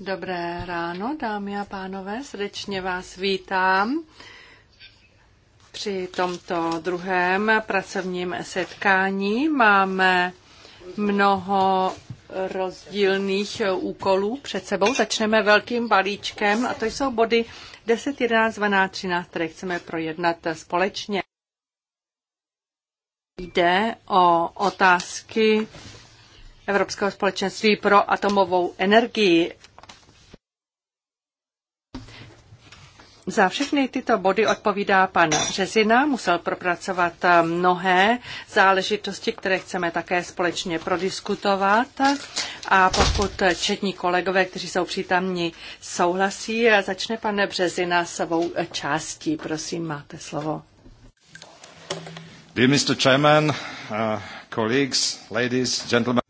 Dobré ráno, dámy a pánové, srdečně vás vítám při tomto druhém pracovním setkání. Máme mnoho rozdílných úkolů před sebou. Začneme velkým balíčkem a to jsou body 10, 11, 12, 13, které chceme projednat společně. Jde o otázky Evropského společenství pro atomovou energii. Za všechny tyto body odpovídá pan Řezina. Musel propracovat eh, mnohé záležitosti, které chceme také společně prodiskutovat. A pokud četní kolegové, kteří jsou přítomní, souhlasí, eh, začne pan Březina svou částí. Prosím, máte slovo. Dear Mr. Chairman, uh, colleagues, ladies, gentlemen.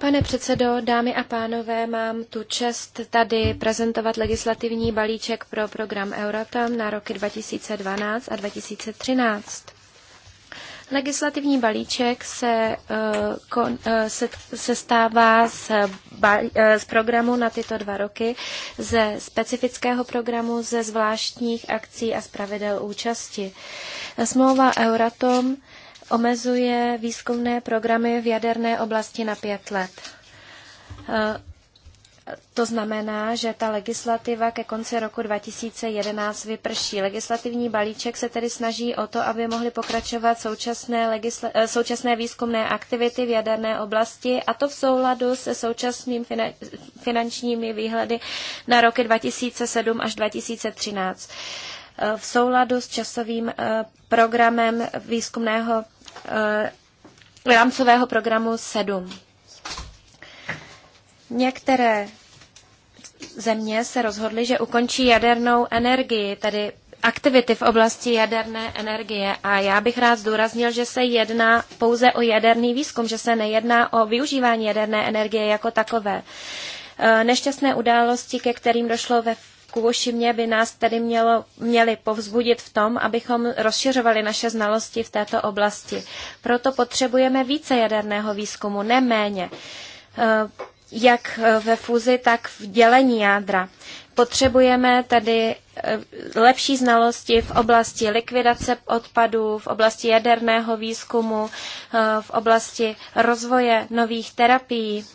Pane předsedo, dámy a pánové, mám tu čest tady prezentovat legislativní balíček pro program Euratom na roky 2012 a 2013. Legislativní balíček se, eh, kon, eh, se, se stává z, eh, z programu na tyto dva roky, ze specifického programu, ze zvláštních akcí a z pravidel účasti. Smlouva Euratom omezuje výzkumné programy v jaderné oblasti na pět let. Eh, to znamená, že ta legislativa ke konci roku 2011 vyprší. Legislativní balíček se tedy snaží o to, aby mohly pokračovat současné, eh, současné výzkumné aktivity v jaderné oblasti a to v souladu se současnými finan- finančními výhledy na roky 2007 až 2013. Eh, v souladu s časovým programem výzkumného Eh, rámcového programu 7. Některé země se rozhodly, že ukončí jadernou energii, tedy aktivity v oblasti jaderné energie. A já bych rád zdůraznil, že se jedná pouze o jaderný výzkum, že se nejedná o využívání jaderné energie jako takové. Eh, nešťastné události, ke kterým došlo ve Kuvošimě by nás tedy mělo, měli povzbudit v tom, abychom rozšiřovali naše znalosti v této oblasti. Proto potřebujeme více jaderného výzkumu, ne méně eh, jak eh, ve fuzi, tak v dělení jádra. Potřebujeme tedy eh, lepší znalosti v oblasti likvidace odpadů, v oblasti jaderného výzkumu, v oblasti rozvoje nových terapií.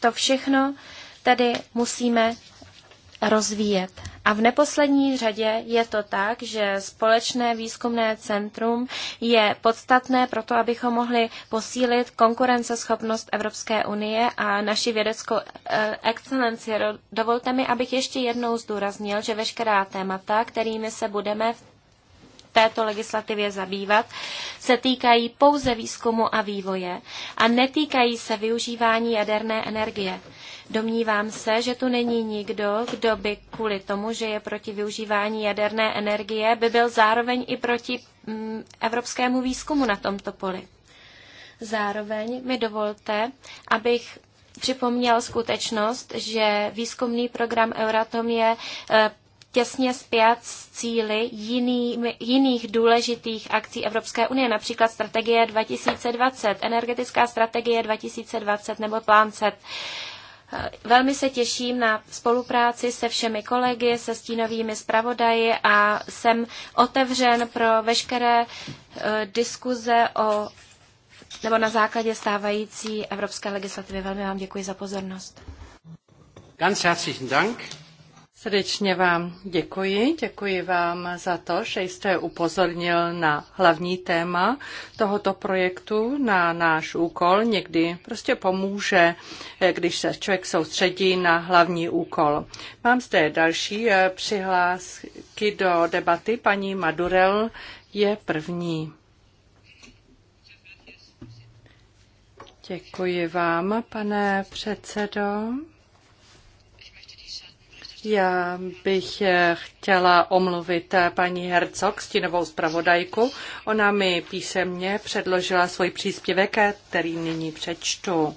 To všechno tedy musíme rozvíjet. A v neposlední řadě je to tak, že společné výzkumné centrum je podstatné pro to, abychom mohli posílit konkurenceschopnost Evropské unie a naši vědeckou eh, excelenci. Dovolte mi, abych ještě jednou zdůraznil, že veškerá témata, kterými se budeme v této legislativě zabývat, se týkají pouze výzkumu a vývoje a netýkají se využívání jaderné energie. Domnívám se, že tu není nikdo, kdo by kvůli tomu, že je proti využívání jaderné energie, by byl zároveň i proti mm, evropskému výzkumu na tomto poli. Zároveň mi dovolte, abych připomněl skutečnost, že výzkumný program Euratom je e, těsně zpět s cíly jiný, jiných důležitých akcí Evropské unie, například strategie 2020, energetická strategie 2020 nebo plán CET. Eh, velmi se těším na spolupráci se všemi kolegy, se stínovými zpravodaji a jsem otevřen pro veškeré eh, diskuze o nebo na základě stávající evropské legislativy. Velmi vám děkuji za pozornost. Ganz herzlichen Dank. Srdečně vám děkuji. Děkuji vám za to, že jste upozornil na hlavní téma tohoto projektu, na náš úkol. Někdy prostě pomůže, eh, když se člověk soustředí na hlavní úkol. Mám zde další eh, přihlásky do debaty. Paní Madurel je první. Děkuji vám, pane předsedo. Já bych chtěla omluvit paní Hercog, stínovou zpravodajku. Ona mi písemně předložila svůj příspěvek, který nyní přečtu.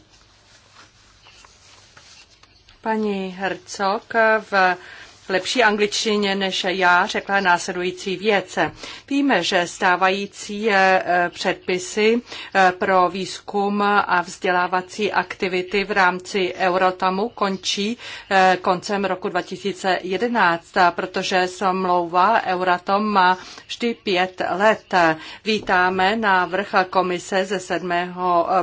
Paní Hercog v lepší angličtině než já řekla následující věc. Víme, že stávající eh, předpisy eh, pro výzkum a vzdělávací aktivity v rámci Eurotamu končí eh, koncem roku 2011, protože smlouva Euratom má vždy pět let. Vítáme návrh komise ze 7.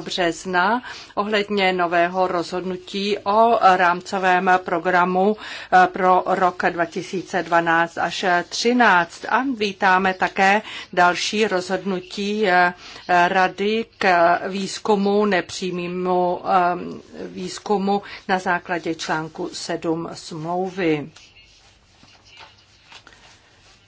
března ohledně nového rozhodnutí o rámcovém programu pro rok rok 2012 až 2013 a vítáme také další rozhodnutí eh, Rady k výzkumu, nepřímému eh, výzkumu na základě článku 7 smlouvy.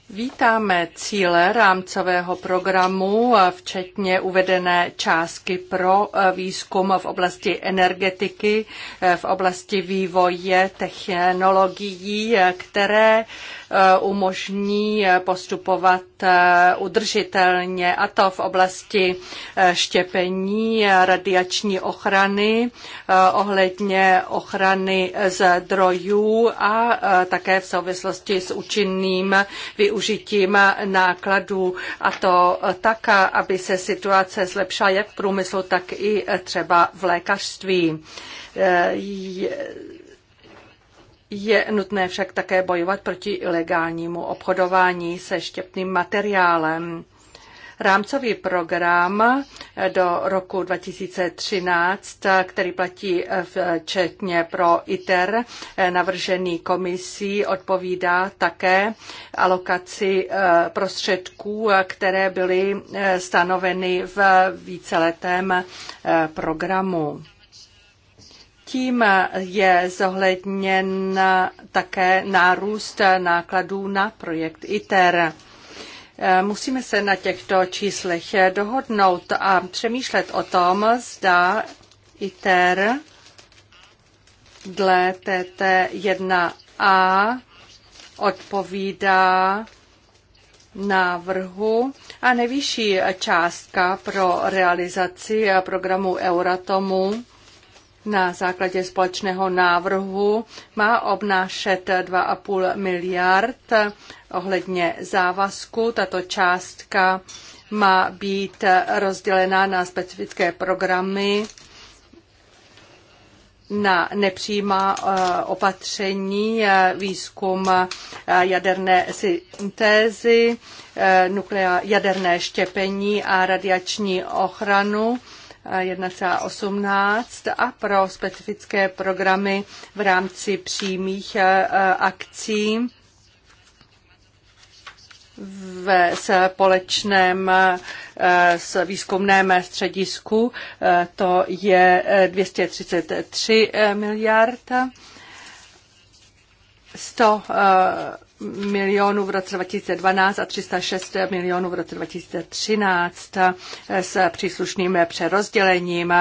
Vítáme cíle rámcového programu, eh, včetně uvedené částky pro eh, výzkum v oblasti energetiky, eh, v oblasti vývoje technologií, které Eh, umožní eh, postupovat eh, udržitelně a to v oblasti štěpení, radiační ochrany, ohledně ochrany zdrojů a také v souvislosti s účinným využitím nákladů a to tak, aby se situace zlepšila jak v průmyslu, tak i třeba v lékařství je nutné však také bojovat proti ilegálnímu obchodování se štěpným materiálem. Rámcový program do roku 2013, který platí včetně pro ITER, navržený komisí, odpovídá také alokaci eh, prostředků, které byly eh, stanoveny v víceletém eh, programu. Tím je zohledněn také nárůst nákladů na projekt ITER. Musíme se na těchto číslech dohodnout a přemýšlet o tom, zda ITER dle TT1A odpovídá návrhu a nejvyšší částka pro realizaci programu Euratomu na základě společného návrhu má obnášet 2,5 miliard ohledně závazku. Tato částka má být rozdělena na specifické programy, na nepřímá eh, opatření, eh, výzkum eh, jaderné syntézy, jaderné štěpení a radiační ochranu 1,18 a pro specifické programy v rámci přímých eh, akcí ve společném eh, s výzkumném středisku. Eh, to je 233 miliard. 100 milionů v roce 2012 a 306 milionů v roce 2013 s příslušným přerozdělením.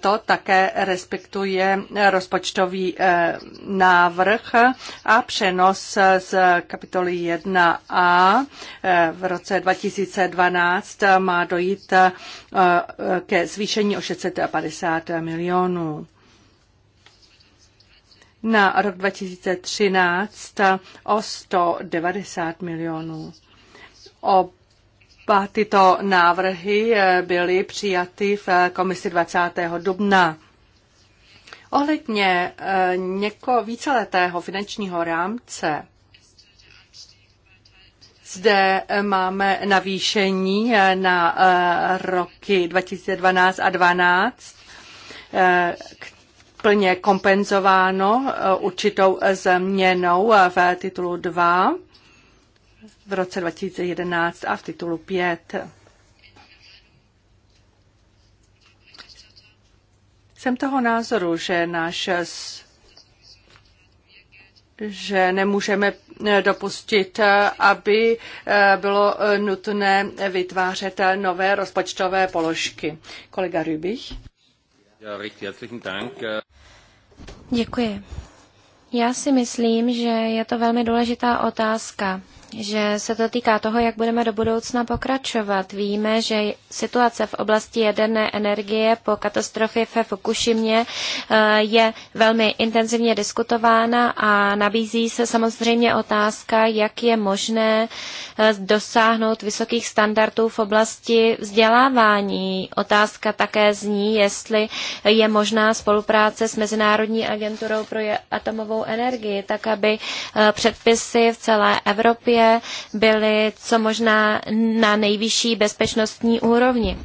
To také respektuje rozpočtový eh, návrh a přenos z kapitoly 1a eh, v roce 2012 má dojít eh, ke zvýšení o 650 milionů na rok 2013 o 190 milionů. Oba tyto návrhy eh, byly přijaty v eh, komisi 20. dubna. Ohledně eh, něko víceletého finančního rámce zde máme navýšení na roky 2012 a 2012, plně kompenzováno eh, určitou změnou eh, v titulu 2 v roce 2011 a v titulu 5. Jsem toho názoru, že náš že nemůžeme eh, dopustit, aby bylo nutné vytvářet nové rozpočtové položky. Kolega Rübich. Děkuji. Já si myslím, že je to velmi důležitá otázka že se to týká toho, jak budeme do budoucna pokračovat. Víme, že situace v oblasti jaderné energie po katastrofě ve Fukushimě eh, je velmi intenzivně diskutována a nabízí se samozřejmě otázka, jak je možné eh, dosáhnout vysokých standardů v oblasti vzdělávání. Otázka také zní, jestli je možná spolupráce s Mezinárodní agenturou pro atomovou energii, tak aby eh, předpisy v celé Evropě země byly co možná na nejvyšší bezpečnostní úrovni.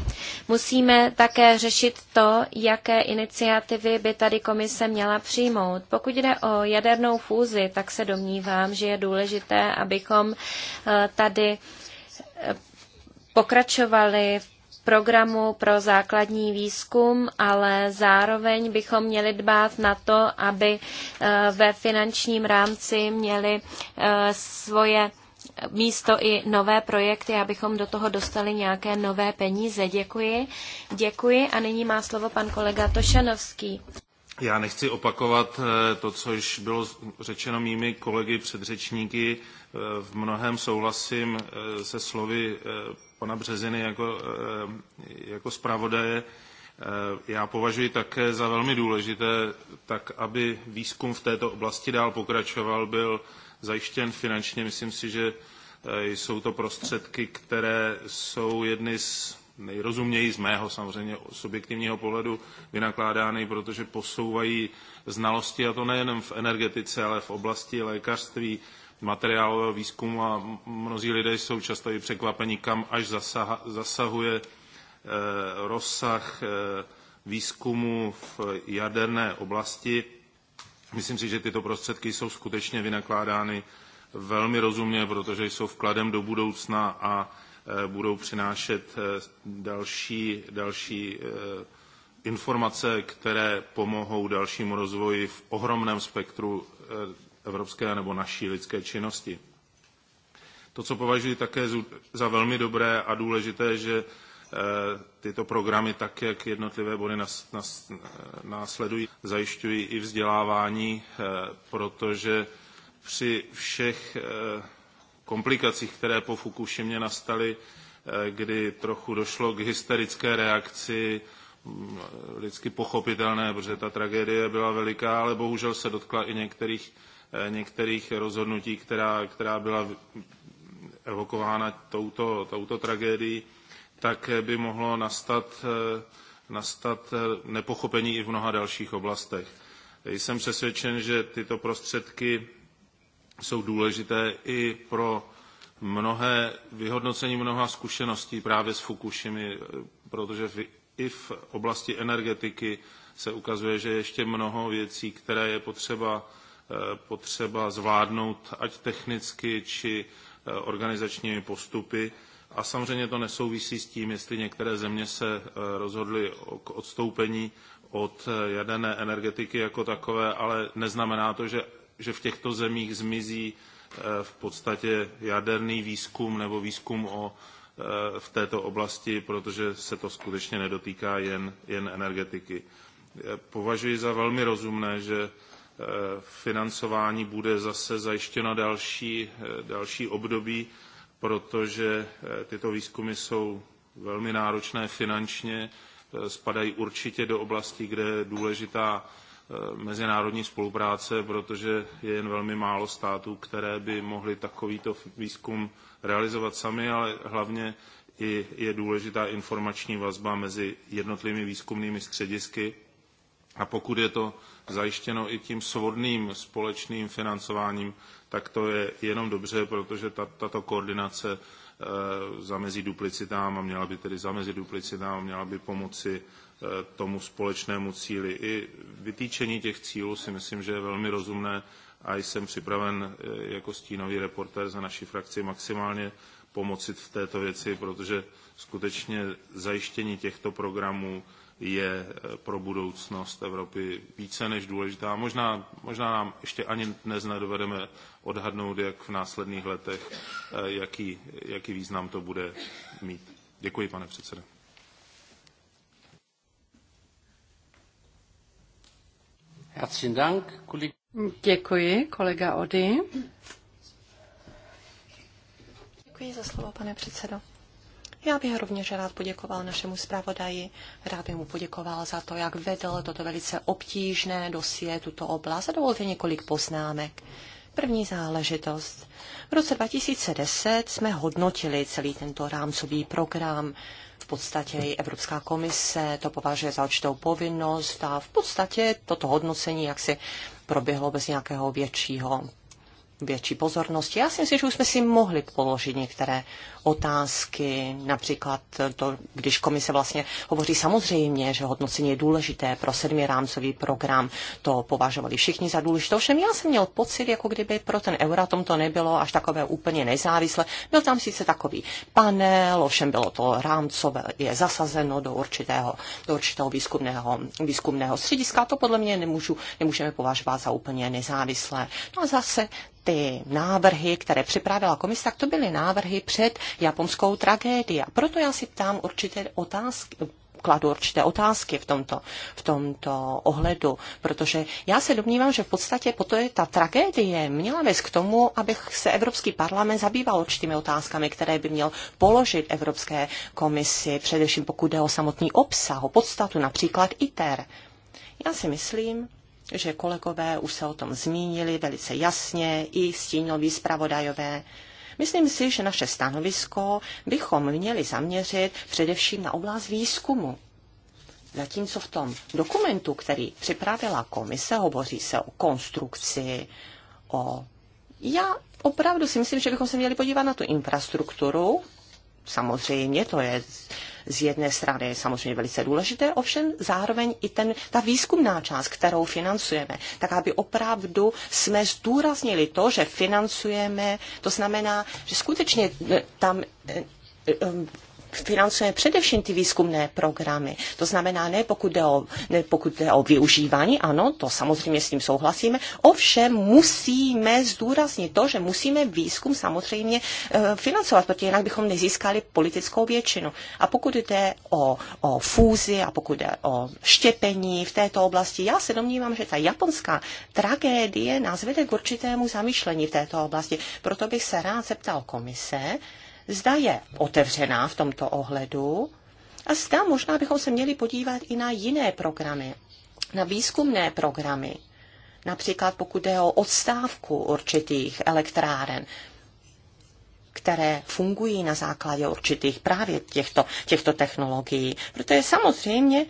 Musíme také řešit to, jaké iniciativy by tady komise měla přijmout. Pokud jde o jadernou fúzi, tak se domnívám, že je důležité, abychom eh, tady eh, pokračovali v programu pro základní výzkum, ale zároveň bychom měli dbát na to, aby eh, ve finančním rámci měli svoje místo i nové projekty, abychom do toho dostali nějaké nové peníze. Děkuji. Děkuji a nyní má slovo pan kolega Tošanovský. Já nechci opakovat eh, to, co již bylo řečeno mými kolegy předřečníky. Eh, v mnohem souhlasím eh, se slovy pana Březiny jako, jako zpravodaje. Já považuji také za velmi důležité, tak aby výzkum v této oblasti dál pokračoval, byl zajištěn finančně. Myslím si, že eh, jsou to prostředky, které jsou jedny z nejrozuměji z mého samozřejmě subjektivního pohledu vynakládány, protože posouvají znalosti, a to nejen v energetice, ale v oblasti lékařství, materiálového výzkumu a mnozí lidé jsou často i překvapeni, kam až zasaha, zasahuje eh, rozsah eh, výzkumu v jaderné oblasti. Myslím si, že tyto prostředky jsou skutečně vynakládány velmi rozumně, protože jsou vkladem do budoucna a e, budou přinášet e, další, další e, informace, které pomohou dalšímu rozvoji v ohromném spektru evropské nebo naší lidské činnosti. To, co považuji také za velmi dobré a důležité, že Eh, tyto programy, tak jak jednotlivé body nas, nas, eh, následují, zajišťují i vzdělávání, eh, protože při všech komplikacích, které po Fukušimě nastaly, kdy trochu došlo k hysterické reakci, hm, lidsky pochopitelné, protože ta tragédie byla veliká, ale bohužel se dotkla i některých, některých rozhodnutí, která, která byla evokována touto, touto tragédií tak by mohlo nastat, eh, nastat eh, nepochopení i v mnoha dalších oblastech. Jsem přesvědčen, že tyto prostředky jsou důležité i pro mnohé vyhodnocení mnoha zkušeností právě s Fukushimi, eh, protože v, i v oblasti energetiky se ukazuje, že ještě mnoho věcí, které je potřeba, potřeba zvládnout, ať technicky, či organizačními postupy, a samozřejmě to nesouvisí s tím, jestli některé země se eh, rozhodly k odstoupení od eh, jaderné energetiky jako takové, ale neznamená to, že, že v těchto zemích zmizí eh, v podstatě jaderný výzkum nebo výzkum o, v této oblasti, protože se to skutečně nedotýká jen, jen energetiky. Považuji za velmi rozumné, že financování bude zase zajištěno další, další období protože eh, tyto výzkumy jsou velmi náročné finančně, eh, spadají určitě do oblasti, kde je důležitá eh, mezinárodní spolupráce, protože je jen velmi málo států, které by mohly takovýto výzkum realizovat sami, ale hlavně i je důležitá informační vazba mezi jednotlivými výzkumnými středisky. A pokud je to zajištěno i tím svodným společným financováním, tak to je jenom dobře, protože tato koordinace eh, zamezí duplicitám a měla by tedy zamezit duplicitám a měla by pomoci eh, tomu společnému cíli. I vytýčení těch cílů si myslím, že je velmi rozumné a jsem připraven eh, jako stínový reportér za naši frakci maximálně pomoci v této věci, protože skutečně zajištění těchto programů je eh, pro budoucnost Evropy více než důležitá. Možná, možná nám ještě ani dnes nedovedeme odhadnout, jak v následných letech, eh, jaký, jaký význam to bude mít. Děkuji, pane předsedo. Děkuji, kolega Ody. Děkuji za slovo, pane předsedo. Já bych rovněž rád poděkoval našemu zpravodaji, rád bych mu poděkoval za to, jak vedl toto velice obtížné dosie, tuto oblast a dovolte několik poznámek. První záležitost. V roce 2010 jsme hodnotili celý tento rámcový program. V podstatě i Evropská komise to považuje za určitou povinnost a v podstatě toto hodnocení jaksi proběhlo bez nějakého většího větší pozornosti. Já si myslím, že už jsme si mohli položit některé otázky, například to, když komise vlastně hovoří samozřejmě, že hodnocení je důležité pro sedmi rámcový program, to považovali všichni za důležité. Ovšem já jsem měl pocit, jako kdyby pro ten Euratom to nebylo až takové úplně nezávislé. Byl tam sice takový panel, ovšem bylo to rámcové, je zasazeno do určitého, do určitého výzkumného, výzkumného střediska. To podle mě nemůžu, nemůžeme považovat za úplně nezávislé. No a zase ty návrhy, které připravila komise, tak to byly návrhy před japonskou tragédií. A proto já si ptám určité otázky, kladu určité otázky v tomto, v tomto ohledu, protože já se domnívám, že v podstatě po to je ta tragédie měla vést k tomu, abych se Evropský parlament zabýval určitými otázkami, které by měl položit Evropské komisi, především pokud jde o samotný obsah, o podstatu, například ITER. Já si myslím, že kolegové už se o tom zmínili velice jasně, i stínoví zpravodajové. Myslím si, že naše stanovisko bychom měli zaměřit především na oblast výzkumu. Zatímco v tom dokumentu, který připravila komise, hovoří se o konstrukci, o... Já opravdu si myslím, že bychom se měli podívat na tu infrastrukturu, samozřejmě to je z jedné strany samozřejmě velice důležité, ovšem zároveň i ten, ta výzkumná část, kterou financujeme, tak aby opravdu jsme zdůraznili to, že financujeme, to znamená, že skutečně eh, tam eh, eh, financujeme především ty výzkumné programy. To znamená, ne pokud jde o, ne pokud jde o využívání, ano, to samozřejmě s tím souhlasíme, ovšem musíme zdůraznit to, že musíme výzkum samozřejmě eh, financovat, protože jinak bychom nezískali politickou většinu. A pokud jde o, o fúzi a pokud jde o štěpení v této oblasti, já se domnívám, že ta japonská tragédie nás vede k určitému zamýšlení v této oblasti. Proto bych se rád zeptal komise, zda je otevřená v tomto ohledu a zda možná bychom se měli podívat i na jiné programy, na výzkumné programy, například pokud jde o odstávku určitých elektráren, které fungují na základě určitých právě těchto, těchto technologií. Protože samozřejmě,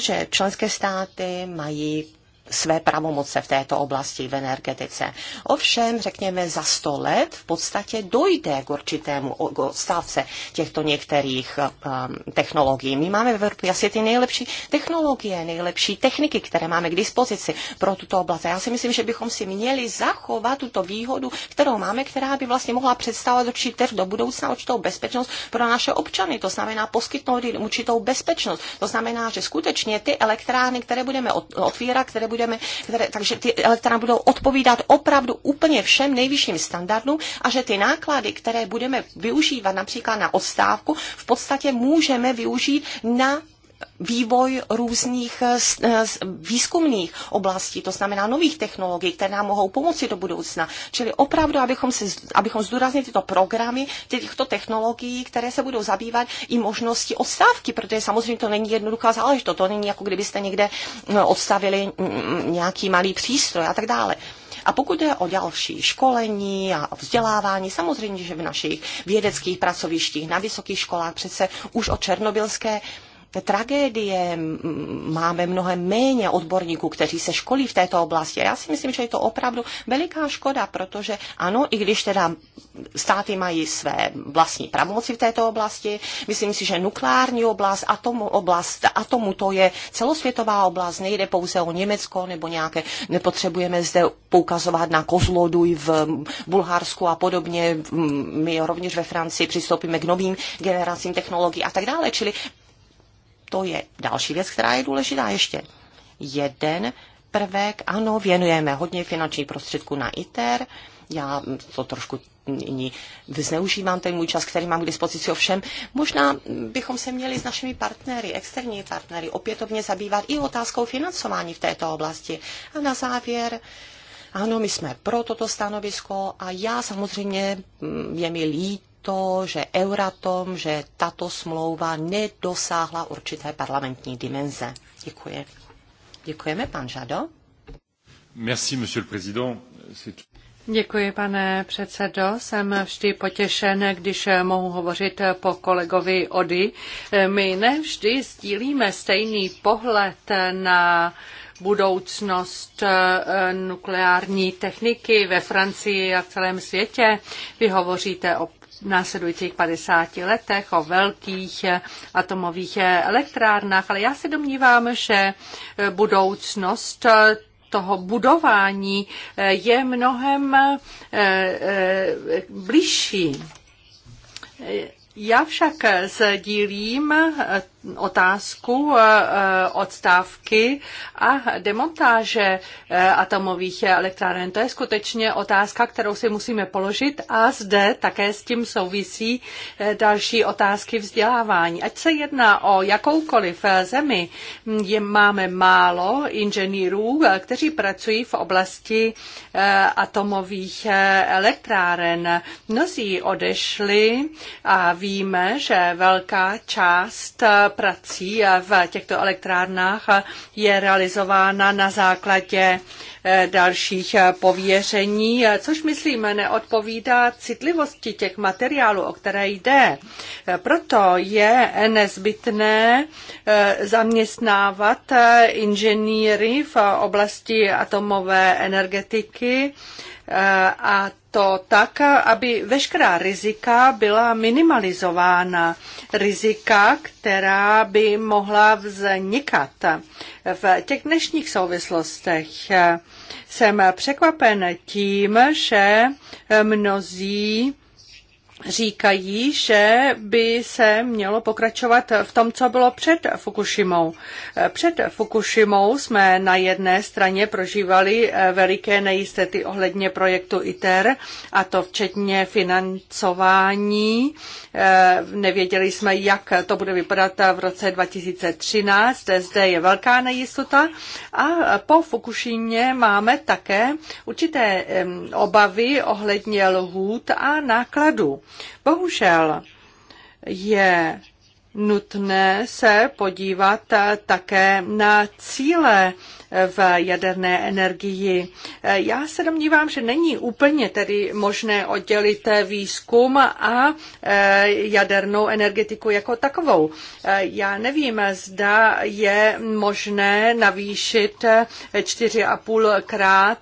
že členské státy mají své pravomoce v této oblasti v energetice. Ovšem, řekněme, za sto let v podstatě dojde k určitému odstavce těchto některých um, technologií. My máme v Evropě asi ty nejlepší technologie, nejlepší techniky, které máme k dispozici pro tuto oblast. já si myslím, že bychom si měli zachovat tuto výhodu, kterou máme, která by vlastně mohla představovat určitě do budoucna určitou bezpečnost pro naše občany. To znamená poskytnout jim určitou bezpečnost. To znamená, že skutečně ty elektrárny, které budeme otvírat, které budeme, které, takže ty elektrárny budou odpovídat opravdu úplně všem nejvyšším standardům a že ty náklady, které budeme využívat například na odstávku, v podstatě můžeme využít na vývoj různých eh, eh, výzkumných oblastí, to znamená nových technologií, které nám mohou pomoci do budoucna. Čili opravdu, abychom, si, abychom zdůraznili tyto programy těchto technologií, které se budou zabývat i možnosti odstávky, protože samozřejmě to není jednoduchá záležitost, to není jako kdybyste někde eh, odstavili mm, mm, nějaký malý přístroj a tak dále. A pokud je o další školení a vzdělávání, samozřejmě, že v našich vědeckých pracovištích na vysokých školách přece už o černobylské tragédie, máme mnohem méně odborníků, kteří se školí v této oblasti. A já si myslím, že je to opravdu veliká škoda, protože ano, i když teda státy mají své vlastní pravomoci v této oblasti, myslím si, že nukleární oblast, atom, oblast atomu, to je celosvětová oblast, nejde pouze o Německo nebo nějaké, nepotřebujeme zde poukazovat na kozloduj v Bulharsku a podobně. My rovněž ve Francii přistoupíme k novým generacím technologií a tak dále. Čili to je další věc, která je důležitá ještě. Jeden prvek, ano, věnujeme hodně finančních prostředků na ITER, já to trošku nyní zneužívám ten můj čas, který mám k dispozici. Ovšem, možná bychom se měli s našimi partnery, externími partnery, opětovně zabývat i otázkou financování v této oblasti. A na závěr, ano, my jsme pro toto stanovisko a já samozřejmě mm, je mi líto, to, že Euratom, že tato smlouva nedosáhla určité parlamentní dimenze. Děkuji. Děkujeme, pan Žado. Merci, monsieur le président. Děkuji, pane předsedo. Jsem vždy potěšen, když mohu hovořit po kolegovi Ody. My nevždy sdílíme stejný pohled na budoucnost eh, nukleární techniky ve Francii a v celém světě. Vy hovoříte o v následujících 50 letech, o velkých eh, atomových eh, elektrárnách, ale já se domnívám, že eh, budoucnost toho budování je mnohem blížší. Já však sdílím otázku e, e, odstávky a demontáže e, atomových elektráren. To je skutečně otázka, kterou si musíme položit a zde také s tím souvisí další otázky vzdělávání. Ať se jedná o jakoukoliv zemi, je, máme málo inženýrů, kteří pracují v oblasti atomových elektráren. Mnozí odešli a víme, že velká část prací v těchto elektrárnách je realizována na základě eh, dalších eh, pověření, což myslím neodpovídá citlivosti těch materiálů, o které jde. Eh, proto je nezbytné zaměstnávat inženýry v oblasti atomové energetiky a to tak, aby veškerá rizika byla minimalizována. Rizika, která by mohla vznikat. V těch dnešních souvislostech jsem překvapen tím, že mnozí říkají, že by se mělo pokračovat v tom, co bylo před Fukushimou. Před Fukushimou jsme na jedné straně prožívali eh, veliké nejistoty ohledně projektu ITER, a to včetně financování. Eh, nevěděli jsme, jak to bude vypadat v roce 2013. Zde je velká nejistota. A po Fukushimě máme také určité obavy ohledně lhůt a nákladů. Bohužel je nutné se podívat také na cíle v jaderné energii. Já se domnívám, že není úplně tedy možné oddělit výzkum a e, jadernou energetiku jako takovou. E, já nevím, zda je možné navýšit 4,5 krát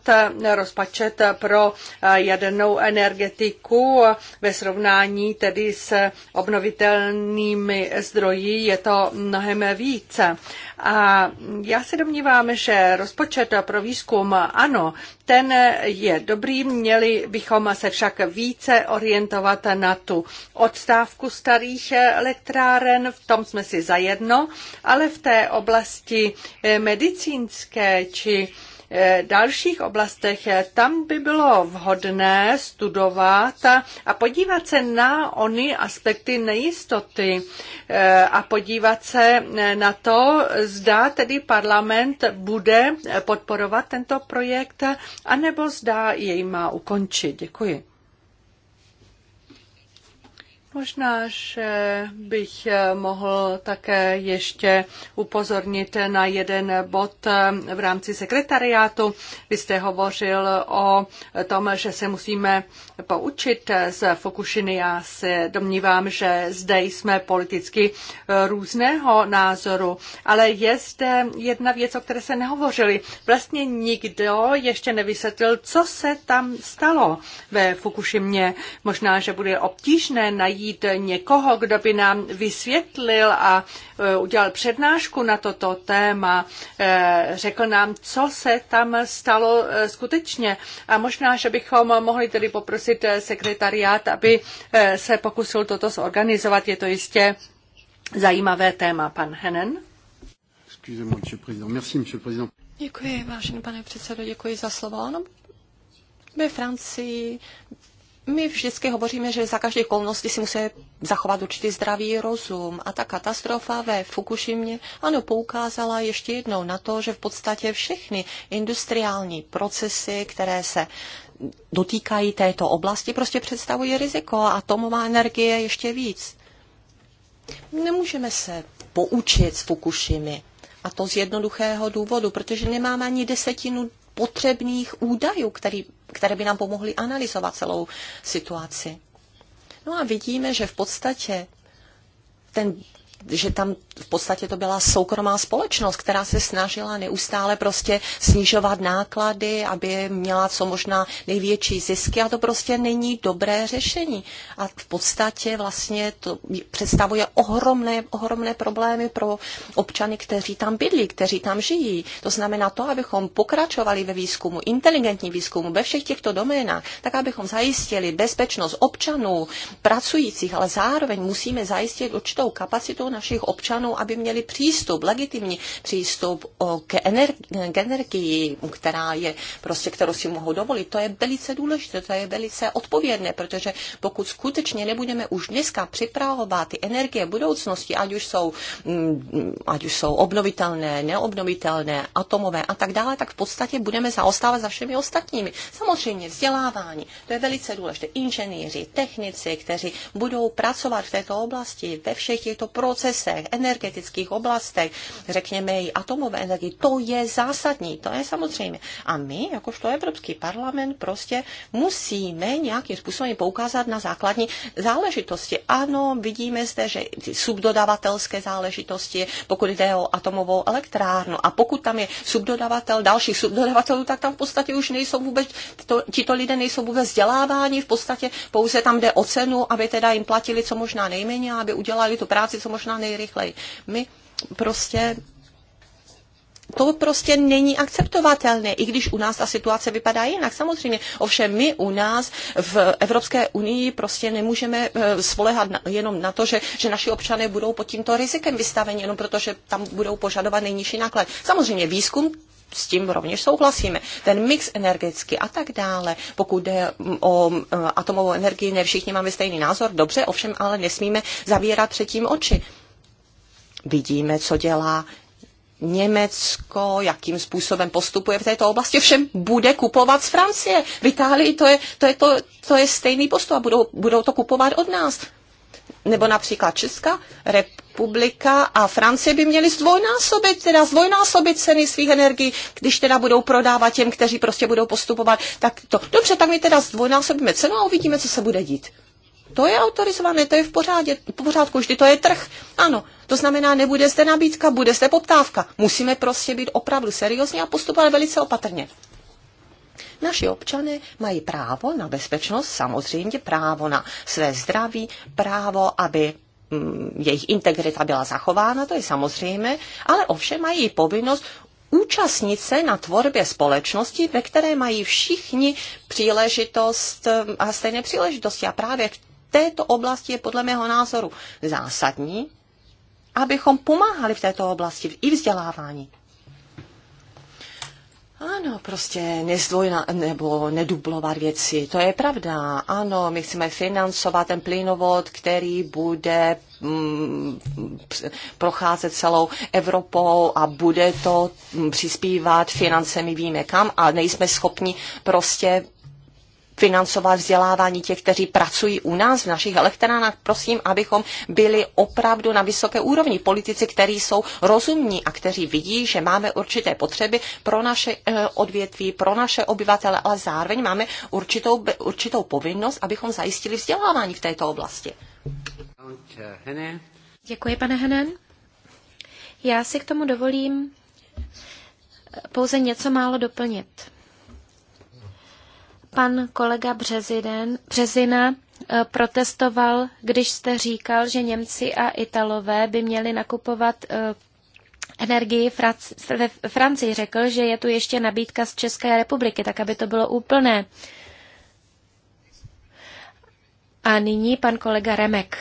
rozpačet pro e, jadernou energetiku ve srovnání tedy s obnovitelnými zdroji je to mnohem více. A já se domnívám, že rozpočet pro výzkum, ano, ten je dobrý, měli bychom se však více orientovat na tu odstávku starých elektráren, v tom jsme si zajedno, ale v té oblasti medicínské či Eh, dalších oblastech, eh, tam by bylo vhodné studovat a podívat se na ony aspekty nejistoty eh, a podívat se na to, zda tedy parlament bude podporovat tento projekt, anebo zda jej má ukončit. Děkuji. Možná, že bych mohl také ještě upozornit na jeden bod v rámci sekretariátu. Vy jste hovořil o tom, že se musíme poučit z Fukushiny. Já se domnívám, že zde jsme politicky různého názoru, ale je zde jedna věc, o které se nehovořili. Vlastně nikdo ještě nevysvětlil, co se tam stalo ve Fukušimě. Možná, že bude obtížné najít najít někoho, kdo by nám vysvětlil a e, udělal přednášku na toto téma, e, řekl nám, co se tam stalo e, skutečně. A možná, že bychom mohli tedy poprosit sekretariát, aby se pokusil toto zorganizovat. Je to jistě zajímavé téma, pan Henen. Děkuji, vážený pane předsedo, děkuji za slovo. Ano, ve Francii my vždycky hovoříme, že za každé kolnosti si musí zachovat určitý zdravý rozum. A ta katastrofa ve Fukushimě, ano, poukázala ještě jednou na to, že v podstatě všechny industriální procesy, které se dotýkají této oblasti, prostě představují riziko a atomová energie ještě víc. Nemůžeme se poučit z Fukushimy. A to z jednoduchého důvodu, protože nemáme ani desetinu potřebných údajů, který které by nám pomohly analyzovat celou situaci. No a vidíme, že v podstatě ten že tam v podstatě to byla soukromá společnost, která se snažila neustále prostě snižovat náklady, aby měla co možná největší zisky a to prostě není dobré řešení. A v podstatě vlastně to představuje ohromné, ohromné problémy pro občany, kteří tam bydlí, kteří tam žijí. To znamená to, abychom pokračovali ve výzkumu, inteligentní výzkumu ve všech těchto doménách, tak abychom zajistili bezpečnost občanů, pracujících, ale zároveň musíme zajistit určitou kapacitu našich občanů, aby měli přístup, legitimní přístup k, energi- k energii, která je prostě, kterou si mohou dovolit. To je velice důležité, to je velice odpovědné, protože pokud skutečně nebudeme už dneska připravovat ty energie budoucnosti, ať už jsou, mm, ať už jsou obnovitelné, neobnovitelné, atomové a tak dále, tak v podstatě budeme zaostávat za všemi ostatními. Samozřejmě vzdělávání, to je velice důležité. Inženýři, technici, kteří budou pracovat v této oblasti, ve všech těchto procesech, procesech, energetických oblastech, řekněme i atomové energii, to je zásadní, to je samozřejmě. A my, jakožto Evropský parlament, prostě musíme nějakým způsobem poukázat na základní záležitosti. Ano, vidíme zde, že subdodavatelské záležitosti, pokud jde o atomovou elektrárnu a pokud tam je subdodavatel dalších subdodavatelů, tak tam v podstatě už nejsou vůbec, to, tito lidé nejsou vůbec vzděláváni, v podstatě pouze tam jde o cenu, aby teda jim platili co možná nejméně, aby udělali tu práci co možná možná nejrychleji. My prostě to prostě není akceptovatelné, i když u nás ta situace vypadá jinak. Samozřejmě, ovšem my u nás v Evropské unii prostě nemůžeme eh, spolehat jenom na to, že, že naši občané budou pod tímto rizikem vystaveni, jenom protože tam budou požadovat nejnižší náklad. Samozřejmě výzkum s tím rovněž souhlasíme. Ten mix energetický a tak dále. Pokud jde mm, o eh, atomovou energii, ne všichni máme stejný názor, dobře, ovšem ale nesmíme zavírat třetím oči. Vidíme, co dělá Německo, jakým způsobem postupuje v této oblasti, všem bude kupovat z Francie. V Itálii to je, to je, to, to je stejný postup a budou, budou to kupovat od nás. Nebo například Česká republika a Francie by měly zdvojnásobit, teda zdvojnásobit ceny svých energií, když teda budou prodávat těm, kteří prostě budou postupovat. Tak to, dobře, tak my teda zdvojnásobíme cenu a uvidíme, co se bude dít. To je autorizované, to je v, pořádě, v pořádku, vždy to je trh. Ano, to znamená, nebude zde nabídka, bude zde poptávka. Musíme prostě být opravdu seriózní a postupovat velice opatrně. Naši občané mají právo na bezpečnost, samozřejmě právo na své zdraví, právo, aby mm, jejich integrita byla zachována, to je samozřejmé, ale ovšem mají povinnost účastnit se na tvorbě společnosti, ve které mají všichni příležitost mm, a stejné příležitosti. A právě v této oblasti je podle mého názoru zásadní, abychom pomáhali v této oblasti i vzdělávání. Ano, prostě nezdvojna, nebo nedublovat věci, to je pravda. Ano, my chceme financovat ten plynovod, který bude mm, procházet celou Evropou a bude to mm, přispívat financemi, víme kam, a nejsme schopni prostě financovat vzdělávání těch, kteří pracují u nás v našich elektránách. Prosím, abychom byli opravdu na vysoké úrovni. Politici, kteří jsou rozumní a kteří vidí, že máme určité potřeby pro naše eh, odvětví, pro naše obyvatele, ale zároveň máme určitou, určitou povinnost, abychom zajistili vzdělávání v této oblasti. Děkuji, pane Henen. Já si k tomu dovolím pouze něco málo doplnit. Pan kolega Březiden, Březina eh, protestoval, když jste říkal, že Němci a Italové by měli nakupovat eh, energii ve Francii. Řekl, že je tu ještě nabídka z České republiky, tak aby to bylo úplné. A nyní pan kolega Remek.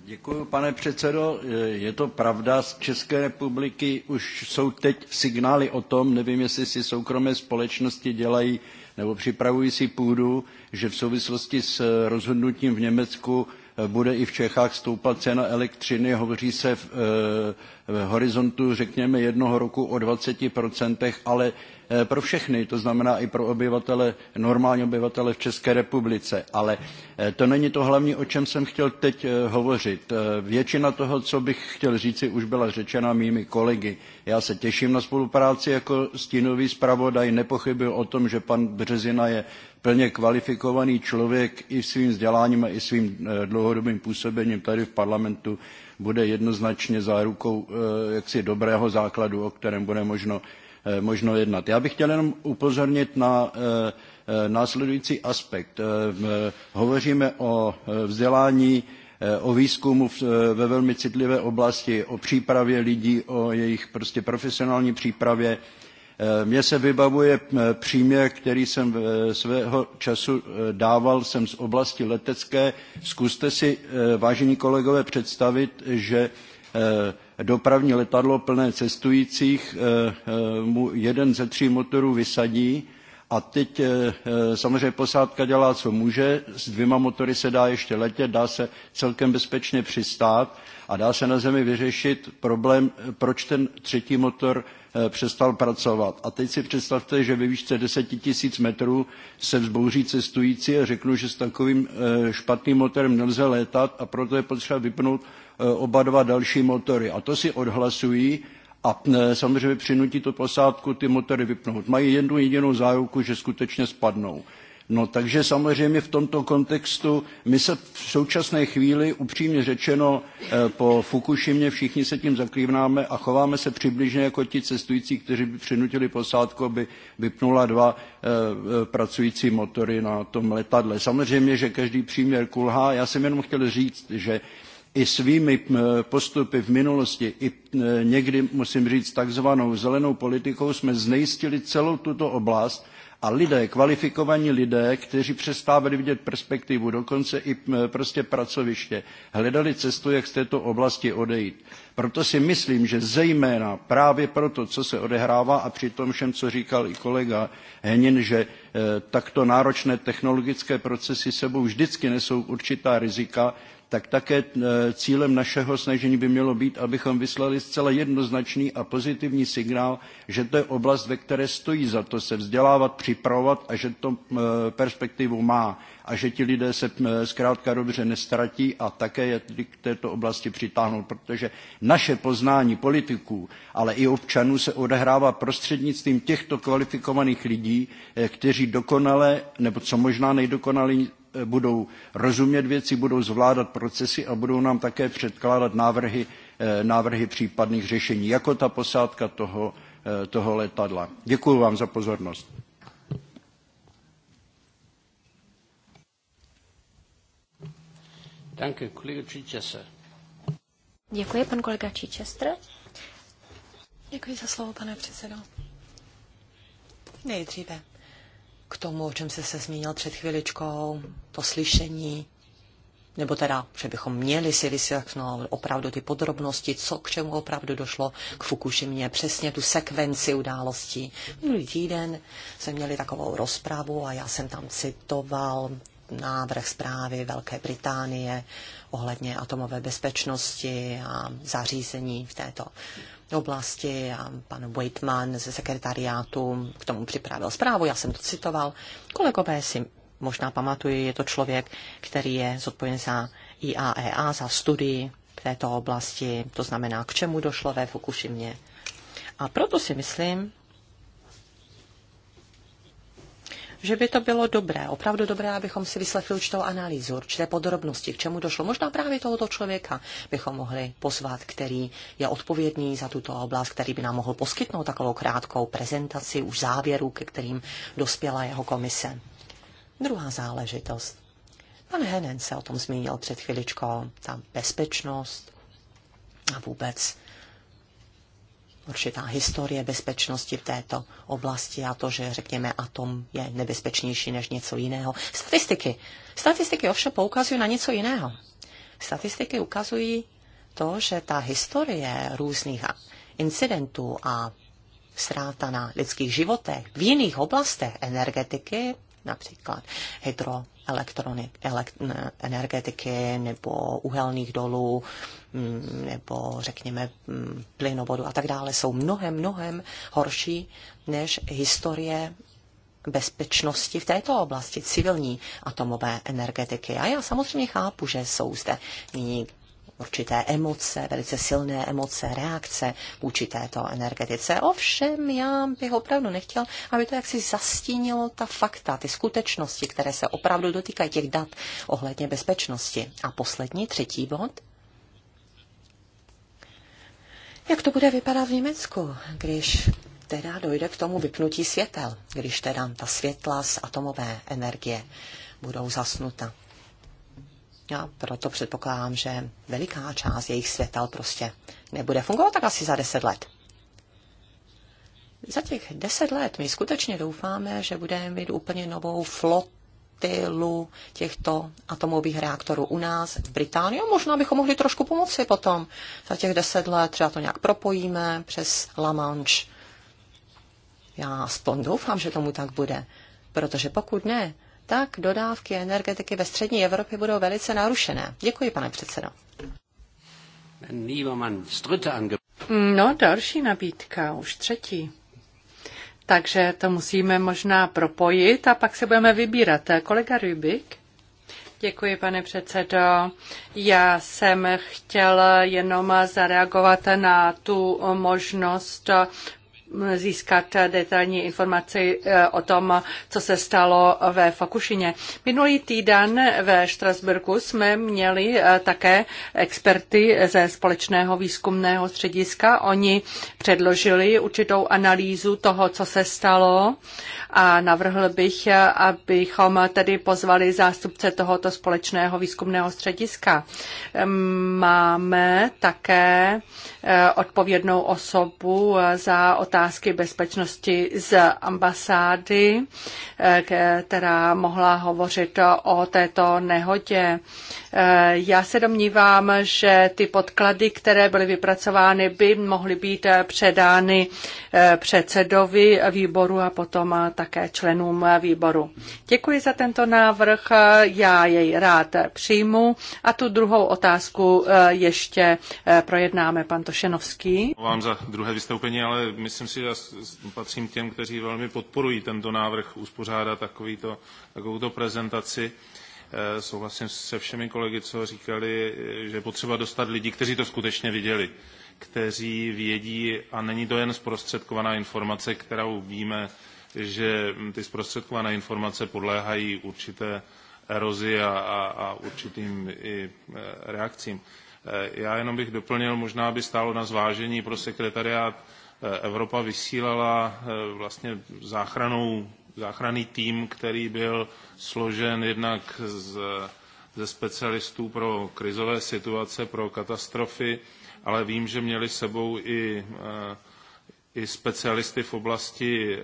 Děkuji, pane předsedo. Je to pravda, z České republiky už jsou teď signály o tom, nevím, jestli si soukromé společnosti dělají nebo připravují si půdu, že v souvislosti s eh, rozhodnutím v Německu eh, bude i v Čechách stoupat cena elektřiny. Hovoří se v, eh, v horizontu, řekněme, jednoho roku o 20%, ale Eh, pro všechny, to znamená i pro obyvatele, normální obyvatele v České republice. Ale eh, to není to hlavní, o čem jsem chtěl teď eh, hovořit. Většina toho, co bych chtěl říci, už byla řečena mými kolegy. Já se těším na spolupráci jako stínový zpravodaj, nepochybuji o tom, že pan Březina je plně kvalifikovaný člověk i svým vzděláním a i svým dlouhodobým působením tady v parlamentu bude jednoznačně zárukou jaksi dobrého základu, o kterém bude možno Eh, možno jednat. Já bych chtěl jenom upozornit na eh, eh, následující aspekt. Hovoříme o vzdělání o výzkumu ve velmi citlivé oblasti, o přípravě lidí, o jejich prostě profesionální přípravě. Mně se vybavuje příměr, který jsem svého času dával, jsem z oblasti letecké. Zkuste si, vážení kolegové, představit, že dopravní letadlo plné cestujících eh, eh, mu jeden ze tří motorů vysadí a teď eh, samozřejmě posádka dělá, co může, s dvěma motory se dá ještě letět, dá se celkem bezpečně přistát a dá se na zemi vyřešit problém, proč ten třetí motor přestal pracovat. A teď si představte, že ve výšce 10 tisíc metrů se vzbouří cestující a řeknou, že s takovým špatným motorem nelze létat a proto je potřeba vypnout E, oba dva další motory. A to si odhlasují a e, samozřejmě přinutí to posádku ty motory vypnout. Mají jednu jedinou záruku, že skutečně spadnou. No takže samozřejmě v tomto kontextu my se v současné chvíli, upřímně řečeno, e, po Fukušimě všichni se tím zaklínáme a chováme se přibližně jako ti cestující, kteří by přinutili posádku, aby vypnula dva pracující motory na tom letadle. Samozřejmě, že každý příměr kulhá. Já jsem jenom chtěl říct, že i svými eh, postupy v minulosti, i eh, někdy, musím říct, takzvanou zelenou politikou, jsme znejistili celou tuto oblast a lidé, kvalifikovaní lidé, kteří přestávali vidět perspektivu, dokonce i eh, prostě pracoviště, hledali cestu, jak z této oblasti odejít. Proto si myslím, že zejména právě proto, co se odehrává a při tom všem, co říkal i kolega Henin, že takto náročné technologické procesy sebou vždycky nesou určitá rizika, tak také eh, cílem našeho snažení by mělo být, abychom vyslali zcela jednoznačný a pozitivní signál, že to je oblast, ve které stojí za to se vzdělávat, připravovat a že to eh, perspektivu má a že ti lidé se eh, zkrátka dobře nestratí a také je k této oblasti přitáhnout, protože naše poznání politiků, ale i občanů se odehrává prostřednictvím těchto kvalifikovaných lidí, kteří dokonale, nebo co možná nejdokonaleji Eh, budou rozumět věci, budou zvládat procesy a budou nám také předkládat návrhy, eh, návrhy případných řešení, jako ta posádka toho, eh, toho letadla. Děkuji vám za pozornost. kolega Děkuji, pan kolega Chichester. Děkuji za slovo, pane předsedo. Nejdříve k tomu, o čem jste se zmínil před chviličkou, to slyšení, nebo teda, že bychom měli si vysvětlit opravdu ty podrobnosti, co k čemu opravdu došlo k Fukušimě, přesně tu sekvenci událostí. Minulý týden jsme měli takovou rozpravu a já jsem tam citoval návrh zprávy Velké Británie ohledně atomové bezpečnosti a zařízení v této oblasti a pan Waitman ze sekretariátu k tomu připravil zprávu, já jsem to citoval. Kolegové si možná pamatují, je to člověk, který je zodpovědný za IAEA, e za studii v této oblasti, to znamená, k čemu došlo ve Fukushimě. A proto si myslím, že by to bylo dobré, opravdu dobré, abychom si vyslechli určitou analýzu, určité podrobnosti, k čemu došlo. Možná právě tohoto člověka bychom mohli pozvat, který je odpovědný za tuto oblast, který by nám mohl poskytnout takovou krátkou prezentaci už závěrů, ke kterým dospěla jeho komise. Druhá záležitost. Pan Henen se o tom zmínil před chviličkou, ta bezpečnost a vůbec určitá historie bezpečnosti v této oblasti a to, že řekněme atom je nebezpečnější než něco jiného. Statistiky. Statistiky ovšem poukazují na něco jiného. Statistiky ukazují to, že ta historie různých incidentů a ztráta na lidských životech v jiných oblastech energetiky například elekt, energetiky nebo uhelných dolů mm, nebo řekněme mm, plynovodu a tak dále, jsou mnohem, mnohem horší než historie bezpečnosti v této oblasti civilní atomové energetiky. A já samozřejmě chápu, že jsou zde nyní určité emoce, velice silné emoce, reakce vůči této energetice. Ovšem, já bych opravdu nechtěl, aby to jaksi zastínilo ta fakta, ty skutečnosti, které se opravdu dotýkají těch dat ohledně bezpečnosti. A poslední, třetí bod. Jak to bude vypadat v Německu, když teda dojde k tomu vypnutí světel, když teda ta světla z atomové energie budou zasnuta. Já proto předpokládám, že veliká část jejich světel prostě nebude fungovat tak asi za deset let. Za těch deset let my skutečně doufáme, že budeme mít úplně novou flotilu těchto atomových reaktorů u nás v Británii. Možná bychom mohli trošku pomoci potom. Za těch deset let třeba to nějak propojíme přes La Manche. Já aspoň doufám, že tomu tak bude. Protože pokud ne, tak dodávky energetiky ve střední Evropě budou velice narušené. Děkuji, pane předsedo. No, další nabídka, už třetí. Takže to musíme možná propojit a pak se budeme vybírat. Kolega Rybik? Děkuji, pane předsedo. Já jsem chtěl jenom zareagovat na tu možnost získat detailní informaci eh, o tom, co se stalo ve Fakušině. Minulý týden ve Štrasburku jsme měli eh, také experty ze společného výzkumného střediska. Oni předložili určitou analýzu toho, co se stalo a navrhl bych, eh, abychom tedy pozvali zástupce tohoto společného výzkumného střediska. Ehm, máme také Eh, odpovědnou osobu eh, za otázky bezpečnosti z ambasády, eh, která mohla hovořit o této nehodě. Já se domnívám, že ty podklady, které byly vypracovány, by mohly být předány předsedovi výboru a potom také členům výboru. Děkuji za tento návrh, já jej rád přijmu a tu druhou otázku ještě projednáme. Pan Tošenovský. Vám za druhé vystoupení, ale myslím si, že já patřím těm, kteří velmi podporují tento návrh uspořádat takovýto, takovouto prezentaci. E, souhlasím se všemi kolegy, co říkali, že je potřeba dostat lidi, kteří to skutečně viděli, kteří vědí, a není to jen zprostředkovaná informace, kterou víme, že ty zprostředkované informace podléhají určité erozi a, a, a určitým i e, reakcím. Eh, já jenom bych doplnil, možná by stálo na zvážení pro sekretariát eh, Evropa vysílala eh, vlastně záchranou, záchranný tým, který byl složen jednak z, ze specialistů pro krizové situace, pro katastrofy, ale vím, že měli sebou i, i specialisty v oblasti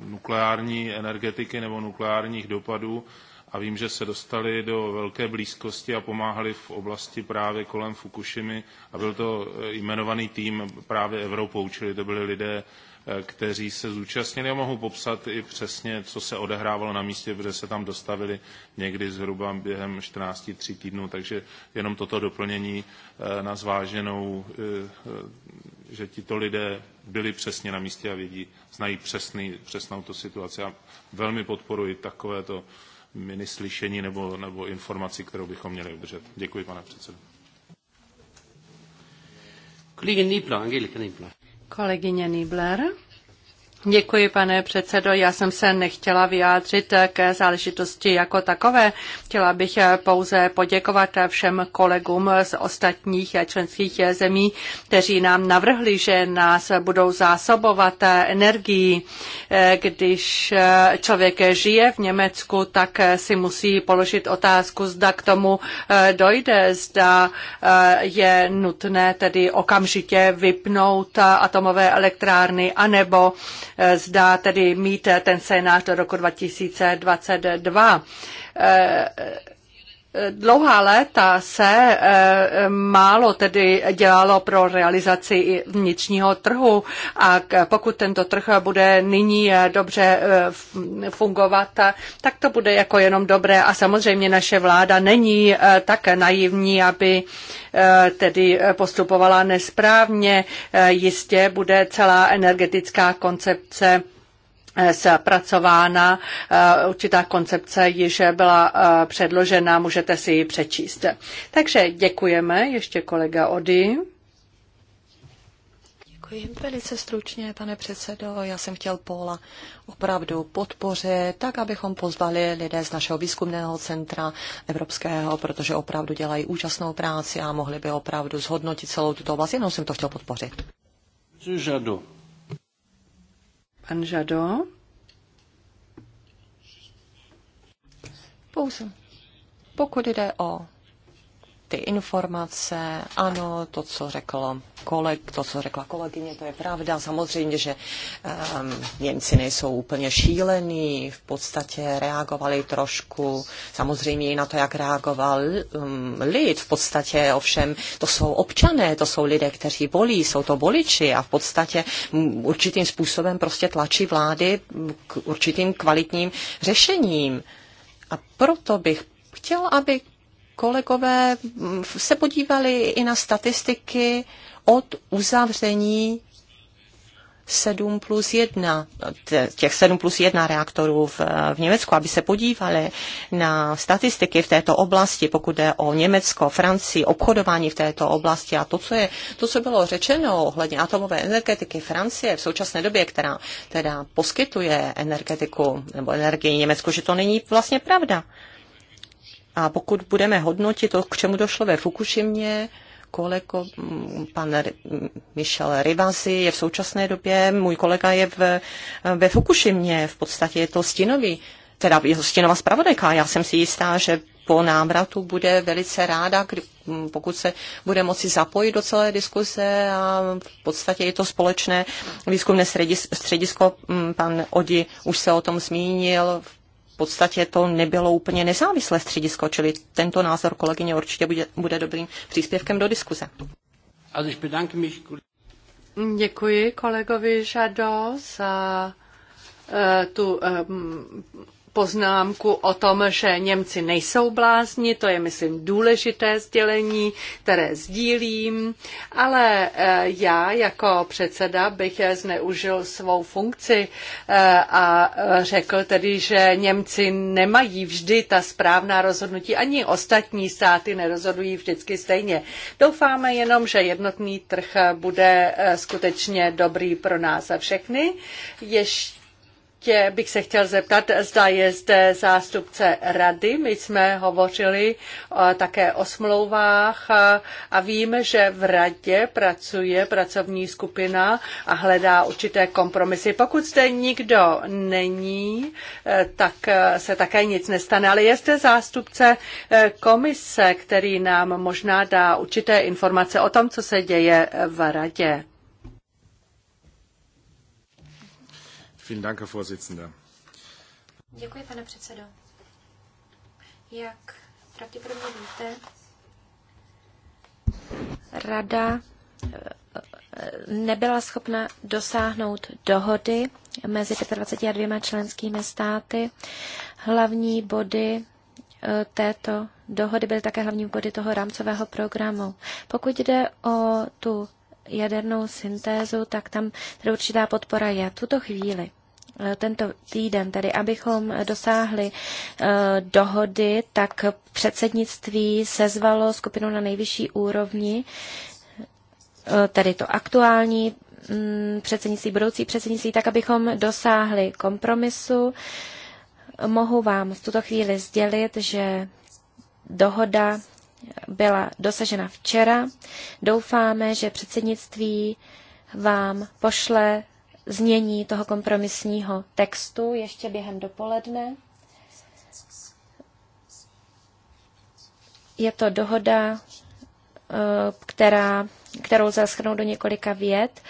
nukleární energetiky nebo nukleárních dopadů a vím, že se dostali do velké blízkosti a pomáhali v oblasti právě kolem Fukushimy a byl to eh, jmenovaný tým právě Evropou, čili to byli lidé, eh, kteří se zúčastnili a mohu popsat i přesně, co se odehrávalo na místě, protože se tam dostavili někdy zhruba během 14 tří týdnů, takže jenom toto doplnění eh, na zváženou, že tito lidé byli přesně na místě a vědí, znají přesný, přesnou tu situaci. a velmi podporuji takovéto minislyšení nebo, nebo informací, kterou bychom měli udržet. Děkuji, pane předsedo. Kolegyně Nibler. Děkuji, pane předsedo. Já jsem se nechtěla vyjádřit k záležitosti jako takové. Chtěla bych pouze poděkovat všem kolegům z ostatních členských zemí, kteří nám navrhli, že nás budou zásobovat energií. Když člověk žije v Německu, tak si musí položit otázku, zda k tomu dojde, zda je nutné tedy okamžitě vypnout atomové elektrárny, anebo Eh, zda tedy mít eh, ten scénář do roku 2022 eh, Dlouhá léta se eh, málo tedy dělalo pro realizaci vnitřního trhu a pokud tento trh bude nyní eh, dobře eh, fungovat, tak to bude jako jenom dobré a samozřejmě naše vláda není tak naivní, aby tedy postupovala nesprávně. Jistě bude celá energetická koncepce zpracována. Eh, určitá koncepce již byla eh, předložena, můžete si ji přečíst. Takže děkujeme ještě kolega Ody. Děkuji velice stručně, pane předsedo. Já jsem chtěl Póla opravdu podpořit, tak abychom pozvali lidé z našeho výzkumného centra evropského, protože opravdu dělají úžasnou práci a mohli by opravdu zhodnotit celou tuto oblast. Jenom jsem to chtěl podpořit. Žadu. Pan Žado. Pouze. Pokud jde o ty informace, ano, to, co řekl koleg, to, co řekla kolegyně, to je pravda. Samozřejmě, že um, Němci nejsou úplně šílení, v podstatě reagovali trošku, samozřejmě i na to, jak reagoval um, lid. V podstatě ovšem to jsou občané, to jsou lidé, kteří volí, jsou to voliči a v podstatě um, určitým způsobem prostě tlačí vlády k určitým kvalitním řešením. A proto bych chtěl, aby kolegové se podívali i na statistiky od uzavření 7 plus 1, těch 7 plus 1 reaktorů v, v Německu, aby se podívali na statistiky v této oblasti, pokud jde o Německo, Francii, obchodování v této oblasti a to, co, je, to, co bylo řečeno ohledně atomové energetiky Francie v současné době, která teda poskytuje energetiku nebo energii Německu, že to není vlastně pravda. A pokud budeme hodnotit to, k čemu došlo ve Fukušimě, kolego, pan Michel Rivasi je v současné době, můj kolega je v, ve Fukušimě, v podstatě je to stinový, teda je to stinová zpravodajka. Já jsem si jistá, že po návratu bude velice ráda, kdy, pokud se bude moci zapojit do celé diskuze a v podstatě je to společné výzkumné středisko, mm, pan Odi už se o tom zmínil, v v podstatě to nebylo úplně nezávislé středisko, čili tento názor kolegyně určitě bude, bude dobrým příspěvkem do diskuze. Děkuji kolegovi Žado za eh, tu eh, poznámku o tom, že Němci nejsou blázni, to je, myslím, důležité sdělení, které sdílím, ale eh, já jako předseda bych zneužil svou funkci eh, a eh, řekl tedy, že Němci nemají vždy ta správná rozhodnutí, ani ostatní státy nerozhodují vždycky stejně. Doufáme jenom, že jednotný trh bude skutečně dobrý pro nás a všechny. Ještě ještě bych se chtěl zeptat, zda je zde zástupce rady. My jsme hovořili eh, také o smlouvách a vím, že v radě pracuje pracovní skupina a hledá určité kompromisy. Pokud zde nikdo není, eh, tak eh, se také nic nestane, ale je zde zástupce komise, který nám možná dá určité informace o tom, co se děje v radě. Vielen Dank, Herr Vorsitzender. Děkuji, pane předsedo. Jak pravděpodobně víte, rada eh, nebyla schopna dosáhnout dohody mezi 22 a dvěma členskými státy. Hlavní body eh, této dohody byly také hlavní body toho rámcového programu. Pokud jde o tu jadernou syntézu, tak tam tedy určitá podpora je. Tuto chvíli eh, tento týden, tedy abychom dosáhli eh, dohody, tak předsednictví sezvalo skupinu na nejvyšší úrovni, eh, tedy to aktuální mm, předsednictví, budoucí předsednictví, tak abychom dosáhli kompromisu. Mohu vám v tuto chvíli sdělit, že dohoda byla dosažena včera. Doufáme, že předsednictví vám pošle znění toho kompromisního textu ještě během dopoledne. Je to dohoda, eh, která, kterou lze do několika vět.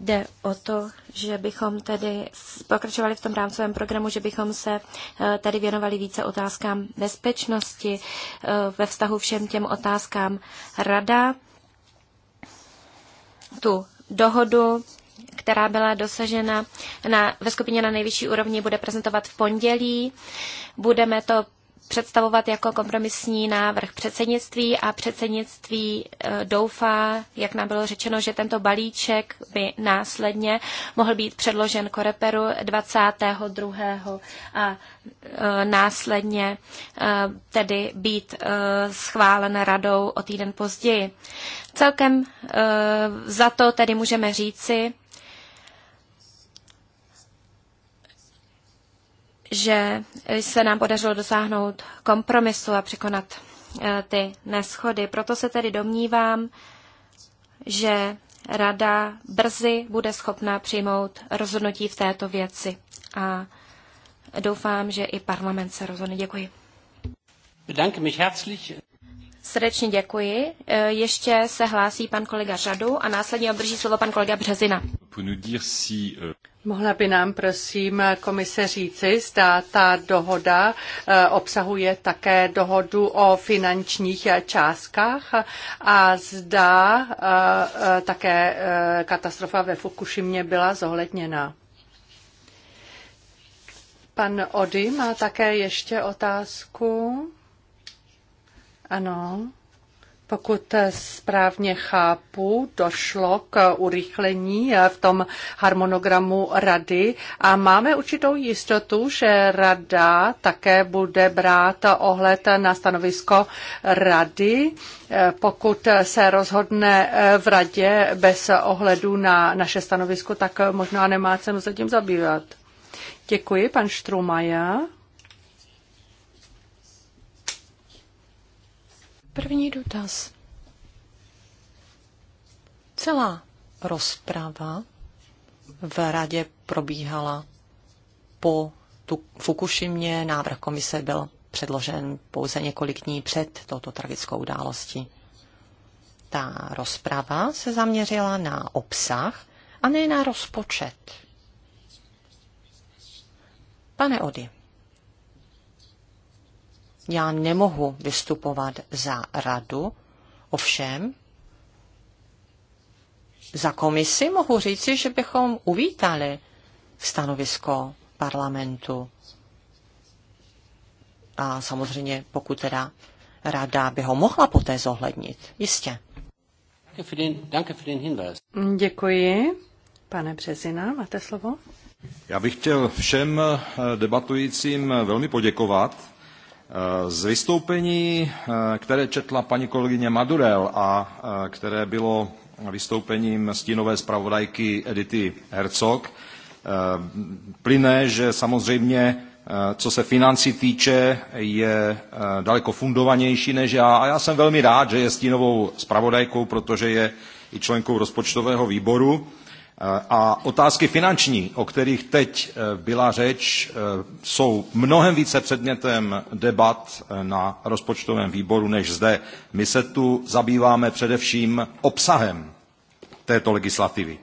Jde o to, že bychom tedy pokračovali v tom rámcovém programu, že bychom se eh, tady věnovali více otázkám bezpečnosti eh, ve vztahu všem těm otázkám rada. Tu dohodu, která byla dosažena na, ve skupině na nejvyšší úrovni, bude prezentovat v pondělí. Budeme to představovat jako kompromisní návrh předsednictví a předsednictví e, doufá, jak nám bylo řečeno, že tento balíček by následně mohl být předložen koreperu 22. a e, následně e, tedy být schválen radou o týden později. Celkem za to tedy můžeme říci, že se nám podařilo dosáhnout kompromisu a překonat eh, ty neschody. Proto se tedy domnívám, že rada brzy bude schopna přijmout rozhodnutí v této věci. A doufám, že i parlament se rozhodne. Děkuji. Bedanke mich herzlich. Srdečně děkuji. Eh, ještě se hlásí pan kolega Řadu a následně obdrží slovo pan kolega Březina. Eh, Mohla by nám prosím komise říci, zda ta dohoda eh, obsahuje také dohodu o finančních částkách a zda eh, eh, také katastrofa ve Fukušimě byla zohledněna. Pan Ody má také ještě otázku. Ano. Pokud správně chápu, došlo k urychlení v tom harmonogramu rady a máme určitou jistotu, že rada také bude brát ohled na stanovisko rady, pokud se rozhodne v radě bez ohledu na naše stanovisko, tak možná nemá cenu se tím zabývat. Děkuji, pan Štrumaja. První dotaz. Celá rozprava v radě probíhala po tu Fukušimě. Návrh komise byl předložen pouze několik dní před touto tragickou událostí. Ta rozprava se zaměřila na obsah a ne na rozpočet. Pane Ody, já nemohu vystupovat za radu, ovšem za komisi mohu říci, že bychom uvítali stanovisko parlamentu. A samozřejmě, pokud teda rada by ho mohla poté zohlednit. Jistě. Děkuji. Pane Březina, máte slovo. Já bych chtěl všem eh, debatujícím eh, velmi poděkovat Eh, z vystoupení, eh, které četla paní kolegyně Madurel a eh, které bylo vystoupením stínové zpravodajky Edity Herzog, plyne, že samozřejmě, co se financí týče, je daleko fundovanější než já. A já jsem velmi rád, že je stínovou zpravodajkou, protože je i členkou rozpočtového výboru. Eh, a otázky finanční, o kterých teď eh, byla řeč, eh, jsou mnohem více předmětem debat na rozpočtovém výboru než zde. My se tu zabýváme především obsahem této legislativy.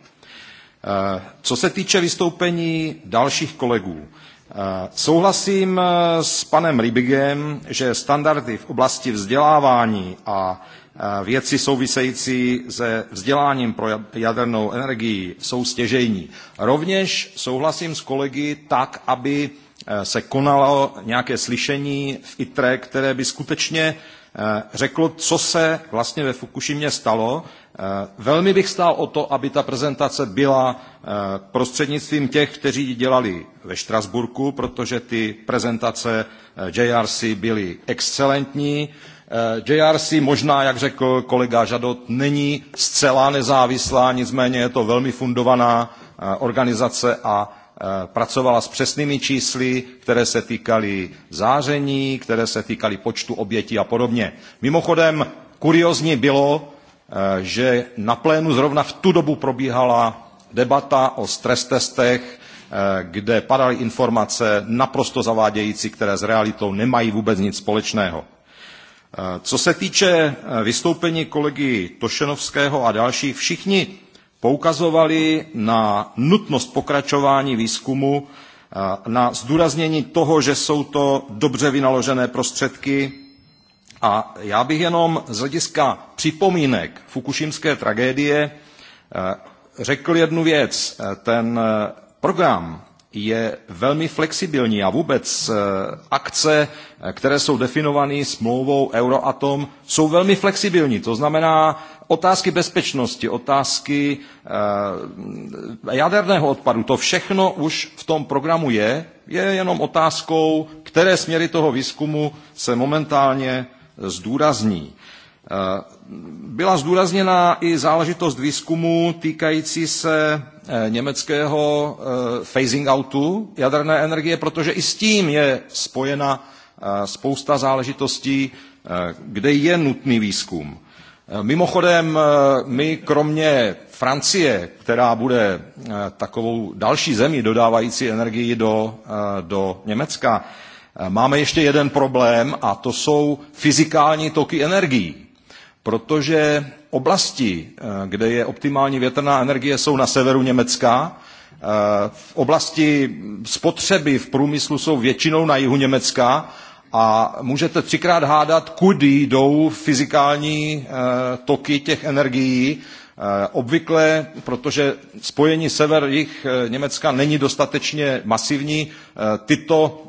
Co se týče vystoupení dalších kolegů, souhlasím s panem Rybigem, že standardy v oblasti vzdělávání a Eh, věci související se vzděláním pro jadernou energii jsou stěžejní. Rovněž souhlasím s kolegy tak, aby eh, se konalo nějaké slyšení v ITRE, které by skutečně eh, řeklo, co se vlastně ve Fukušimě stalo. Velmi bych stál o to, aby ta prezentace byla prostřednictvím těch, kteří ji dělali ve Štrasburku, protože ty prezentace JRC byly excelentní. Eh, JRC možná, jak řekl kolega Žadot, není zcela nezávislá, nicméně je to velmi fundovaná eh, organizace a eh, pracovala s přesnými čísly, které se týkaly záření, které se týkaly počtu obětí a podobně. Mimochodem, kuriozní bylo, že na plénu zrovna v tu dobu probíhala debata o stres testech, kde padaly informace naprosto zavádějící, které s realitou nemají vůbec nic společného. Co se týče eh, vystoupení kolegy Tošenovského a dalších, všichni poukazovali na nutnost pokračování výzkumu, eh, na zdůraznění toho, že jsou to dobře vynaložené prostředky. A já bych jenom z hlediska připomínek Fukušimské tragédie eh, řekl jednu věc. Ten program je velmi flexibilní a vůbec eh, akce, eh, které jsou definovány smlouvou Euroatom, jsou velmi flexibilní. To znamená, otázky bezpečnosti, otázky eh, jaderného odpadu, to všechno už v tom programu je, je jenom otázkou, které směry toho výzkumu se momentálně zdůrazní. Eh, byla zdůrazněna i záležitost výzkumu týkající se eh, německého eh, phasing outu jaderné energie, protože i s tím je spojena spousta záležitostí, kde je nutný výzkum. Mimochodem, my kromě Francie, která bude takovou další zemí dodávající energii do, do Německa, máme ještě jeden problém a to jsou fyzikální toky energií protože oblasti, eh, kde je optimální větrná energie, jsou na severu Německa. Eh, v oblasti spotřeby v průmyslu jsou většinou na jihu Německa a můžete třikrát hádat, kudy jdou fyzikální eh, toky těch energií. Obvykle, protože spojení sever jich Německa není dostatečně masivní, tyto,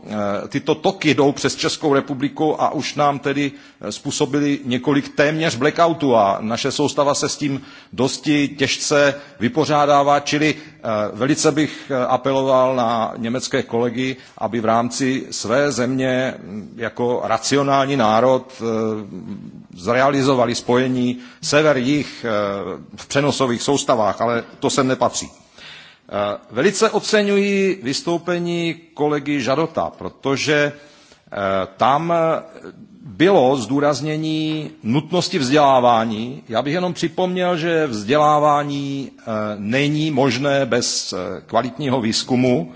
tyto toky jdou přes Českou republiku a už nám tedy Eh, způsobili několik téměř blackoutů a naše soustava se s tím dosti těžce vypořádává, čili eh, velice bych eh, apeloval na německé kolegy, aby v rámci své země mm, jako racionální národ zrealizovali spojení sever-jih v přenosových soustavách, ale to sem nepatří. Velice oceňuji vystoupení kolegy Žadota, protože tam bylo zdůraznění nutnosti vzdělávání. Já bych jenom připomněl, že vzdělávání eh, není možné bez eh, kvalitního výzkumu.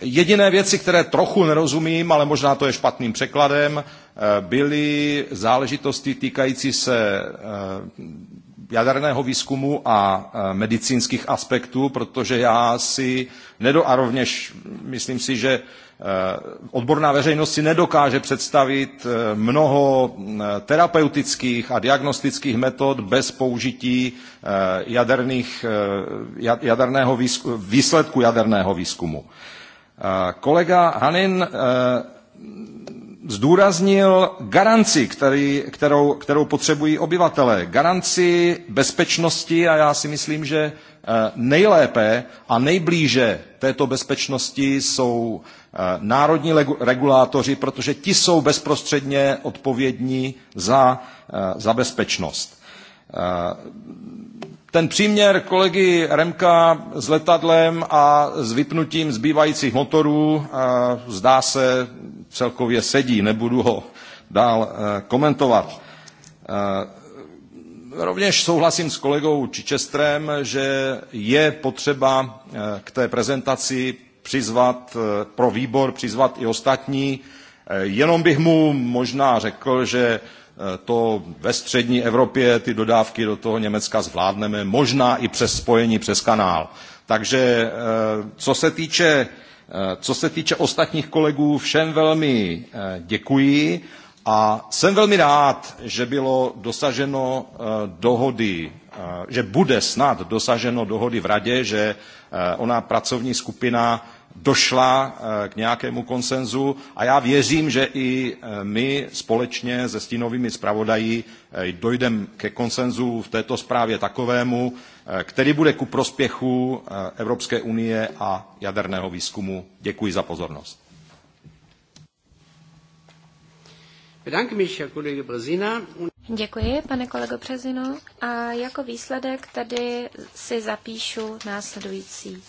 Jediné věci, které trochu nerozumím, ale možná to je špatným překladem, eh, byly záležitosti týkající se jaderného výzkumu a medicínských aspektů, protože já si nedo a rovněž myslím si, že Eh, odborná veřejnost si nedokáže představit eh, mnoho mm, terapeutických a diagnostických metod bez použití eh, jaderných, jaderného výzku, výsledku jaderného výzkumu. Kolega Hanin zdůraznil garanci, který, kterou, kterou potřebují obyvatelé. Garanci bezpečnosti a já si myslím, že Eh, nejlépe a nejblíže této bezpečnosti jsou eh, národní regulátoři, protože ti jsou bezprostředně odpovědní za, eh, za bezpečnost. Ten příměr kolegy Remka s letadlem a s vypnutím zbývajících motorů zdá se celkově sedí, nebudu ho dál komentovat. Rovněž souhlasím s kolegou Čičestrem, že je potřeba eh, k té prezentaci přizvat eh, pro výbor, přizvat i ostatní. Eh, jenom bych mu možná řekl, že to ve střední Evropě ty dodávky do toho Německa zvládneme, možná i přes spojení přes kanál. Takže co se týče, co se týče ostatních kolegů, všem velmi děkuji a jsem velmi rád, že bylo dosaženo eh, dohody, eh, že bude snad dosaženo dohody v radě, že eh, ona pracovní skupina došla k nějakému konsenzu a já věřím, že i my společně se stínovými zpravodají dojdeme ke konsenzu v této zprávě takovému, který bude ku prospěchu Evropské unie a jaderného výzkumu. Děkuji za pozornost. Děkuji, pane kolego Březino. A jako výsledek tady si zapíšu následující.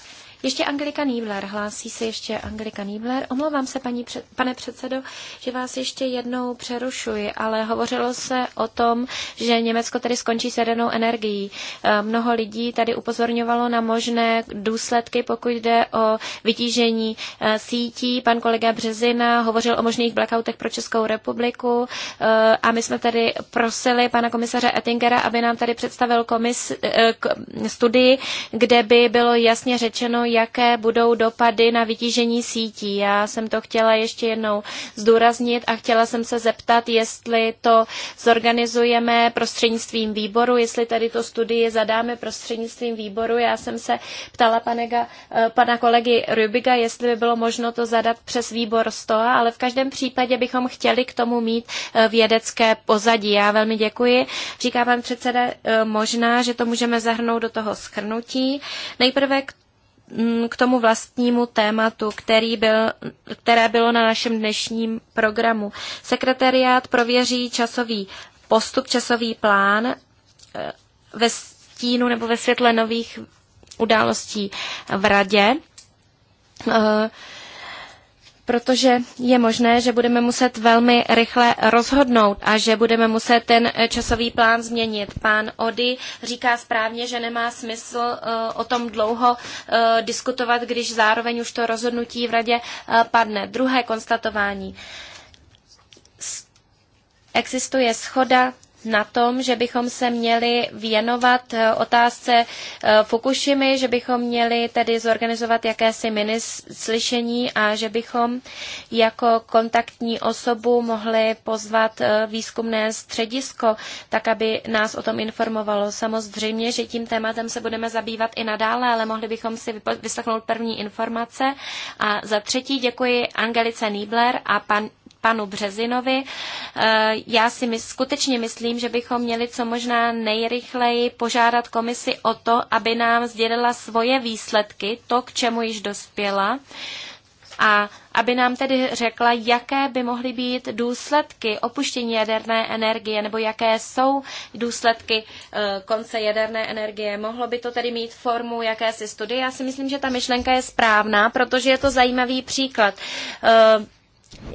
Ještě Angelika Nýbler, hlásí se ještě Angelika Nýbler. Omlouvám se, paní před, pane předsedo, že vás ještě jednou přerušuji, ale hovořilo se o tom, že Německo tady skončí s jadernou energií. E, mnoho lidí tady upozorňovalo na možné důsledky, pokud jde o vytížení e, sítí. Pan kolega Březina hovořil o možných blackoutech pro Českou republiku e, a my jsme tady prosili pana komisaře Ettingera, aby nám tady představil komis, studii, kde by bylo jasně řečeno, jaké budou dopady na vytížení sítí. Já jsem to chtěla ještě jednou zdůraznit a chtěla jsem se zeptat, jestli to zorganizujeme prostřednictvím výboru, jestli tady to studii zadáme prostřednictvím výboru. Já jsem se ptala panega, eh, pana kolegy Rubiga, jestli by bylo možno to zadat přes výbor STOA, ale v každém případě bychom chtěli k tomu mít eh, vědecké pozadí. Já velmi děkuji. Říká pan předseda, eh, možná, že to můžeme zahrnout do toho schrnutí. Nejprve k Mm, k tomu vlastnímu tématu, který byl, které bylo na našem dnešním programu. Sekretariát prověří časový postup, časový plán eh, ve stínu nebo ve světle nových událostí v radě. Eh, protože je možné, že budeme muset velmi rychle rozhodnout a že budeme muset ten eh, časový plán změnit. Pán Ody říká správně, že nemá smysl eh, o tom dlouho eh, diskutovat, když zároveň už to rozhodnutí v radě padne. Druhé konstatování. Existuje schoda na tom, že bychom se měli věnovat eh, otázce eh, Fukushimy, že bychom měli tedy zorganizovat jakési mini slyšení a že bychom jako kontaktní osobu mohli pozvat eh, výzkumné středisko, tak aby nás o tom informovalo. Samozřejmě, že tím tématem se budeme zabývat i nadále, ale mohli bychom si vyslechnout první informace. A za třetí děkuji Angelice Niebler a pan, panu Březinovi. Eh, já si my, skutečně myslím, že bychom měli co možná nejrychleji požádat komisi o to, aby nám sdělila svoje výsledky, to, k čemu již dospěla a aby nám tedy řekla, jaké by mohly být důsledky opuštění jaderné energie nebo jaké jsou důsledky eh, konce jaderné energie. Mohlo by to tedy mít formu jakési studie? Já si myslím, že ta myšlenka je správná, protože je to zajímavý příklad. Eh,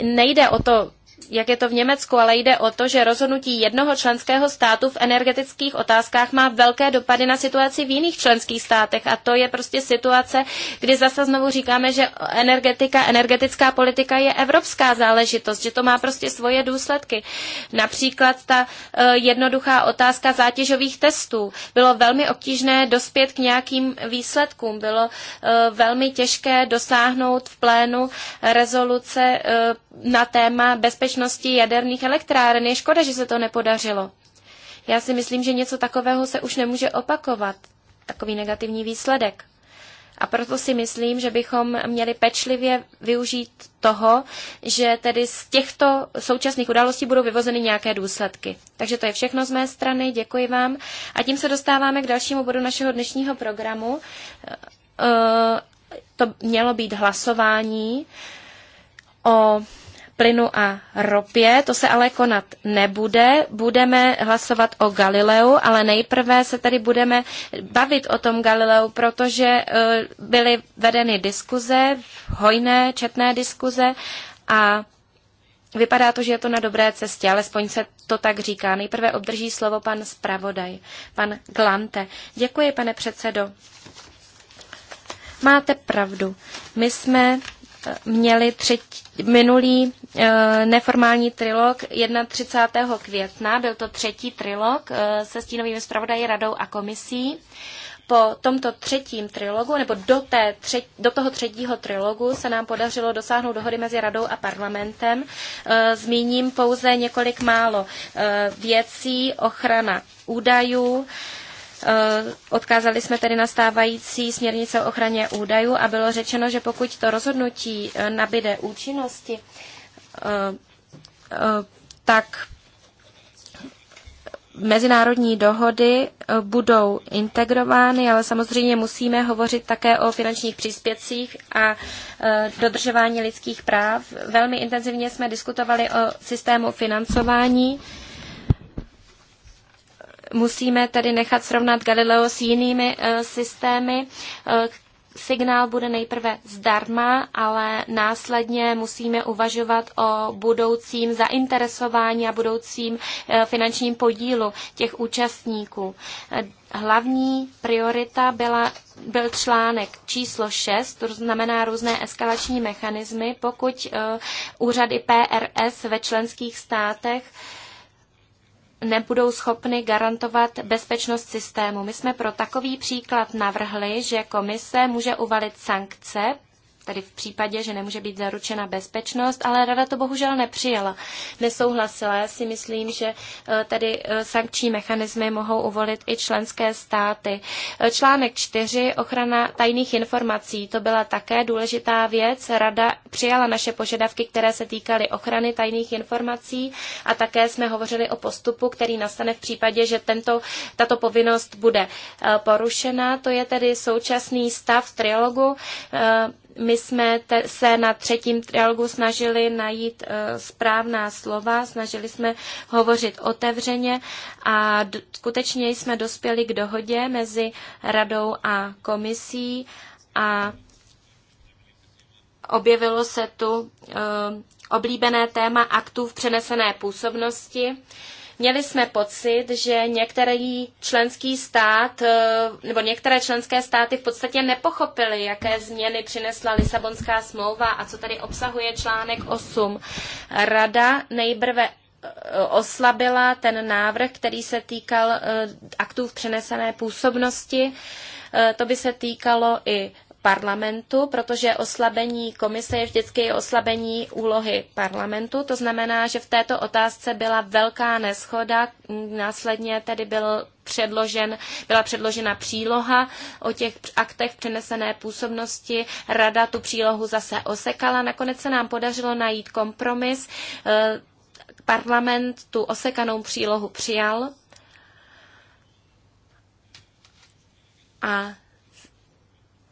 nejde o to jak je to v Německu, ale jde o to, že rozhodnutí jednoho členského státu v energetických otázkách má velké dopady na situaci v jiných členských státech. A to je prostě situace, kdy zase znovu říkáme, že energetika, energetická politika je evropská záležitost, že to má prostě svoje důsledky. Například ta e, jednoduchá otázka zátěžových testů. Bylo velmi obtížné dospět k nějakým výsledkům. Bylo e, velmi těžké dosáhnout v plénu rezoluce e, na téma bezpečnosti bezpečnosti jaderných elektráren. Je škoda, že se to nepodařilo. Já si myslím, že něco takového se už nemůže opakovat, takový negativní výsledek. A proto si myslím, že bychom měli pečlivě využít toho, že tedy z těchto současných událostí budou vyvozeny nějaké důsledky. Takže to je všechno z mé strany, děkuji vám. A tím se dostáváme k dalšímu bodu našeho dnešního programu. Eh, eh, to mělo být hlasování o plynu a ropě. To se ale konat nebude. Budeme hlasovat o Galileu, ale nejprve se tady budeme bavit o tom Galileu, protože e, byly vedeny diskuze, hojné, četné diskuze a Vypadá to, že je to na dobré cestě, alespoň se to tak říká. Nejprve obdrží slovo pan zpravodaj, pan Glante. Děkuji, pane předsedo. Máte pravdu. My jsme e, měli třetí, minulý Eh, neformální trilog 31. května. Byl to třetí trilog eh, se stínovými zpravodaji radou a komisí. Po tomto třetím trilogu, nebo do, té třetí, do toho třetího trilogu se nám podařilo dosáhnout dohody mezi radou a parlamentem. Eh, zmíním pouze několik málo věcí, ochrana údajů, Odkázali jsme tedy na stávající směrnice o ochraně údajů a bylo řečeno, že pokud to rozhodnutí nabide účinnosti, Eh, eh, tak mezinárodní dohody eh, budou integrovány, ale samozřejmě musíme hovořit také o finančních příspěcích a dodržování lidských práv. Velmi intenzivně jsme diskutovali o systému financování. Musíme tedy nechat srovnat Galileo s jinými systémy, signál bude nejprve zdarma, ale následně musíme uvažovat o budoucím zainteresování a budoucím eh, finančním podílu těch účastníků. Eh, hlavní priorita byla, byl článek číslo 6, to znamená různé eskalační mechanismy, pokud eh, úřady PRS ve členských státech uh, nebudou schopny garantovat bezpečnost systému. My jsme pro takový příklad navrhli, že komise může uvalit sankce tedy v případě, že nemůže být zaručena bezpečnost, ale rada to bohužel nepřijala. Nesouhlasila. Já si myslím, že eh, tedy eh, sankční mechanismy mohou uvolit i členské státy. Eh, článek 4, ochrana tajných informací, to byla také důležitá věc. Rada přijala naše požadavky, které se týkaly ochrany tajných informací a také jsme hovořili o postupu, který nastane v případě, že tento, tato povinnost bude porušena. To je tedy současný stav trialogu. My jsme te, se na třetím trialogu snažili najít uh, správná slova, snažili jsme hovořit otevřeně a d- skutečně jsme dospěli k dohodě mezi radou a komisí a objevilo se tu uh, oblíbené téma aktů v přenesené působnosti. Uh, Měli jsme pocit, že některý členský stát eh, nebo některé členské státy v podstatě nepochopily, jaké změny přinesla Lisabonská smlouva a co tady obsahuje článek 8. Rada nejprve eh, oslabila ten návrh, který se týkal eh, aktů v přenesené působnosti. To by se týkalo i parlamentu, protože oslabení komise je vždycky oslabení úlohy parlamentu. To znamená, že v této otázce byla velká neschoda, následně tedy byl předložen, byla předložena příloha o těch aktech přenesené působnosti. Rada tu přílohu zase osekala. Nakonec se nám podařilo najít kompromis. Eh, parlament tu osekanou přílohu přijal. A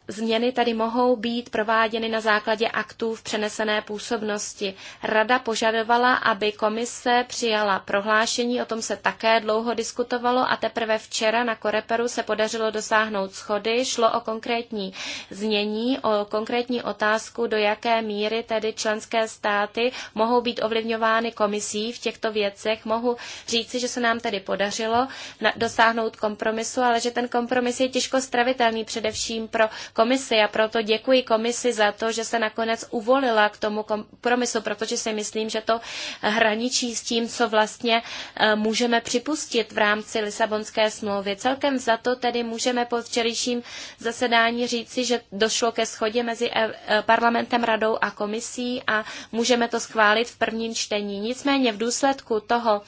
Změny tady mohou být prováděny na základě aktů v přenesené působnosti. Rada požadovala, aby komise přijala prohlášení, o tom se také dlouho diskutovalo a teprve včera na Koreperu se podařilo dosáhnout schody. Šlo o konkrétní změní, o konkrétní otázku, do jaké míry tedy členské státy mohou být ovlivňovány komisí v těchto věcech. Mohu říci, že se nám tedy podařilo dosáhnout kompromisu, ale že ten kompromis je těžko stravitelný především pro komisi a proto děkuji komisi za to, že se nakonec uvolila k tomu kompromisu, protože si myslím, že to hraničí s tím, co vlastně eh, můžeme připustit v rámci Lisabonské smlouvy. Celkem za to tedy můžeme po včerejším zasedání říci, že došlo ke schodě mezi eh, eh, parlamentem, radou a komisí a můžeme to schválit v prvním čtení. Nicméně v důsledku toho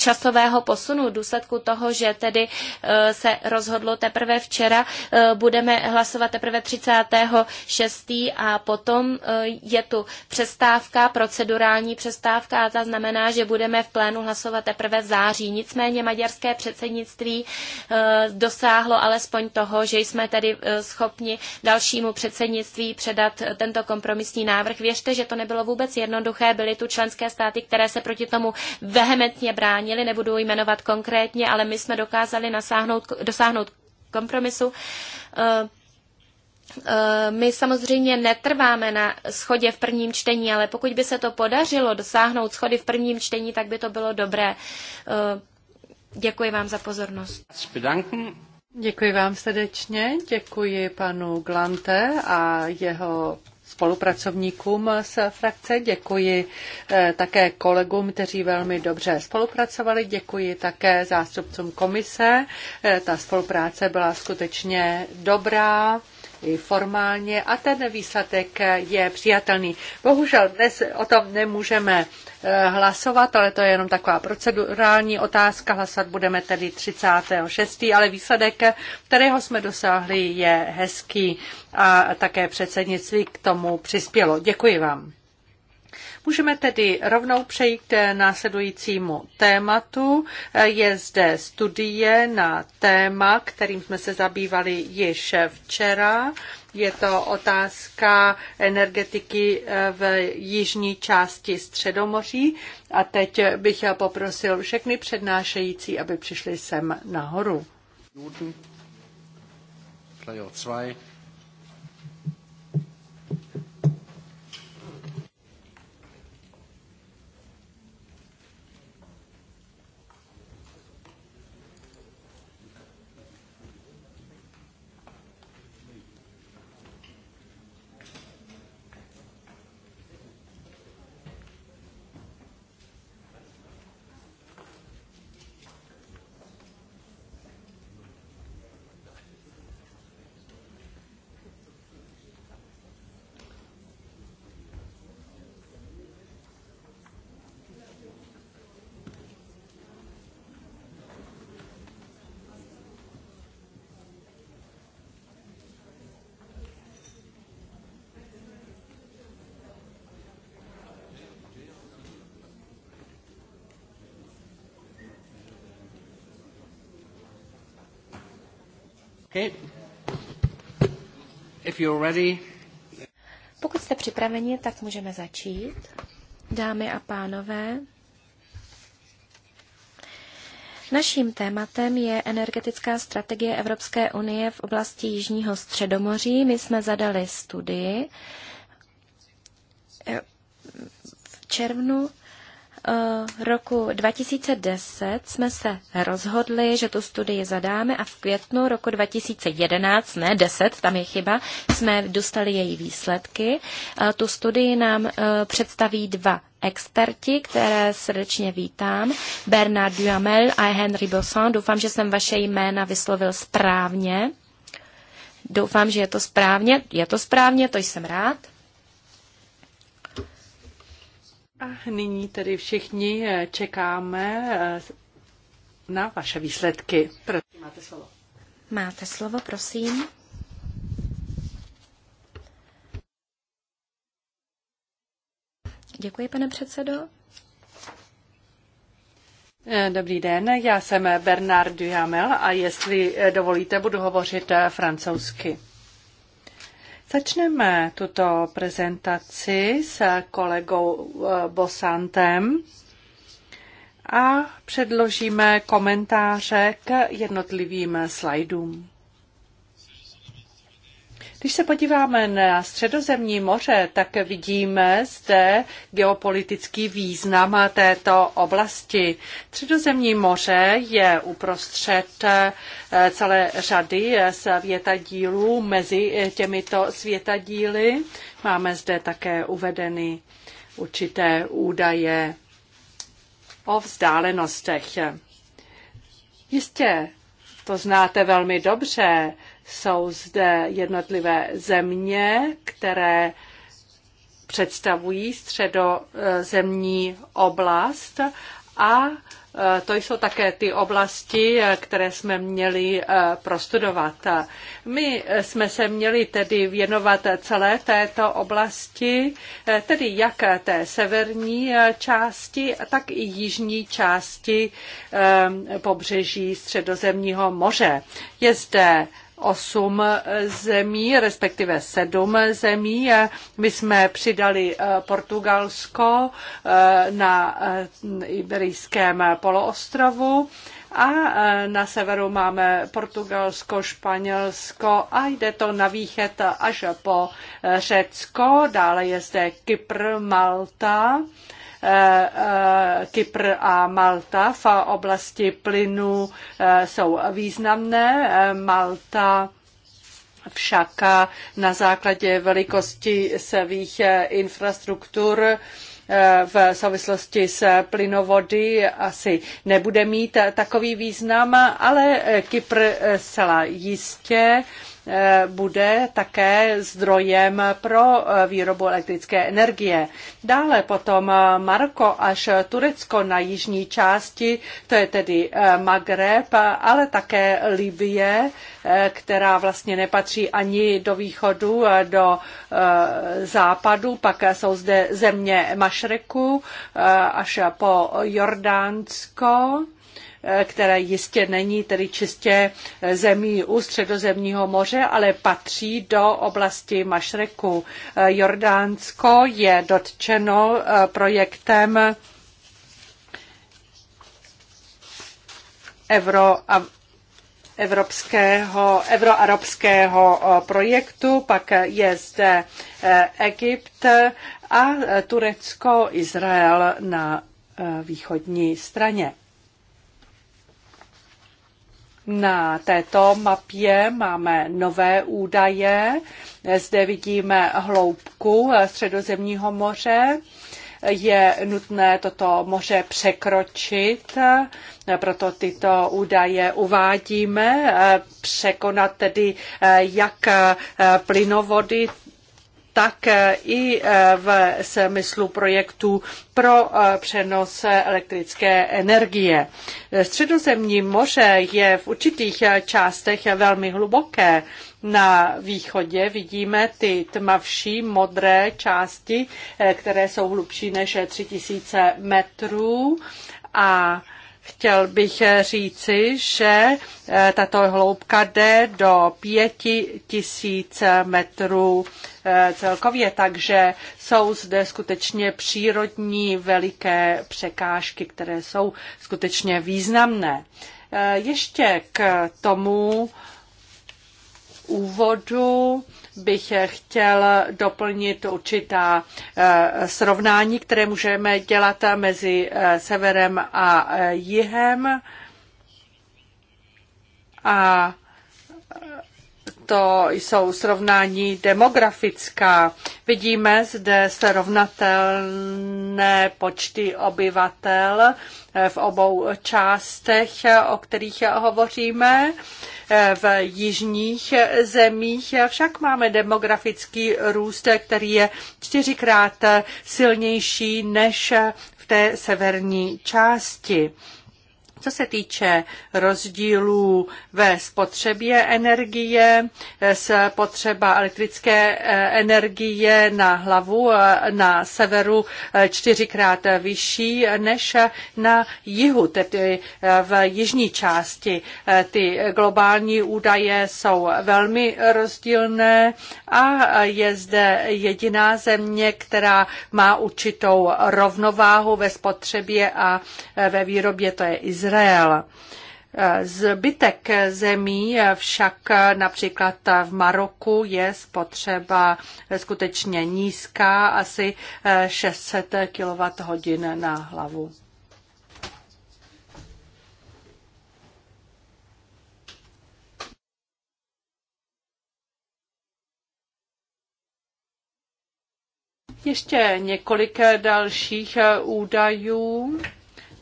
časového posunu důsledku toho, že tedy eh, se rozhodlo teprve včera, eh, budeme hlasovat teprve 36. a potom eh, je tu přestávka, procedurální přestávka a ta znamená, že budeme v plénu hlasovat teprve v září. Nicméně maďarské předsednictví dosáhlo alespoň toho, že jsme tedy schopni dalšímu předsednictví předat tento kompromisní návrh. Věřte, že to nebylo vůbec jednoduché, byly tu členské státy, které se proti tomu vehementně brání měli, nebudu jmenovat konkrétně, ale my jsme dokázali nasáhnout, dosáhnout kompromisu. Eh, eh, my samozřejmě netrváme na schodě v prvním čtení, ale pokud by se to podařilo dosáhnout schody v prvním čtení, tak by to bylo dobré. Eh, děkuji vám za pozornost. Děkuji vám srdečně, děkuji panu Glante a jeho spolupracovníkům z frakce, děkuji eh, také kolegům, kteří velmi dobře spolupracovali, děkuji také zástupcům komise. Eh, ta spolupráce byla skutečně dobrá formálně a ten výsledek je přijatelný. Bohužel dnes o tom nemůžeme eh, hlasovat, ale to je jenom taková procedurální otázka. Hlasovat budeme tedy 36. ale výsledek, kterého jsme dosáhli, je hezký a také předsednictví k tomu přispělo. Děkuji vám. Můžeme tedy rovnou přejít k následujícímu tématu. Je zde studie na téma, kterým jsme se zabývali již včera. Je to otázka energetiky v jižní části Středomoří. A teď bych já poprosil všechny přednášející, aby přišli sem nahoru. Pokud jste připraveni, tak můžeme začít. Dámy a pánové, Naším tématem je energetická strategie Evropské unie v oblasti Jižního středomoří. My jsme zadali studii. V červnu Eh, roku 2010 jsme se rozhodli, že tu studii zadáme a v květnu roku 2011, ne 10, tam je chyba, jsme dostali její výsledky. Eh, tu studii nám eh, představí dva experti, které srdečně vítám, Bernard Duhamel a Henry Bosson. Doufám, že jsem vaše jména vyslovil správně. Doufám, že je to správně. Je to správně, to jsem rád. A nyní tedy všichni eh, čekáme eh, na vaše výsledky. Prosím, máte slovo. Máte slovo, prosím. Děkuji, pane předsedo. Eh, dobrý den, já jsem Bernard Duhamel a jestli dovolíte, budu hovořit francouzsky. Začneme tuto prezentaci s kolegou eh, Bosantem a předložíme komentáře k jednotlivým slajdům. Když se podíváme na středozemní moře, tak vidíme zde geopolitický význam této oblasti. Středozemní moře je uprostřed eh, celé řady světadílů. Mezi těmito světadíly máme zde také uvedeny určité údaje o vzdálenostech. Jistě, to znáte velmi dobře. Jsou zde jednotlivé země, které představují středozemní eh, oblast a eh, to jsou také ty oblasti, eh, které jsme měli prostudovat. My jsme se měli tedy věnovat celé této oblasti, tedy jak té severní části, tak i jižní části pobřeží Středozemního moře. Je zde osm zemí, respektive sedm zemí. My jsme přidali eh, Portugalsko eh, na eh, Iberijském poloostrovu a na severu máme Portugalsko, Španělsko a jde to na východ až po Řecko. Dále je zde Kypr, Malta. Eh, eh, Kypr a Malta v oblasti plynu eh, jsou významné. Malta však na základě velikosti svých infrastruktur v souvislosti s plynovody asi nebude mít takový význam, ale Kypr zcela jistě Eh, bude také zdrojem pro eh, výrobu elektrické energie. Dále potom eh, Maroko až Turecko na jižní části, to je tedy Magreb, ale také Libie, která vlastně nepatří ani do východu, do západu. Pak jsou zde země Mašreku až po Jordánsko Eh, které jistě není tedy čistě eh, zemí u středozemního moře, ale patří do oblasti Mašreku. Eh, Jordánsko je dotčeno projektem Euro evropského, euroarabského projektu, pak je zde Egypt a Turecko, Izrael na východní straně. Na této mapě máme nové údaje. Zde vidíme hloubku Středozemního moře. Je nutné toto moře překročit, proto tyto údaje uvádíme. Překonat tedy jak plynovody, tak i e, v smyslu projektů pro e, přenos elektrické energie. Středozemní moře je v určitých e, částech velmi hluboké. Na východě vidíme ty tmavší modré části, které jsou hlubší než 3000 metrů a Chtěl bych eh, říci, že eh, tato hloubka jde do pěti tisíc metrů eh, celkově, takže jsou zde skutečně přírodní veliké překážky, které jsou skutečně významné. Ještě k tomu úvodu bych chtěl doplnit určitá eh, srovnání, které můžeme dělat mezi eh, severem a eh, jihem. A to jsou srovnání demografická. Vidíme zde srovnatelné počty obyvatel v obou částech, o kterých hovoříme. V jižních zemích však máme demografický růst, který je čtyřikrát silnější než v té severní části. Co se týče rozdílů ve spotřebě energie, eh, spotřeba elektrické eh, energie na hlavu eh, na severu čtyřikrát vyšší než na jihu, tedy v jižní části. Ty globální údaje jsou velmi rozdílné a je zde jediná země, která má určitou rovnováhu ve spotřebě a ve výrobě, to je Izrael. Izrael. Zbytek zemí však například v Maroku je spotřeba skutečně nízká, asi 600 kWh na hlavu. Ještě několik dalších údajů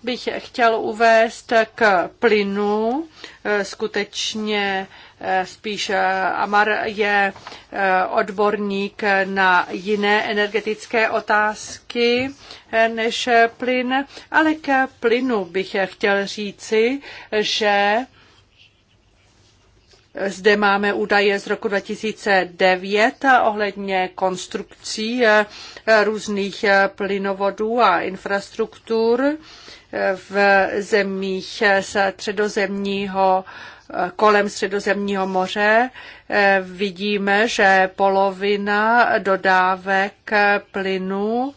bych chtěl uvést k plynu. Eh, skutečně eh, spíš eh, Amar je odborník na jiné energetické otázky než plyn, ale k plynu bych chtěl říci, že zde máme údaje z roku 2009 ohledně konstrukcí různých plynovodů a infrastruktur v zemích středozemního kolem Středozemního moře vidíme, že polovina dodávek plynu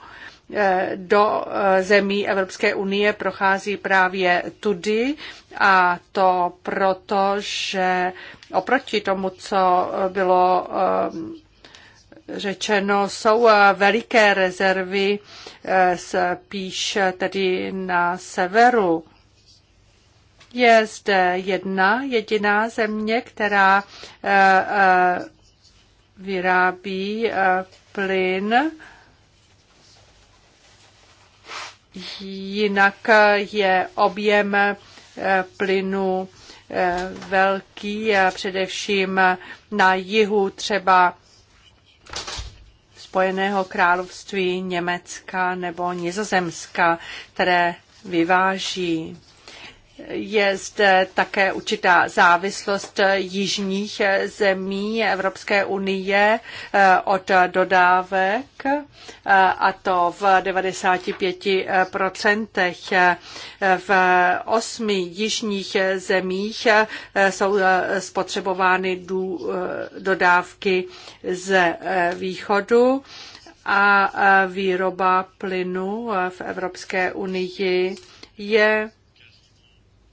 do zemí Evropské unie prochází právě tudy a to proto, že oproti tomu, co bylo řečeno, jsou eh, veliké rezervy eh, spíš tedy na severu. Je zde jedna jediná země, která eh, vyrábí plyn. Jinak je objem plynu velký, především na jihu třeba Spojeného království, Německa nebo Nizozemska, které vyváží je zde také určitá závislost jižních zemí Evropské unie eh, od dodávek, eh, a to v 95%. V osmi jižních zemích eh, jsou spotřebovány dodávky z východu a výroba plynu v Evropské unii je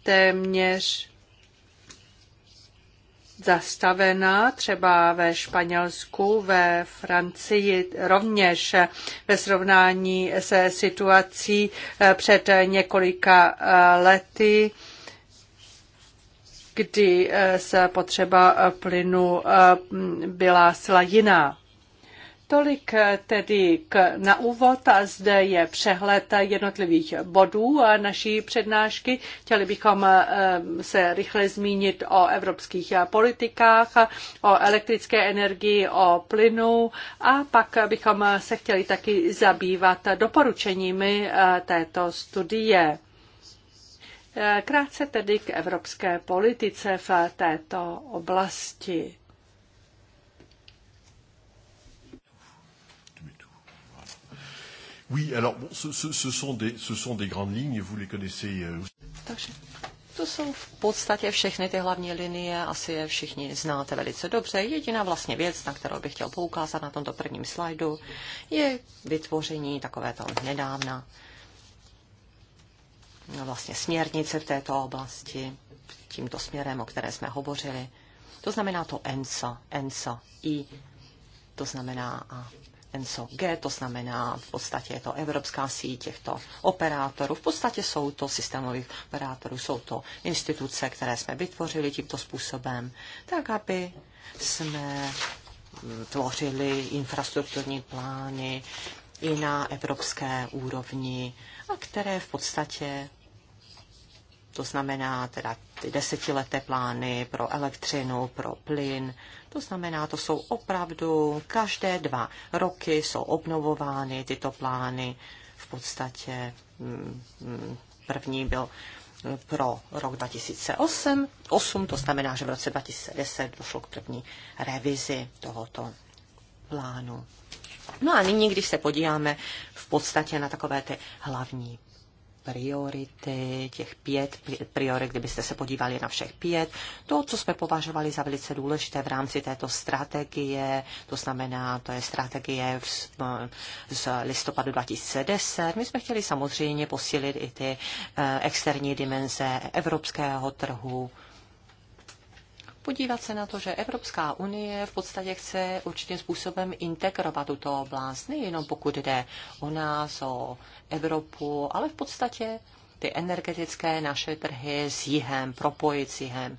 téměř zastavená, třeba ve Španělsku, ve Francii rovněž ve srovnání se situací eh, před několika eh, lety, kdy se eh, potřeba plynu byla zcela jiná. Tolik eh, tedy k, na úvod a zde je přehled jednotlivých bodů eh, naší přednášky. Chtěli bychom eh, se rychle zmínit o evropských politikách, o elektrické energii, o plynu a pak bychom se chtěli taky zabývat doporučeními této studie. Krátce tedy k evropské politice v této oblasti. Oui, alors bon, ce, ce, ce, sont des, ce sont des grandes lignes, vous les connaissez. Euh, Takže to jsou v podstatě všechny ty hlavní linie, asi je všichni znáte velice dobře. Jediná vlastně věc, na kterou bych chtěl poukázat na tomto prvním slajdu, je vytvoření takovéto nedávna no, vlastně směrnice v této oblasti, tímto směrem, o které jsme hovořili. To znamená to ENSA, ENSA, I, to znamená a NSOG, to znamená v podstatě je to evropská síť těchto operátorů. V podstatě jsou to systémových operátorů, jsou to instituce, které jsme vytvořili tímto způsobem, tak aby jsme mm, tvořili infrastrukturní plány i na evropské úrovni, a které v podstatě to znamená teda ty desetileté plány pro elektřinu, pro plyn. To znamená, to jsou opravdu každé dva roky jsou obnovovány tyto plány. V podstatě mm, mm, první byl eh, pro rok 2008, 8, to znamená, že v roce 2010 došlo k první revizi tohoto plánu. No a nyní, když se podíváme v podstatě na takové ty hlavní priority, těch pět priorit, kdybyste se podívali na všech pět, to, co jsme považovali za velice důležité v rámci této strategie, to znamená, to je strategie z, z listopadu 2010, my jsme chtěli samozřejmě posílit i ty eh, externí dimenze evropského trhu, podívat se na to, že Evropská unie v podstatě chce určitým způsobem integrovat tuto oblast, nejenom pokud jde o nás, o Evropu, ale v podstatě ty energetické naše trhy s jihem, propojit s jihem.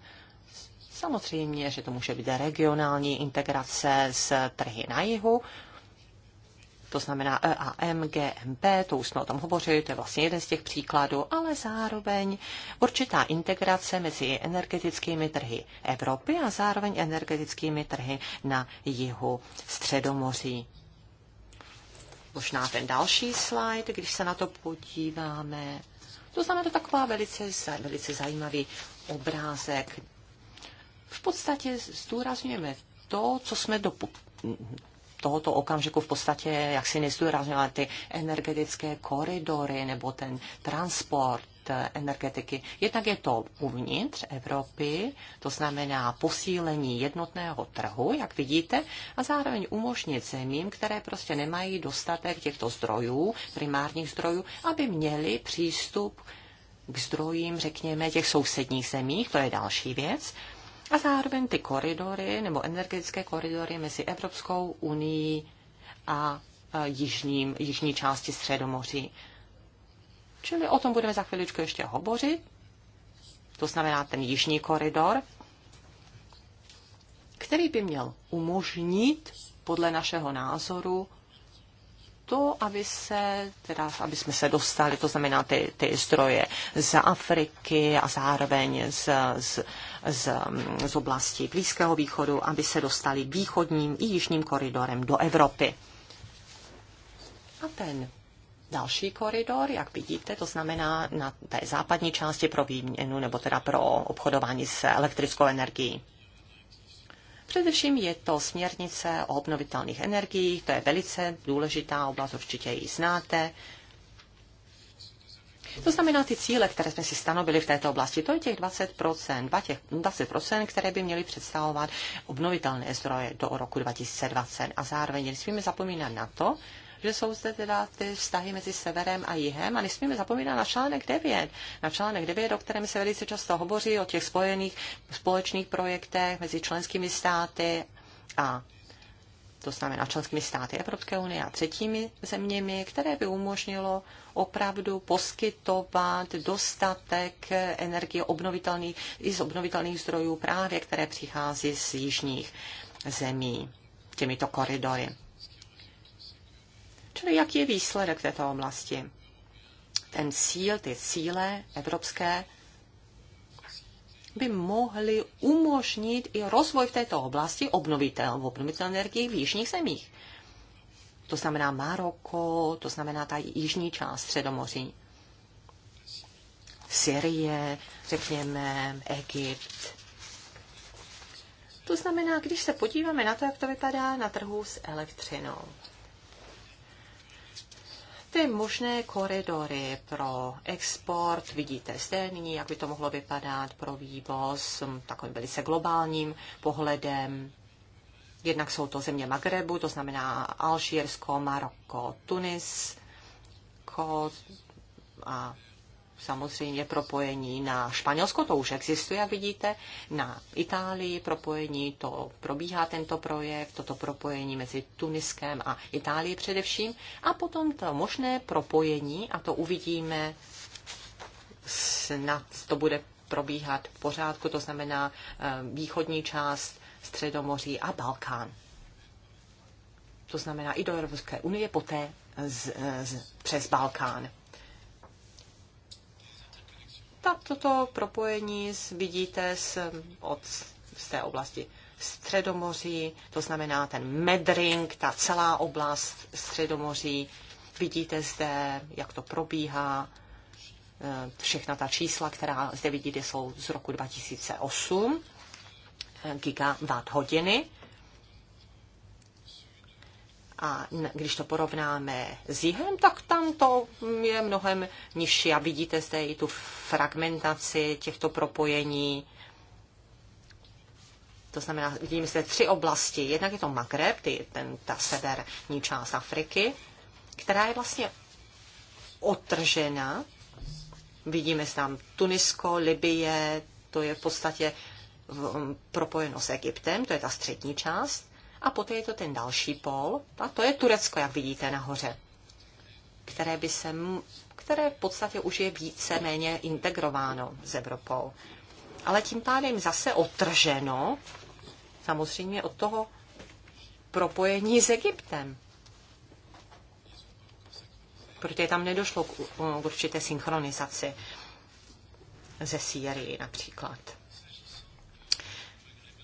Samozřejmě, že to může být regionální integrace s trhy na jihu, to znamená EAM, GMP, to už jsme o tom hovořili, to je vlastně jeden z těch příkladů, ale zároveň určitá integrace mezi energetickými trhy Evropy a zároveň energetickými trhy na jihu Středomoří. Možná ten další slide, když se na to podíváme. To znamená, to taková velice, velice zajímavý obrázek. V podstatě zdůrazňujeme to, co jsme do, tohoto okamžiku v podstatě, jak si nezdůraznila, ty energetické koridory nebo ten transport eh, energetiky. Jednak je to uvnitř Evropy, to znamená posílení jednotného trhu, jak vidíte, a zároveň umožnit zemím, které prostě nemají dostatek těchto zdrojů, primárních zdrojů, aby měli přístup k zdrojím, řekněme, těch sousedních zemích, to je další věc a zároveň ty koridory nebo energetické koridory mezi Evropskou unii a e, jižním, jižní části Středomoří. Čili o tom budeme za chviličku ještě hovořit. To znamená ten jižní koridor, který by měl umožnit podle našeho názoru to, aby se, teda, aby jsme se dostali, to znamená ty, ty zdroje z Afriky a zároveň z, z, z, z oblasti Blízkého východu, aby se dostali východním i jižním koridorem do Evropy. A ten další koridor, jak vidíte, to znamená na té západní části pro výměnu nebo teda pro obchodování s elektrickou energií. Především je to směrnice o obnovitelných energiích, to je velice důležitá oblast, určitě ji znáte. To znamená ty cíle, které jsme si stanovili v této oblasti, to je těch 20%, 20%, které by měly představovat obnovitelné zdroje do roku 2020. A zároveň nesmíme zapomínat na to, že jsou zde teda ty vztahy mezi severem a jihem a nesmíme zapomínat na článek 9. Na článek 9, o kterém se velice často hovoří, o těch spojených společných projektech mezi členskými státy a to znamená členskými státy Evropské unie a třetími zeměmi, které by umožnilo opravdu poskytovat dostatek energie obnovitelných, i z obnovitelných zdrojů právě, které přichází z jižních zemí těmito koridory. Čili jaký je výsledek této oblasti? Ten síl, ty cíle evropské by mohly umožnit i rozvoj v této oblasti obnovitel, obnovitelné energie v jižních zemích. To znamená Maroko, to znamená ta jižní část Středomoří. Syrie, řekněme, Egypt. To znamená, když se podíváme na to, jak to vypadá na trhu s elektřinou. Ty možné koridory pro export vidíte zde nyní, jak by to mohlo vypadat pro vývoz takovým velice globálním pohledem. Jednak jsou to země Magrebu, to znamená Alžírsko, Maroko, Tunis, a samozřejmě propojení na Španělsko, to už existuje, jak vidíte, na Itálii propojení, to probíhá tento projekt, toto propojení mezi Tuniskem a Itálií především a potom to možné propojení, a to uvidíme, snad to bude probíhat v pořádku, to znamená eh, východní část Středomoří a Balkán. To znamená i do Evropské unie, poté z, eh, z, přes Balkán tak toto propojení vidíte z, od, z té oblasti Středomoří, to znamená ten Medring, ta celá oblast Středomoří. Vidíte zde, jak to probíhá, eh, všechna ta čísla, která zde vidíte, jsou z roku 2008, eh, gigawatt hodiny a když to porovnáme s jihem, tak tam to je mnohem nižší a vidíte zde i tu fragmentaci těchto propojení. To znamená, vidíme zde tři oblasti. Jednak je to Magreb, ty, ten, ta severní část Afriky, která je vlastně otržena. Vidíme tam Tunisko, Libie, to je v podstatě v, propojeno s Egyptem, to je ta střední část. A poté je to ten další pól, a to je Turecko, jak vidíte nahoře, které, by se, které v podstatě už je více méně integrováno s Evropou. Ale tím pádem zase otrženo, samozřejmě od toho propojení s Egyptem. Protože tam nedošlo k určité synchronizaci ze Sýrii například.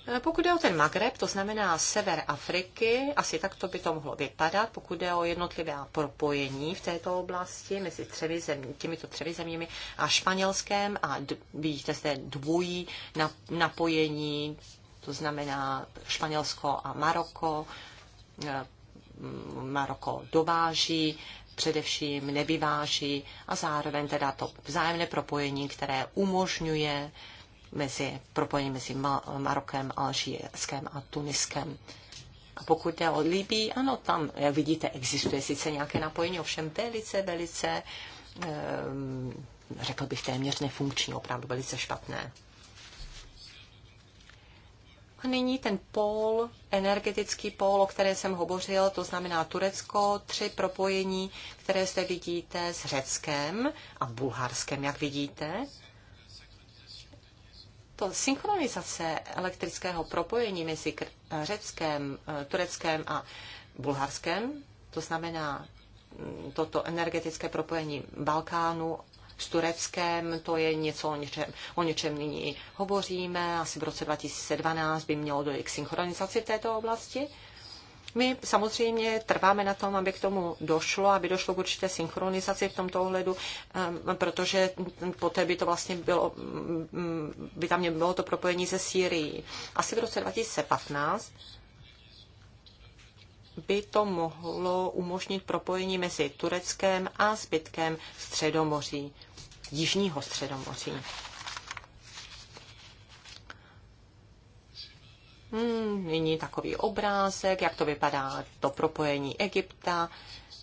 Eh, pokud je o ten Magreb, to znamená sever Afriky, asi tak to by to mohlo vypadat, pokud je o jednotlivé propojení v této oblasti mezi třemi zemí, těmito třemi zeměmi a Španělském a vidíte zde dvojí napojení, to znamená Španělsko a Maroko. Eh, Maroko dováží, především nevyváží a zároveň teda to vzájemné propojení, které umožňuje mezi propojení mezi Marokem, Alžírskem a Tuniskem. A pokud jde o Libii, ano, tam, jak vidíte, existuje sice nějaké napojení, ovšem velice, velice, ehm, řekl bych téměř nefunkční, opravdu velice špatné. A nyní ten pól, energetický pól, o které jsem hovořil, to znamená Turecko, tři propojení, které zde vidíte s Řeckem a Bulharskem, jak vidíte to synchronizace elektrického propojení mezi eh, Řeckem, eh, Tureckem a Bulharskem, to znamená mm, toto energetické propojení Balkánu s Tureckem, to je něco, o něčem, o něčem nyní hovoříme. Asi v roce 2012 by mělo dojít k synchronizaci této oblasti. My samozřejmě trváme na tom, aby k tomu došlo, aby došlo k určité synchronizaci v tomto ohledu, ehm, protože poté by to vlastně bylo, mm, by tam bylo to propojení ze Sýrií. Asi v roce 2015 by to mohlo umožnit propojení mezi Tureckem a zbytkem Středomoří, Jižního Středomoří. hmm, nyní takový obrázek, jak to vypadá to propojení Egypta,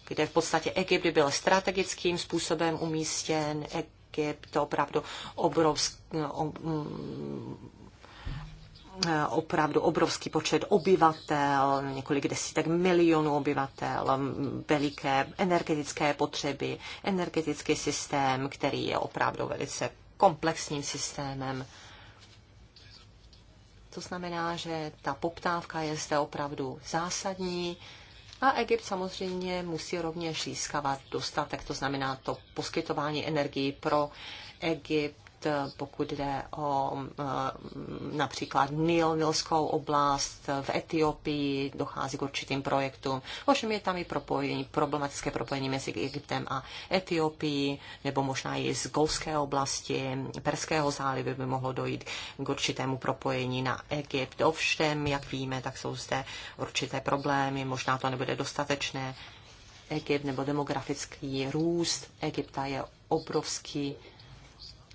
kde v podstatě Egypt byl strategickým způsobem umístěn. Egypt to opravdu obrovský, hmm, opravdu obrovský počet obyvatel, několik desítek milionů obyvatel, veliké energetické potřeby, energetický systém, který je opravdu velice komplexním systémem. To znamená, že ta poptávka je zde opravdu zásadní. A Egypt samozřejmě musí rovněž získávat dostatek, to znamená to poskytování energii pro Egypt Eh, pokud jde o eh, například Nil, Nilskou oblast v Etiopii, dochází k určitým projektům. Ovšem je tam i propojení, problematické propojení mezi Egyptem a Etiopií, nebo možná i z Golské oblasti, Perského zálivu by mohlo dojít k určitému propojení na Egypt. Ovšem, jak víme, tak jsou zde určité problémy, možná to nebude dostatečné. Egypt nebo demografický růst Egypta je obrovský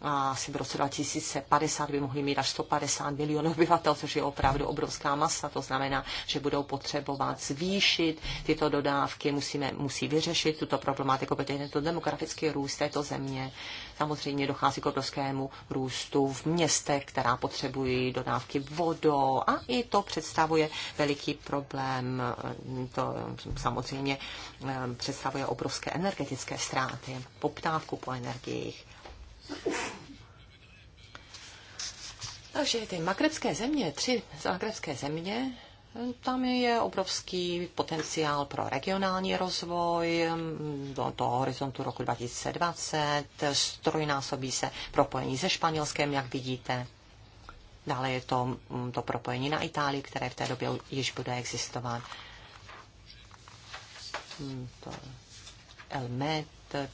a asi v roce 2050 by mohli mít až 150 milionů obyvatel, což je opravdu obrovská masa. To znamená, že budou potřebovat zvýšit tyto dodávky, musíme, musí vyřešit tuto problematiku, protože To demografický růst této země samozřejmě dochází k obrovskému růstu v městech, která potřebují dodávky vodou a i to představuje veliký problém. To samozřejmě eh, představuje obrovské energetické ztráty, poptávku po energiích. Takže ty makrebské země, tři makrebské země, tam je obrovský potenciál pro regionální rozvoj mm, do, do horizontu roku 2020, strojnásobí se propojení se Španělskem, jak vidíte. Dále je to, mm, to propojení na Itálii, které v té době již bude existovat. Mm, to El Met,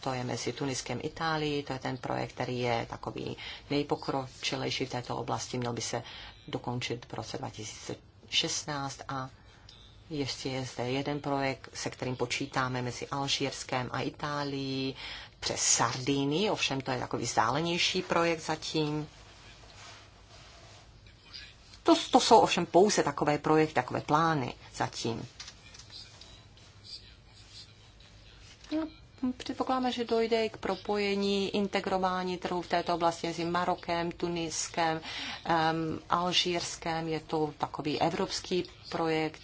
to je mezi Tuniskem a Itálií, to je ten projekt, který je takový nejpokročilejší v této oblasti, měl by se dokončit v roce 2016 a ještě je zde jeden projekt, se kterým počítáme mezi Alžírskem a Itálií přes Sardíny, ovšem to je takový vzdálenější projekt zatím. To, to jsou ovšem pouze takové projekty, takové plány zatím. No, Předpokládáme, že dojde k propojení, integrování trhu v této oblasti mezi Marokem, Tuniskem, um, Alžírskem. Je to takový evropský projekt,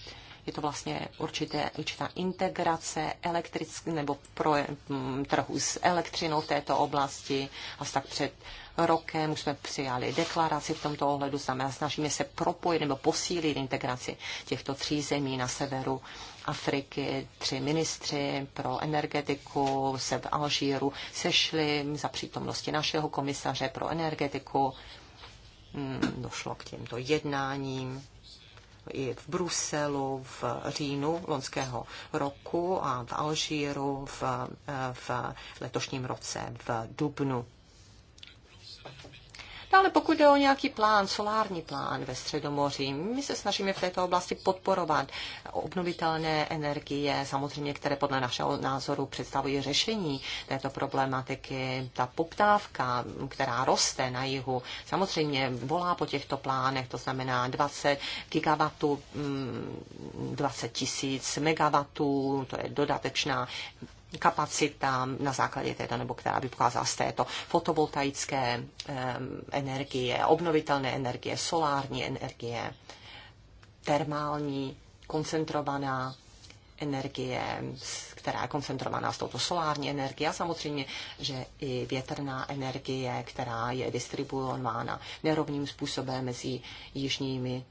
je to vlastně určité, určitá integrace elektrický nebo pro, um, trhu s elektřinou v této oblasti. A tak před rokem už jsme přijali deklaraci v tomto ohledu, znamená, snažíme se propojit nebo posílit integraci těchto tří zemí na severu Afriky, tři ministři pro energetiku se v Alžíru sešli za přítomnosti našeho komisaře pro energetiku. Hmm, došlo k těmto jednáním i v Bruselu v říjnu loňského roku a v Alžíru v, v letošním roce v Dubnu. Dále pokud jde o nějaký plán, solární plán ve Středomoří, my se snažíme v této oblasti podporovat obnovitelné energie, samozřejmě, které podle našeho názoru představují řešení této problematiky. Ta poptávka, která roste na jihu, samozřejmě volá po těchto plánech, to znamená 20 gigawatů, 20 tisíc megawatů, to je dodatečná kapacitám na základě této, nebo která by pokázala z této fotovoltaické um, energie, obnovitelné energie, solární energie, termální, koncentrovaná energie, která je koncentrovaná s touto solární energií a samozřejmě, že i větrná energie, která je distribuována nerovným způsobem mezi jižními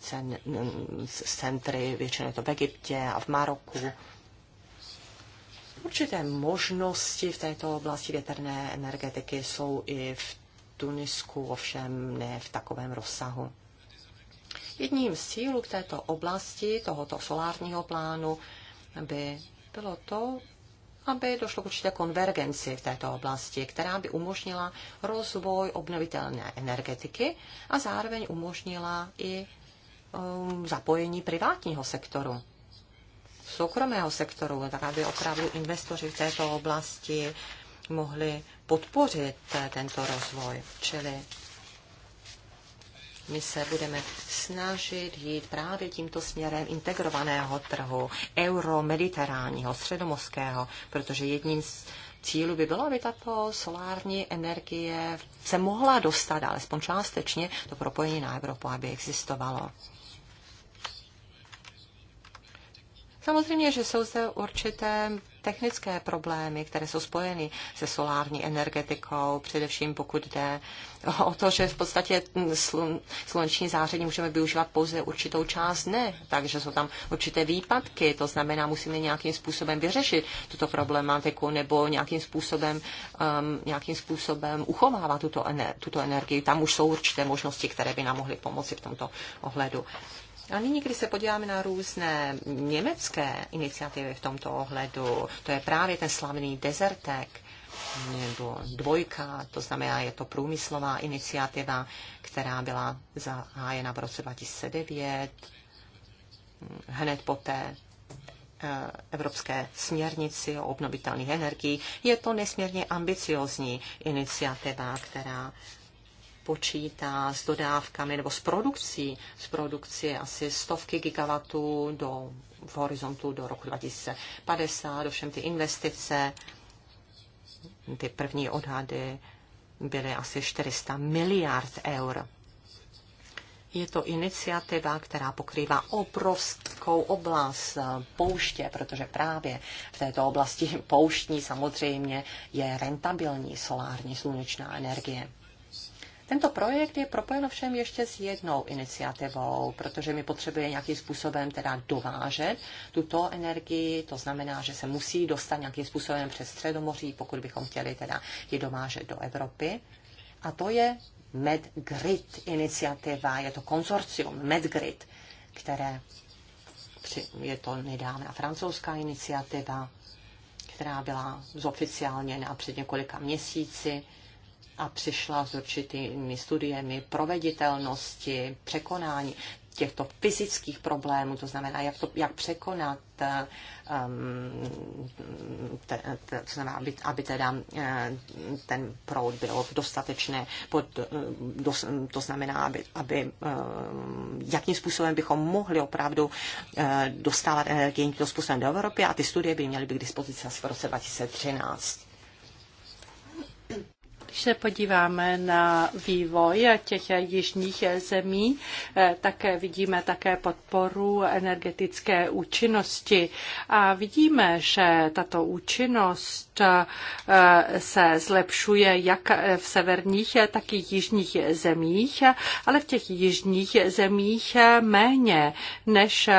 cen, centry, většinou je to v Egyptě a v Maroku, Určité možnosti v této oblasti větrné energetiky jsou i v Tunisku, ovšem ne v takovém rozsahu. Jedním z cílů v této oblasti, tohoto solárního plánu, by bylo to, aby došlo k určité konvergenci v této oblasti, která by umožnila rozvoj obnovitelné energetiky a zároveň umožnila i um, zapojení privátního sektoru soukromého sektoru, tak aby opravdu investoři v této oblasti mohli podpořit tento rozvoj. Čili my se budeme snažit jít právě tímto směrem integrovaného trhu, euromediteránního, středomorského, protože jedním z cílů by bylo, aby tato solární energie se mohla dostat, alespoň částečně, to propojení na Evropu, aby existovalo. Samozřejmě, že jsou zde určité technické problémy, které jsou spojeny se solární energetikou, především pokud jde o to, že v podstatě slun, sluneční záření můžeme využívat pouze určitou část dne, takže jsou tam určité výpadky, to znamená, musíme nějakým způsobem vyřešit tuto problematiku nebo nějakým způsobem, um, nějakým způsobem uchovávat tuto, ener, tuto energii. Tam už jsou určité možnosti, které by nám mohly pomoci v tomto ohledu. A nyní, když se podíváme na různé německé iniciativy v tomto ohledu, to je právě ten slavný dezertek, nebo dvojka, to znamená, je to průmyslová iniciativa, která byla zahájena v roce 2009, hned poté eh, evropské směrnici o obnovitelných energií. Je to nesmírně ambiciozní iniciativa, která počítá s dodávkami nebo s produkcí, s produkcí asi stovky gigawatů do, v horizontu do roku 2050, ovšem ty investice, ty první odhady byly asi 400 miliard eur. Je to iniciativa, která pokrývá obrovskou oblast pouště, protože právě v této oblasti pouštní samozřejmě je rentabilní solární slunečná energie. Tento projekt je propojen všem ještě s jednou iniciativou, protože mi potřebuje nějakým způsobem teda dovážet tuto energii, to znamená, že se musí dostat nějakým způsobem přes Středomoří, pokud bychom chtěli teda ji dovážet do Evropy. A to je MedGrid iniciativa, je to konzorcium MedGrid, které je to nedávná francouzská iniciativa, která byla zoficiálněna před několika měsíci a přišla s určitými studiemi proveditelnosti, překonání těchto fyzických problémů, to znamená, jak, to, jak překonat, um, te, te, to znamená, aby, aby teda ehm, ten proud byl v dostatečné, pod, ehm, dos, to znamená, aby, aby jakým způsobem bychom mohli opravdu uh, dostávat energii tímto způsobem do Evropy a ty studie by měly být k dispozici asi v roce 2013. Když se podíváme na vývoj těch jižních zemí, také vidíme také podporu energetické účinnosti a vidíme, že tato účinnost Eh, se zlepšuje jak v severních, tak i jižních zemích, ale v těch jižních zemích méně než eh,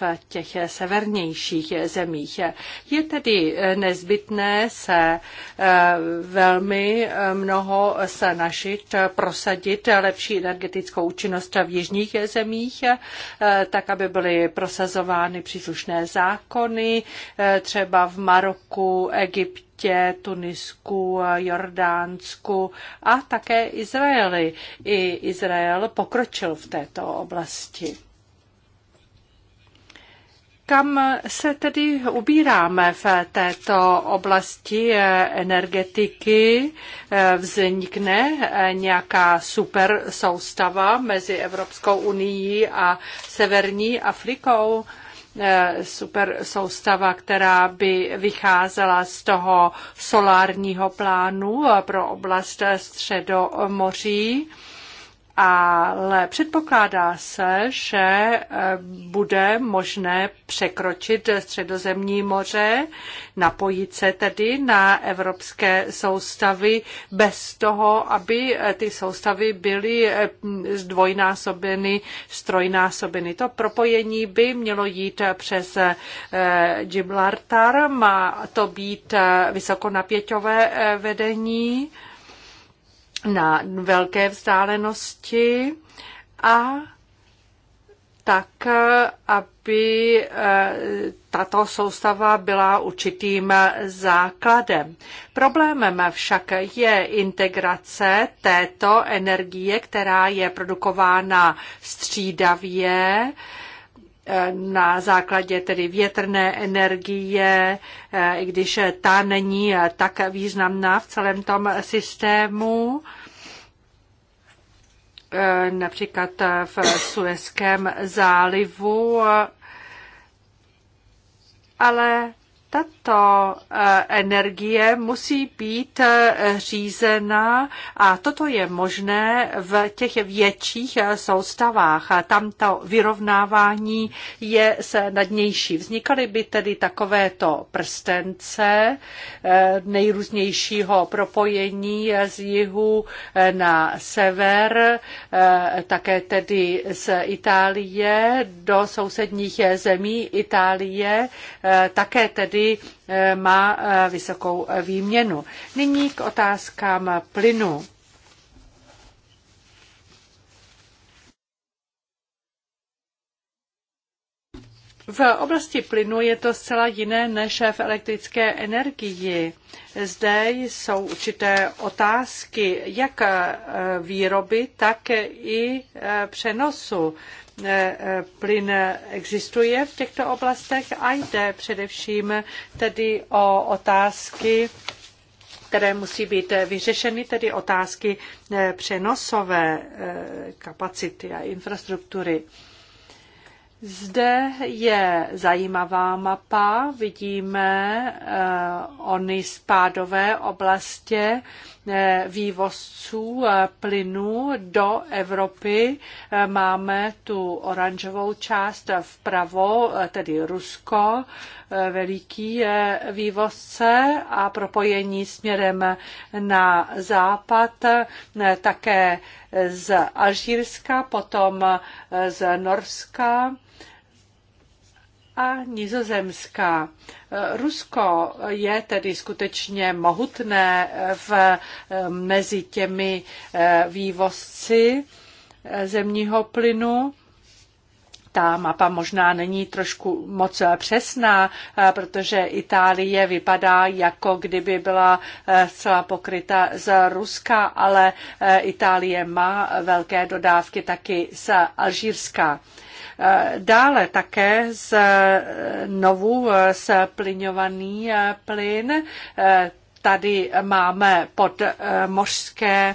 v těch severnějších zemích. Je tedy nezbytné se eh, velmi mnoho snažit prosadit lepší energetickou účinnost v jižních zemích, tak aby byly prosazovány příslušné zákony, třeba v Maroku Egyptě, Tunisku, Jordánsku a také Izraeli. I Izrael pokročil v této oblasti. Kam se tedy ubíráme v této oblasti energetiky? Vznikne nějaká super soustava mezi Evropskou unii a Severní Afrikou? Eh, super soustava, která by vycházela z toho solárního plánu eh, pro oblast Středomoří ale předpokládá se, že eh, bude možné překročit středozemní moře, napojit se tedy na evropské soustavy bez toho, aby eh, ty soustavy byly eh, zdvojnásobeny, strojnásobeny. To propojení by mělo jít přes Gibraltar, má to být vysokonapěťové vedení, na velké vzdálenosti a tak, aby eh, tato soustava byla určitým základem. Problémem však je integrace této energie, která je produkována střídavě na základě tedy větrné energie, eh, i když ta není tak významná v celém tom systému eh, například v Suezském zálivu, eh, ale tato eh, energie musí být eh, řízena a toto je možné v těch větších eh, soustavách. Tam to vyrovnávání je nadnější. Vznikaly by tedy takovéto prstence nejrůznějšího propojení z jihu na sever, také tedy z Itálie do sousedních zemí Itálie, také tedy tedy eh, má eh, vysokou eh, výměnu. Nyní k otázkám plynu. V oblasti plynu je to zcela jiné než v elektrické energii. Zde jsou určité otázky jak eh, výroby, tak i eh, přenosu. Eh, plyn existuje v těchto oblastech a jde především tedy o otázky, které musí být vyřešeny, tedy otázky přenosové kapacity a infrastruktury. Zde je zajímavá mapa, vidíme uh, ony spádové oblasti Eh, vývozců eh, plynu do Evropy. Eh, máme tu oranžovou část vpravo, tedy Rusko, veliký vývozce a propojení směrem na západ, také z Alžírska, potom z Norska a Nizozemská. Eh, Rusko je tedy skutečně mohutné eh, v, eh, mezi těmi vývozci zemního plynu ta mapa možná není trošku moc přesná, protože Itálie vypadá jako kdyby byla zcela pokryta z Ruska, ale Itálie má velké dodávky taky z Alžírska. Dále také z eh, novu splňovaný eh, eh, plyn Tady máme podmořské eh,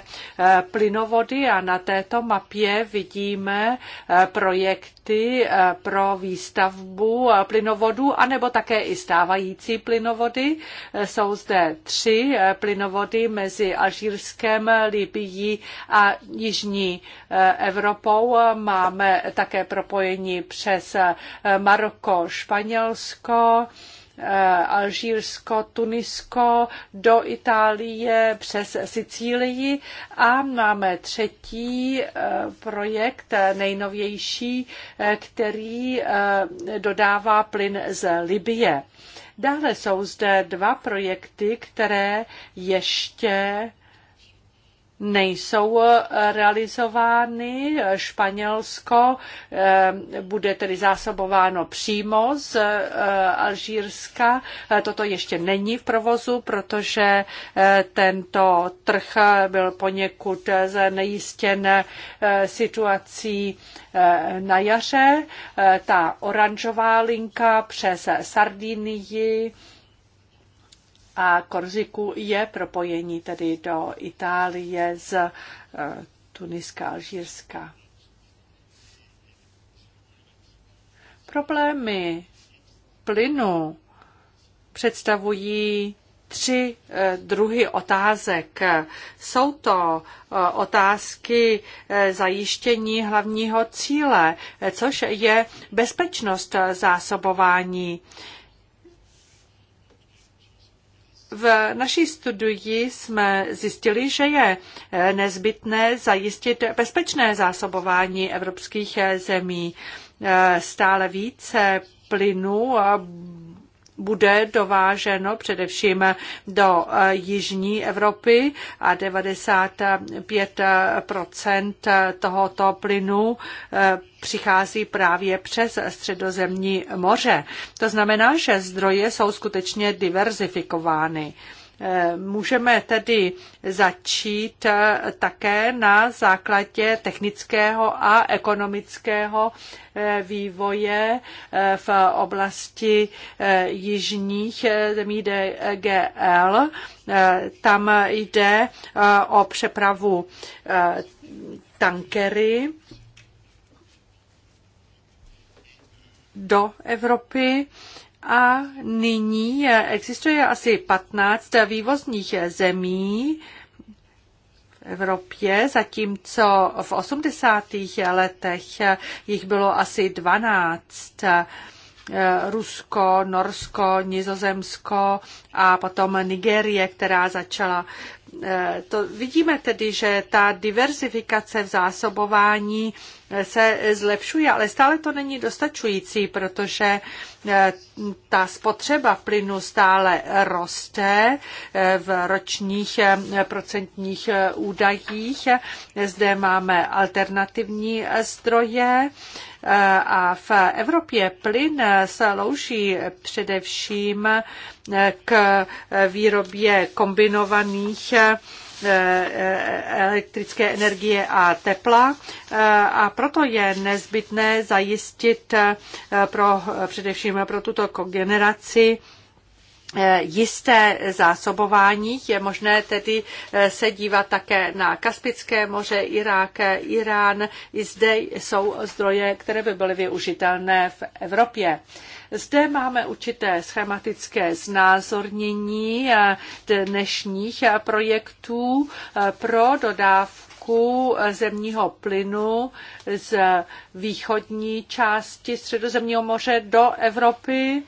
eh, plynovody a na této mapě vidíme eh, projekty pro výstavbu plynovodů, anebo také i stávající plynovody. Jsou zde tři plynovody mezi Alžírskem, Libií a Jižní Evropou. Máme také propojení přes Maroko, Španělsko, Eh, Alžírsko, Tunisko do Itálie přes Sicílii a máme třetí eh, projekt, nejnovější, eh, který dodává plyn z Libie. Dále jsou zde dva projekty, které ještě nejsou eh, realizovány. Španělsko eh, bude tedy zásobováno přímo z eh, Alžírska. Toto ještě není v provozu, protože tento trh byl poněkud znejistěn situací na jaře. Ta oranžová linka přes Sardinii a Korziku je propojení tedy do Itálie z eh, Tuniska, Alžírska. Problémy plynu představují tři eh, druhy otázek. Jsou to eh, otázky zajištění hlavního cíle, což je bezpečnost zásobování. V naší studii jsme zjistili, že je nezbytné zajistit bezpečné zásobování evropských zemí. Stále více plynu bude dováženo především do eh, jižní Evropy a 95 tohoto plynu eh, přichází právě přes středozemní moře. To znamená, že zdroje jsou skutečně diverzifikovány. Můžeme tedy začít eh, také na základě technického a ekonomického eh, vývoje eh, v oblasti jižních zemí DGL. Tam jde o přepravu tankery do Evropy a nyní existuje asi 15 vývozních zemí, v Evropě, zatímco v 80. letech jich bylo asi 12. Rusko, Norsko, Nizozemsko a potom Nigérie, která začala Eh, to vidíme tedy, že ta diverzifikace v zásobování eh, se zlepšuje, ale stále to není dostačující, protože eh, ta spotřeba plynu stále roste v ročních procentních údajích. Zde máme alternativní zdroje a v Evropě plyn slouží především k výrobě kombinovaných eh, eh, elektrické energie a tepla eh, a proto je nezbytné zajistit pro, především pro tuto generaci Eh, jisté zásobování. Je možné tedy eh, se dívat také na Kaspické moře, Irák, Irán. I zde jsou zdroje, které by byly využitelné v Evropě. Zde máme určité schematické znázornění eh, dnešních projektů pro dodávku dodávku zemního plynu z východní části Středozemního moře do Evropy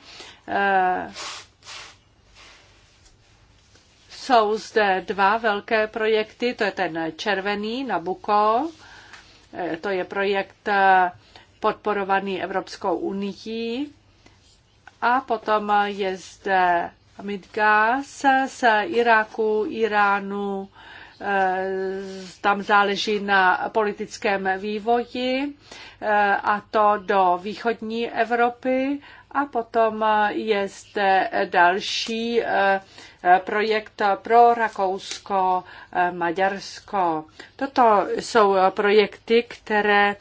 jsou zde dva velké projekty, to je ten červený Nabuko, eh, to je projekt eh, podporovaný Evropskou unii a potom je zde Amidgas z Iráku, Iránu, eh, tam záleží na politickém vývoji, a to do východní Evropy a potom eh, je zde další eh, projekt pro Rakousko, eh, Maďarsko. Toto jsou projekty, které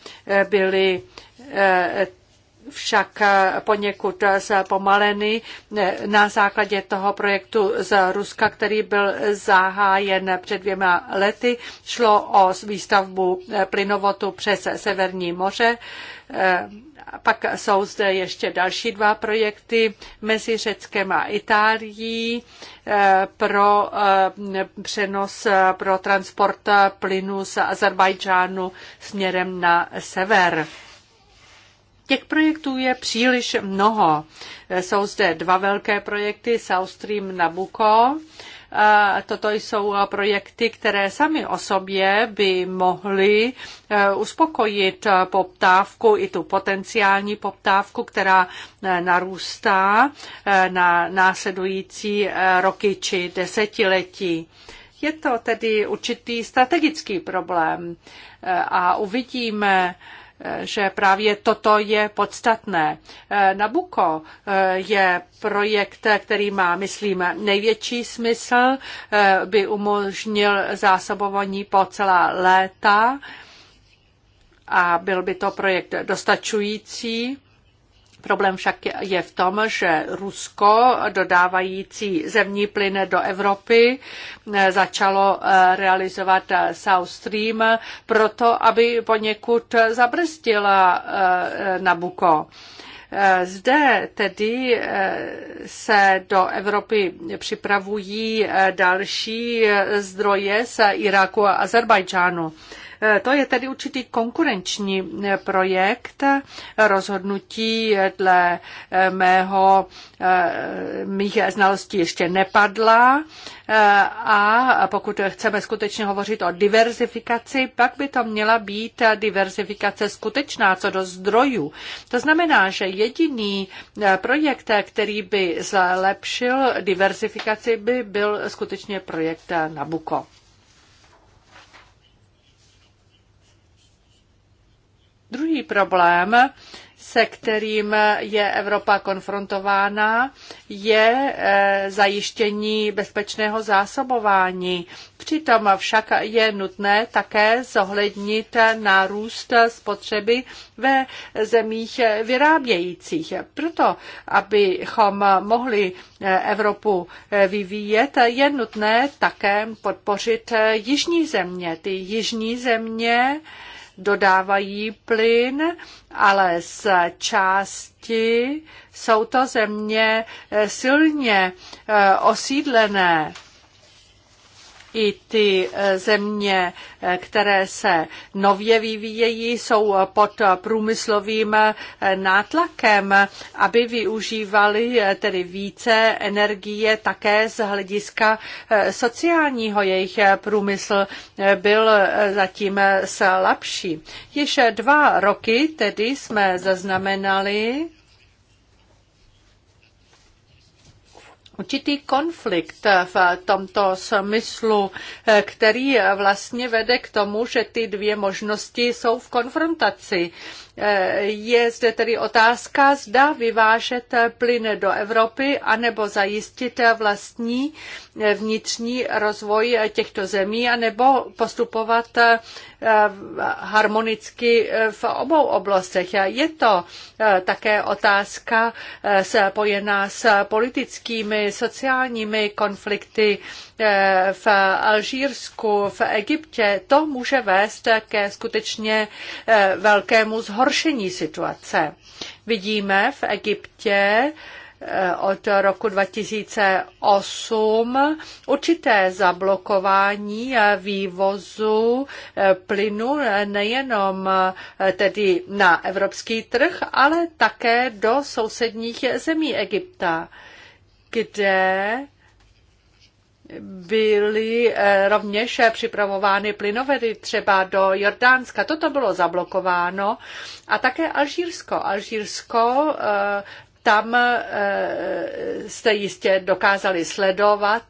byly však poněkud zpomaleny na základě toho projektu z Ruska, který byl zahájen před dvěma lety. Šlo o výstavbu plynovotu přes Severní moře pak jsou zde ještě další dva projekty mezi Řeckem a Itálií eh, pro eh, přenos eh, pro transport plynu z Azerbajdžánu směrem na sever. Těch projektů je příliš mnoho. Jsou zde dva velké projekty South Stream Nabucco, Toto jsou projekty, které sami o sobě by mohly eh, uspokojit poptávku, i tu potenciální poptávku, která eh, narůstá eh, na následující roky či desetiletí. Je to tedy určitý strategický problém a uvidíme, že právě toto je podstatné. Nabuko eh, je projekt, který má, myslím, největší smysl, eh, by umožnil zásobování po celá léta a byl by to projekt dostačující Problém však je v tom, že Rusko, dodávající zemní plyn do Evropy, začalo eh, realizovat eh, South Stream proto, aby poněkud zabrzdila eh, Nabuko. Zde tedy se do Evropy připravují další zdroje z Iráku a Azerbajdžánu. Eh, to je tedy určitý konkurenční eh, projekt eh, rozhodnutí dle mého, mých znalostí ještě nepadla a pokud chceme skutečně hovořit o diverzifikaci, pak by to měla být diverzifikace skutečná co do zdrojů. To znamená, že jediný projekt, který by zlepšil diverzifikaci, by byl skutečně projekt Nabuko. Druhý problém, se kterým je Evropa konfrontována, je e, zajištění bezpečného zásobování. Přitom však je nutné také zohlednit nárůst spotřeby ve zemích vyrábějících. Proto, abychom mohli e, Evropu e, vyvíjet, je nutné také podpořit jižní země. Ty jižní země dodávají plyn, ale z části jsou to země eh, silně eh, osídlené i ty eh, země, eh, které se nově vyvíjejí, jsou pod průmyslovým eh, nátlakem, aby využívali tedy více energie také z hlediska sociálního. Jejich průmysl byl zatím slabší. Již dva roky tedy jsme zaznamenali určitý konflikt v tomto smyslu, který vlastně vede k tomu, že ty dvě možnosti jsou v konfrontaci. Je zde tedy otázka, zda vyvážet plyn do Evropy anebo zajistit vlastní vnitřní rozvoj těchto zemí anebo postupovat eh, harmonicky v obou oblastech. Je to eh, také otázka eh, spojená s politickými, sociálními konflikty, Eh, v Alžírsku, v Egyptě, to může vést ke skutečně eh, velkému zhoršení situace. Vidíme v Egyptě, eh, od roku 2008 určité zablokování vývozu plynu nejenom tedy na evropský trh, ale také do sousedních zemí Egypta, kde byly eh, rovněž připravovány plynovedy třeba do Jordánska. Toto bylo zablokováno. A také Alžírsko. Alžírsko eh, tam eh, jste jistě dokázali sledovat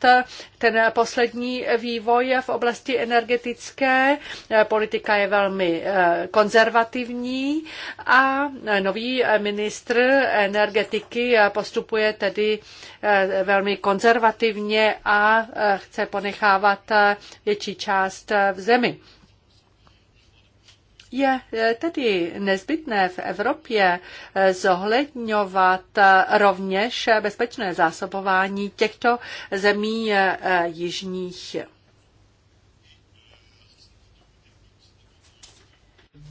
ten poslední vývoj v oblasti energetické. Eh, politika je velmi eh, konzervativní a nový ministr energetiky postupuje tedy velmi konzervativně a chce ponechávat větší část v zemi. Je e, tedy nezbytné v Evropě e, zohledňovat e, rovněž bezpečné zásobování těchto zemí jižních.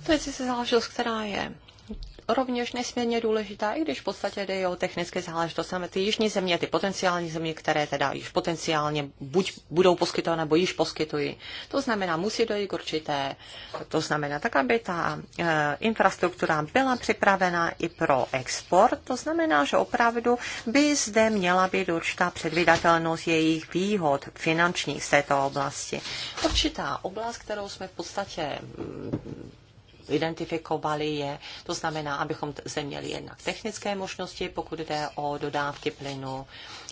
To je sice záležitost, která je rovněž nesmírně důležitá, i když v podstatě jde o technické záležitosti. Ty jižní země, ty potenciální země, které teda již potenciálně buď budou poskytovat, nebo již poskytují. To znamená, musí dojít k určité, to znamená tak, aby ta e, infrastruktura byla připravena i pro export. To znamená, že opravdu by zde měla být určitá předvydatelnost jejich výhod finančních z této oblasti. Určitá oblast, kterou jsme v podstatě identifikovali je. To znamená, abychom zde měli jednak technické možnosti, pokud jde o dodávky plynu,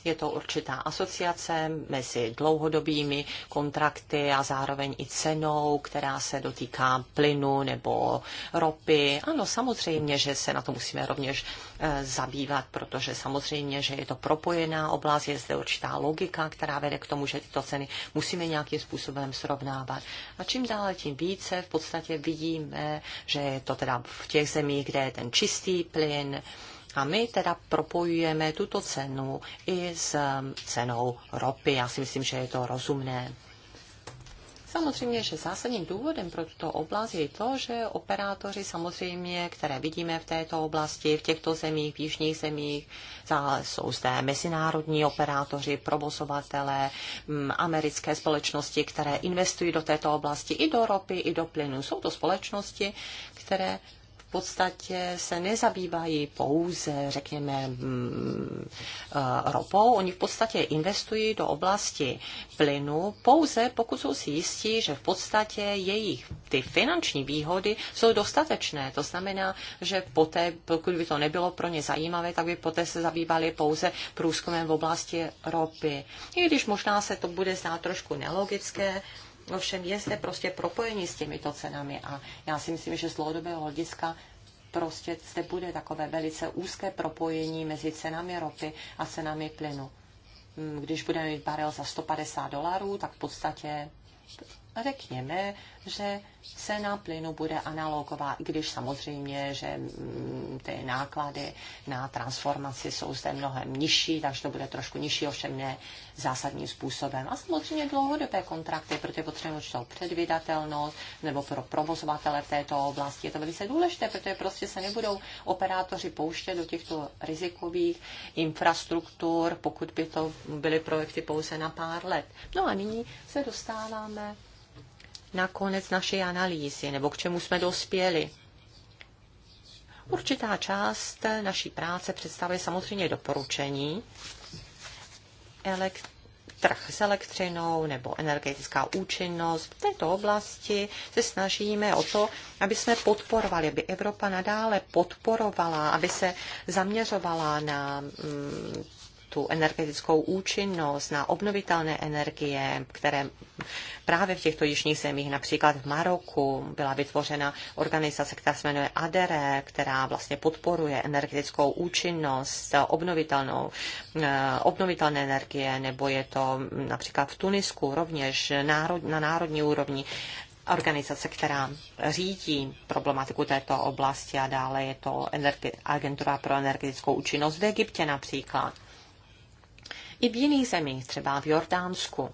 je to určitá asociace mezi dlouhodobými kontrakty a zároveň i cenou, která se dotýká plynu nebo ropy. Ano, samozřejmě, že se na to musíme rovněž e, zabývat, protože samozřejmě, že je to propojená oblast, je zde určitá logika, která vede k tomu, že tyto ceny musíme nějakým způsobem srovnávat. A čím dále, tím více v podstatě vidíme, že je to teda v těch zemích, kde je ten čistý plyn, a my teda propojujeme tuto cenu i s um, cenou ropy. Já si myslím, že je to rozumné. Samozřejmě, že zásadním důvodem pro tuto oblast je to, že operátoři samozřejmě, které vidíme v této oblasti, v těchto zemích, v jižních zemích, jsou zde mezinárodní operátoři, provozovatelé, mm, americké společnosti, které investují do této oblasti i do ropy, i do plynu. Jsou to společnosti, které v podstatě se nezabývají pouze, řekněme, mm, eh, ropou. Oni v podstatě investují do oblasti plynu pouze, pokud jsou si jistí, že v podstatě jejich ty finanční výhody jsou dostatečné. To znamená, že poté, pokud by to nebylo pro ně zajímavé, tak by poté se zabývali pouze průzkumem v oblasti ropy. I když možná se to bude znát trošku nelogické, Ovšem je zde prostě propojení s těmito cenami a já si myslím, že z dlouhodobého hlediska prostě zde bude takové velice úzké propojení mezi cenami ropy a cenami plynu. Mm, když budeme mít barel za 150 dolarů, tak v podstatě řekněme, že cena plynu bude analogová, i když samozřejmě, že mm, ty náklady na transformaci jsou zde mnohem nižší, takže to bude trošku nižší, ovšem ne zásadním způsobem. A samozřejmě dlouhodobé kontrakty, protože potřebujeme určitou předvydatelnost, nebo pro provozovatele v této oblasti je to velice důležité, protože prostě se nebudou operátoři pouštět do těchto rizikových infrastruktur, pokud by to byly projekty pouze na pár let. No a nyní se dostáváme na konec naší analýzy, nebo k čemu jsme dospěli. Určitá část naší práce představuje samozřejmě doporučení, elekt- trh s elektřinou nebo energetická účinnost. V této oblasti se snažíme o to, aby jsme podporovali, aby Evropa nadále podporovala, aby se zaměřovala na mm, tu energetickou účinnost, na obnovitelné energie, které právě v těchto jižních zemích, například v Maroku, byla vytvořena organizace, která se jmenuje ADERE, která vlastně podporuje energetickou účinnost, obnovitelnou, eh, obnovitelné energie, nebo je to například v Tunisku rovněž na národní úrovni organizace, která řídí problematiku této oblasti a dále je to Agentura pro energetickou účinnost v Egyptě například i v jiných zemích, třeba v Jordánsku.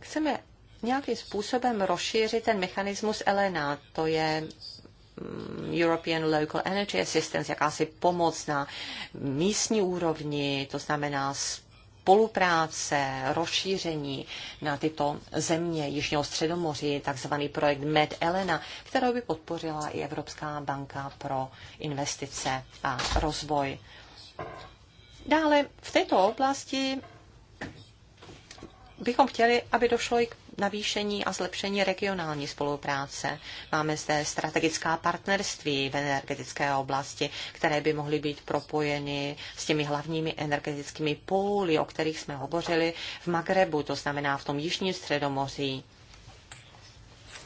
Chceme nějakým způsobem rozšířit ten mechanismus Elena, to je mm, European Local Energy Assistance, jakási pomoc na místní úrovni, to znamená s spolupráce, rozšíření na tyto země Jižního středomoří, takzvaný projekt Med Elena, kterou by podpořila i Evropská banka pro investice a rozvoj. Dále v této oblasti bychom chtěli, aby došlo i k navýšení a zlepšení regionální spolupráce. Máme zde strategická partnerství v energetické oblasti, které by mohly být propojeny s těmi hlavními energetickými póly, o kterých jsme hovořili v Magrebu, to znamená v tom jižním středomoří.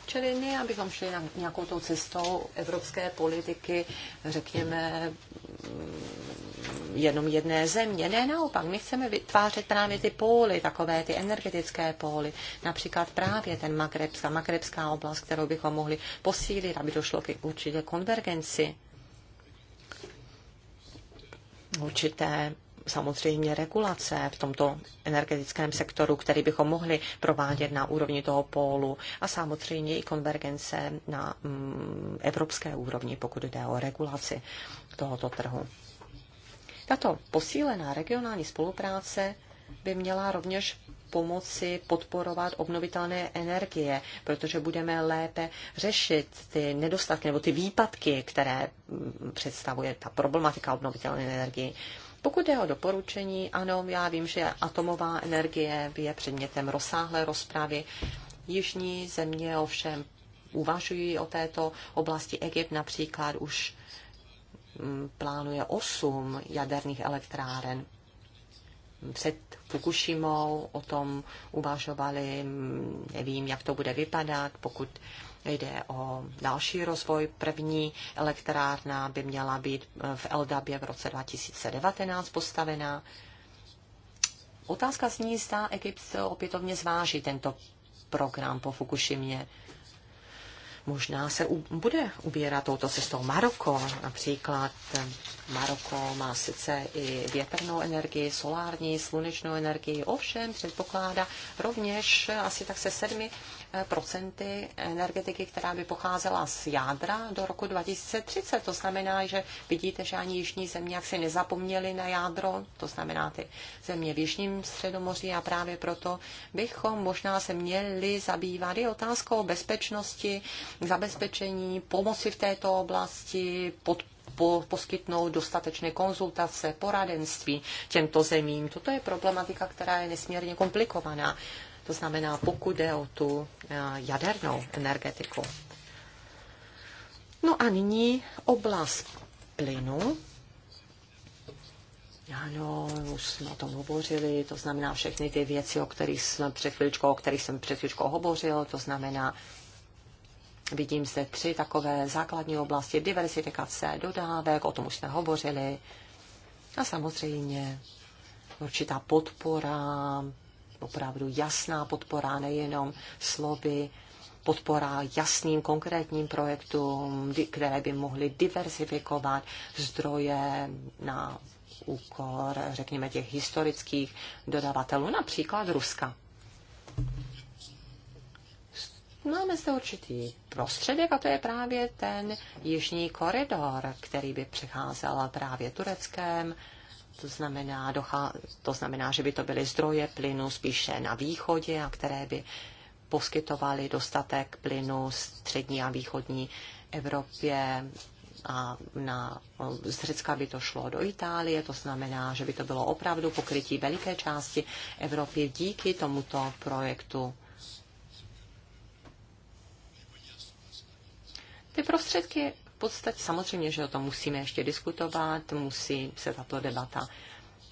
Čili ne, abychom šli na nějakou tou cestou evropské politiky, řekněme, mm, jenom jedné země. Ne, naopak, my chceme vytvářet právě ty póly, takové ty energetické póly, například právě ten Makrebská, Makrebská oblast, kterou bychom mohli posílit, aby došlo k určité konvergenci, určité samozřejmě regulace v tomto energetickém sektoru, který bychom mohli provádět na úrovni toho pólu a samozřejmě i konvergence na mm, evropské úrovni, pokud jde o regulaci tohoto trhu. Tato posílená regionální spolupráce by měla rovněž pomoci podporovat obnovitelné energie, protože budeme lépe řešit ty nedostatky nebo ty výpadky, které mm, představuje ta problematika obnovitelné energie. Pokud je o doporučení, ano, já vím, že atomová energie je předmětem rozsáhlé rozpravy. Jižní země ovšem uvažují o této oblasti. Egypt například už mm, plánuje osm jaderných elektráren. Před Fukushimou o tom uvažovali, mm, nevím, jak to bude vypadat, pokud Jde o další rozvoj. První elektrárna by měla být v Eldabě v roce 2019 postavená. Otázka zní, zda Egypt opětovně zváží tento program po Fukushimě. Možná se u, bude ubírat touto cestou Maroko. Například Maroko má sice i větrnou energii, solární, slunečnou energii, ovšem předpokládá rovněž asi tak se sedmi Eh, procenty energetiky, která by pocházela z jádra do roku 2030. To znamená, že vidíte, že ani jižní země jaksi nezapomněly na jádro, to znamená ty země v jižním středomoří a právě proto bychom možná se měli zabývat i otázkou bezpečnosti, zabezpečení, pomoci v této oblasti, pod poskytnout dostatečné konzultace, poradenství těmto zemím. Toto je problematika, která je nesmírně komplikovaná. To znamená, pokud jde o tu eh, jadernou energetiku. No a nyní oblast plynu. Ano, už jsme o tom hovořili, to znamená všechny ty věci, o kterých jsme před chvíličkou, o kterých jsem před chvíličkou hovořil, to znamená Vidím zde tři takové základní oblasti diversifikace dodávek, o tom už jsme hovořili. A samozřejmě určitá podpora opravdu jasná podpora, nejenom slovy, podpora jasným konkrétním projektům, které by mohly diversifikovat zdroje na úkor, řekněme, těch historických dodavatelů, například Ruska. Máme zde určitý prostředek a to je právě ten jižní koridor, který by přecházel právě Tureckém, to znamená, dochá, to znamená, že by to byly zdroje plynu spíše na východě a které by poskytovaly dostatek plynu střední a východní Evropě a na, z Řecka by to šlo do Itálie, to znamená, že by to bylo opravdu pokrytí veliké části Evropy díky tomuto projektu. Ty prostředky podstatě samozřejmě, že o tom musíme ještě diskutovat, musí se tato debata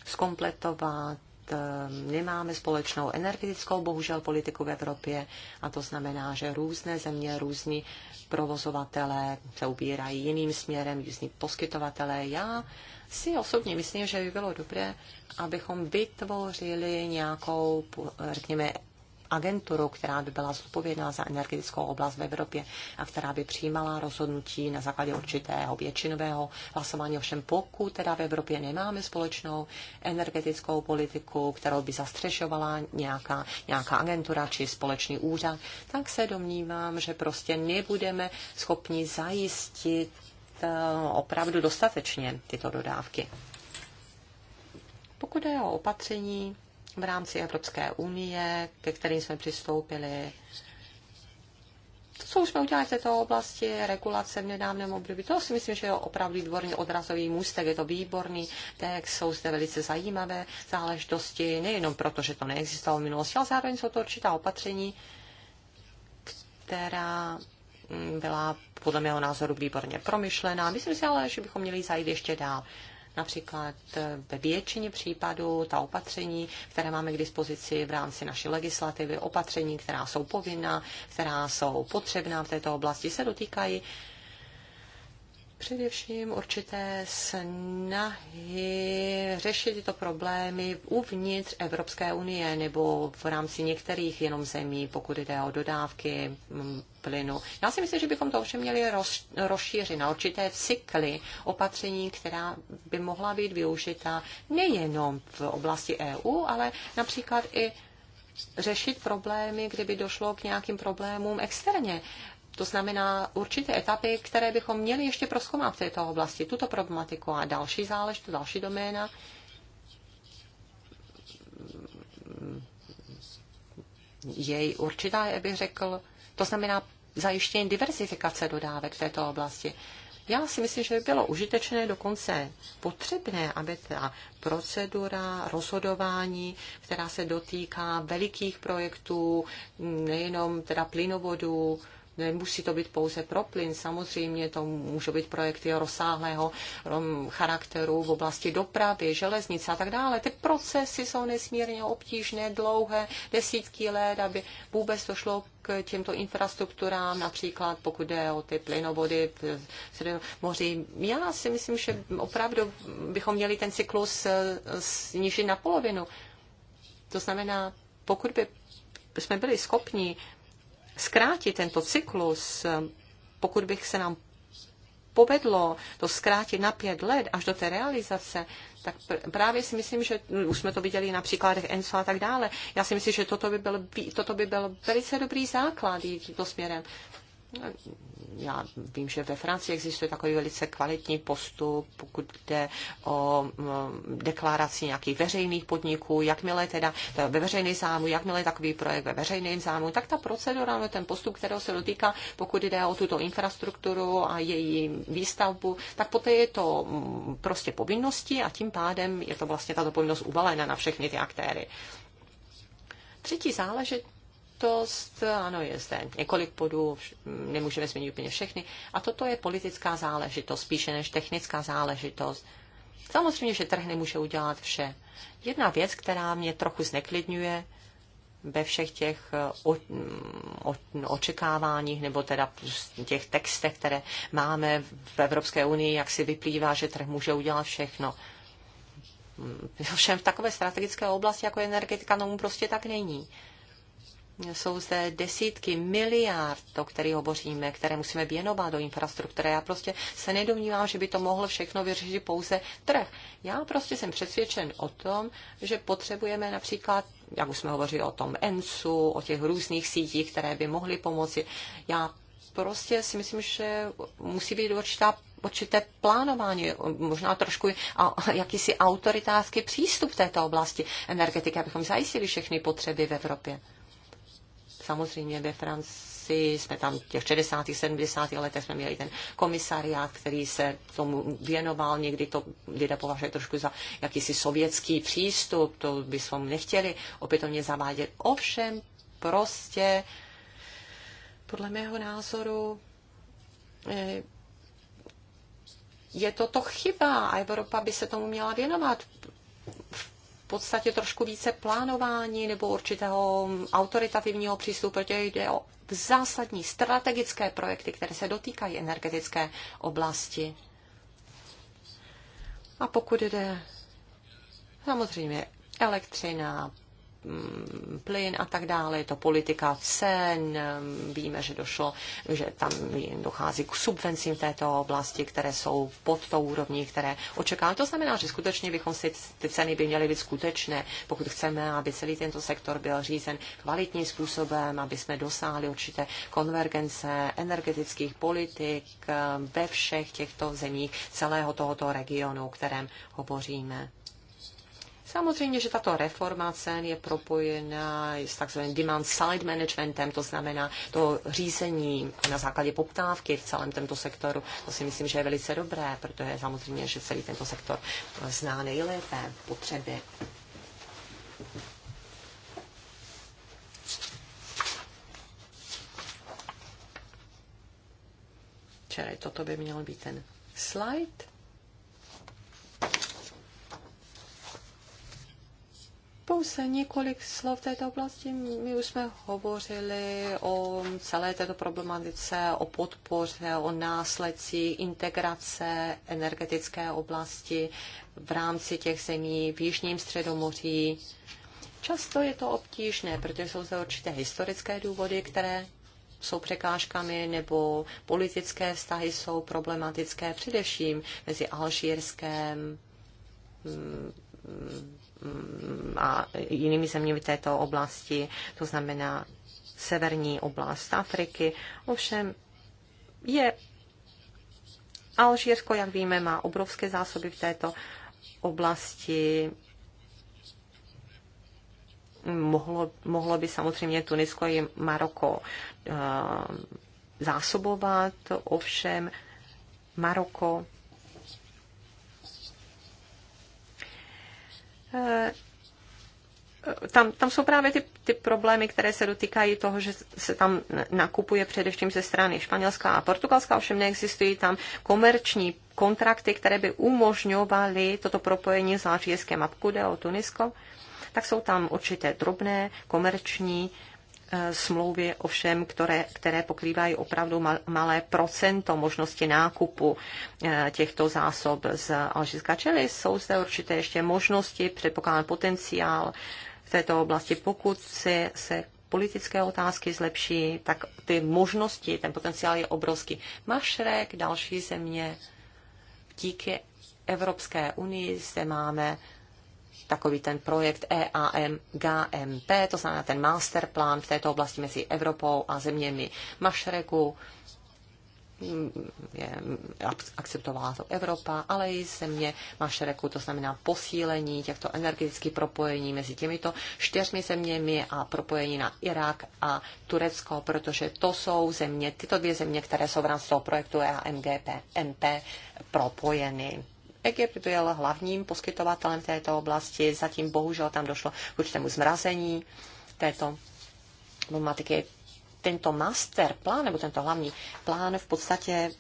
skompletovat, ehm, nemáme společnou energetickou, bohužel, politiku v Evropě a to znamená, že různé země, různí provozovatelé se ubírají jiným směrem, různí poskytovatelé. Já si osobně myslím, že by bylo dobré, abychom vytvořili nějakou, řekněme, agenturu, která by byla zodpovědná za energetickou oblast v Evropě a která by přijímala rozhodnutí na základě určitého většinového hlasování. Ovšem pokud teda v Evropě nemáme společnou energetickou politiku, kterou by zastřešovala nějaká, nějaká agentura či společný úřad, tak se domnívám, že prostě nebudeme schopni zajistit eh, opravdu dostatečně tyto dodávky. Pokud je o opatření v rámci Evropské unie, ke kterým jsme přistoupili. To, co už jsme udělali v této oblasti, regulace v nedávném období, to si myslím, že je opravdu dvorný odrazový můstek, je to výborný text, jsou zde velice zajímavé záležitosti, nejenom proto, že to neexistovalo v minulosti, ale zároveň jsou to určitá opatření, která mm, byla podle mého názoru výborně promyšlená. Myslím si ale, že bychom měli zajít ještě dál. Například eh, ve většině případů ta opatření, které máme k dispozici v rámci naší legislativy, opatření, která jsou povinná, která jsou potřebná v této oblasti, se dotýkají především určité snahy řešit tyto problémy uvnitř Evropské unie nebo v rámci některých jenom zemí, pokud jde o dodávky mm, plynu. Já si myslím, že bychom to ovšem měli rozšířit na určité cykly opatření, která by mohla být využita nejenom v oblasti EU, ale například i řešit problémy, kdyby došlo k nějakým problémům externě to znamená určité etapy, které bychom měli ještě proskoumat v této oblasti, tuto problematiku a další záležitost, další doména. její určitá, jak bych řekl, to znamená zajištění diversifikace dodávek v této oblasti. Já si myslím, že by bylo užitečné, dokonce potřebné, aby ta procedura rozhodování, která se dotýká velikých projektů, nejenom teda plynovodů, Nemusí to být pouze pro plyn, samozřejmě to můžou být projekty rozsáhlého charakteru v oblasti dopravy, železnice a tak dále. Ty procesy jsou nesmírně obtížné, dlouhé, desítky let, aby vůbec došlo k těmto infrastrukturám, například pokud jde o ty plynovody v moři. Já si myslím, že opravdu bychom měli ten cyklus eh, snížit na polovinu. To znamená, pokud by jsme byli schopni zkrátit tento cyklus, pokud bych se nám povedlo to zkrátit na pět let až do té realizace, tak pr- právě si myslím, že no, už jsme to viděli na příkladech ENSO a tak dále. Já si myslím, že toto by byl, toto by byl velice dobrý základ jít tímto směrem já vím, že ve Francii existuje takový velice kvalitní postup, pokud jde o deklaraci nějakých veřejných podniků, jakmile teda ve veřejný zámu, jakmile je takový projekt ve veřejném zámu, tak ta procedura, no ten postup, kterého se dotýká, pokud jde o tuto infrastrukturu a její výstavbu, tak poté je to prostě povinnosti a tím pádem je to vlastně tato povinnost uvalena na všechny ty aktéry. Třetí záležitost záležitost. Ano, je zde několik bodů, nemůžeme změnit úplně všechny. A toto je politická záležitost, spíše než technická záležitost. Samozřejmě, že trh nemůže udělat vše. Jedna věc, která mě trochu zneklidňuje ve všech těch eh, o, mm, o, no, očekáváních nebo teda prostě těch textech, které máme v Evropské unii, jak si vyplývá, že trh může udělat všechno. Mm, Všem v takové strategické oblasti jako energetika tomu prostě tak není. Jsou zde desítky miliard, o kterých hovoříme, které musíme věnovat do infrastruktury. Já prostě se nedomnívám, že by to mohl všechno vyřešit pouze trh. Já prostě jsem přesvědčen o tom, že potřebujeme například jak už jsme hovořili o tom ENSu, o těch různých sítích, které by mohly pomoci. Já prostě si myslím, že musí být určitá určité plánování, možná trošku a, jakýsi autoritářský přístup v této oblasti energetiky, abychom zajistili všechny potřeby v Evropě. Samozřejmě ve Francii jsme tam v těch 60. 70. letech jsme měli ten komisariát, který se tomu věnoval. Někdy to lidé považují trošku za jakýsi sovětský přístup, to bychom nechtěli opětovně zavádět. Ovšem prostě podle mého názoru eh, je to to chyba a Evropa by se tomu měla věnovat v podstatě trošku více plánování nebo určitého autoritativního přístupu, protože jde o zásadní strategické projekty, které se dotýkají energetické oblasti. A pokud jde samozřejmě elektřina, Mm, plyn a tak dále, je to politika cen, mm, víme, že došlo, že tam dochází k subvencím v této oblasti, které jsou pod tou úrovní, které očekáváme. To znamená, že skutečně bychom si ty ceny by měly být skutečné, pokud chceme, aby celý tento sektor byl řízen kvalitním způsobem, aby jsme dosáhli určité konvergence energetických politik eh, ve všech těchto zemích celého tohoto regionu, o kterém hovoříme. Samozřejmě, že tato reforma cen je propojená s takzvaným demand side managementem, to znamená to řízení na základě poptávky v celém tomto sektoru. To si myslím, že je velice dobré, protože samozřejmě, že celý tento sektor zná nejlépe potřeby Čili toto by měl být ten slide. Pouze několik slov v této oblasti. My už jsme hovořili o celé této problematice, o podpoře, o následcích integrace energetické oblasti v rámci těch zemí v Jižním středomoří. Často je to obtížné, protože jsou zde určité historické důvody, které jsou překážkami, nebo politické vztahy jsou problematické především mezi Alžírskem, Mm, a jinými zeměmi této oblasti, to znamená severní oblast Afriky. Ovšem je Alžírsko, jak víme, má obrovské zásoby v této oblasti. Mohlo, mohlo by samozřejmě Tunisko i Maroko eh, zásobovat, ovšem Maroko Eh, tam, tam jsou právě ty, ty problémy, které se dotýkají toho, že se tam nakupuje především ze strany Španělská a Portugalská, ovšem neexistují tam komerční kontrakty, které by umožňovaly toto propojení s Lářijeskem a pokud o Tunisko, tak jsou tam určité drobné komerční Eh, smlouvy ovšem, které, které pokrývají opravdu malé procento možnosti nákupu eh, těchto zásob z Alžírska. Čili jsou zde určité ještě možnosti, předpokládám potenciál v této oblasti, pokud se, se politické otázky zlepší, tak ty možnosti, ten potenciál je obrovský. Mašrek, další země, díky Evropské unii zde máme takový ten projekt EAMGMP, to znamená ten masterplan v této oblasti mezi Evropou a zeměmi Mašreku. Je, akceptovala to Evropa, ale i země Mašreku, to znamená posílení těchto energetických propojení mezi těmito čtyřmi zeměmi a propojení na Irák a Turecko, protože to jsou země, tyto dvě země, které jsou v rámci toho projektu EAMGP, MP propojeny. Egypt byl hlavním poskytovatelem této oblasti, zatím bohužel tam došlo k určitému zmrazení této problematiky. Tento master plán, nebo tento hlavní plán v podstatě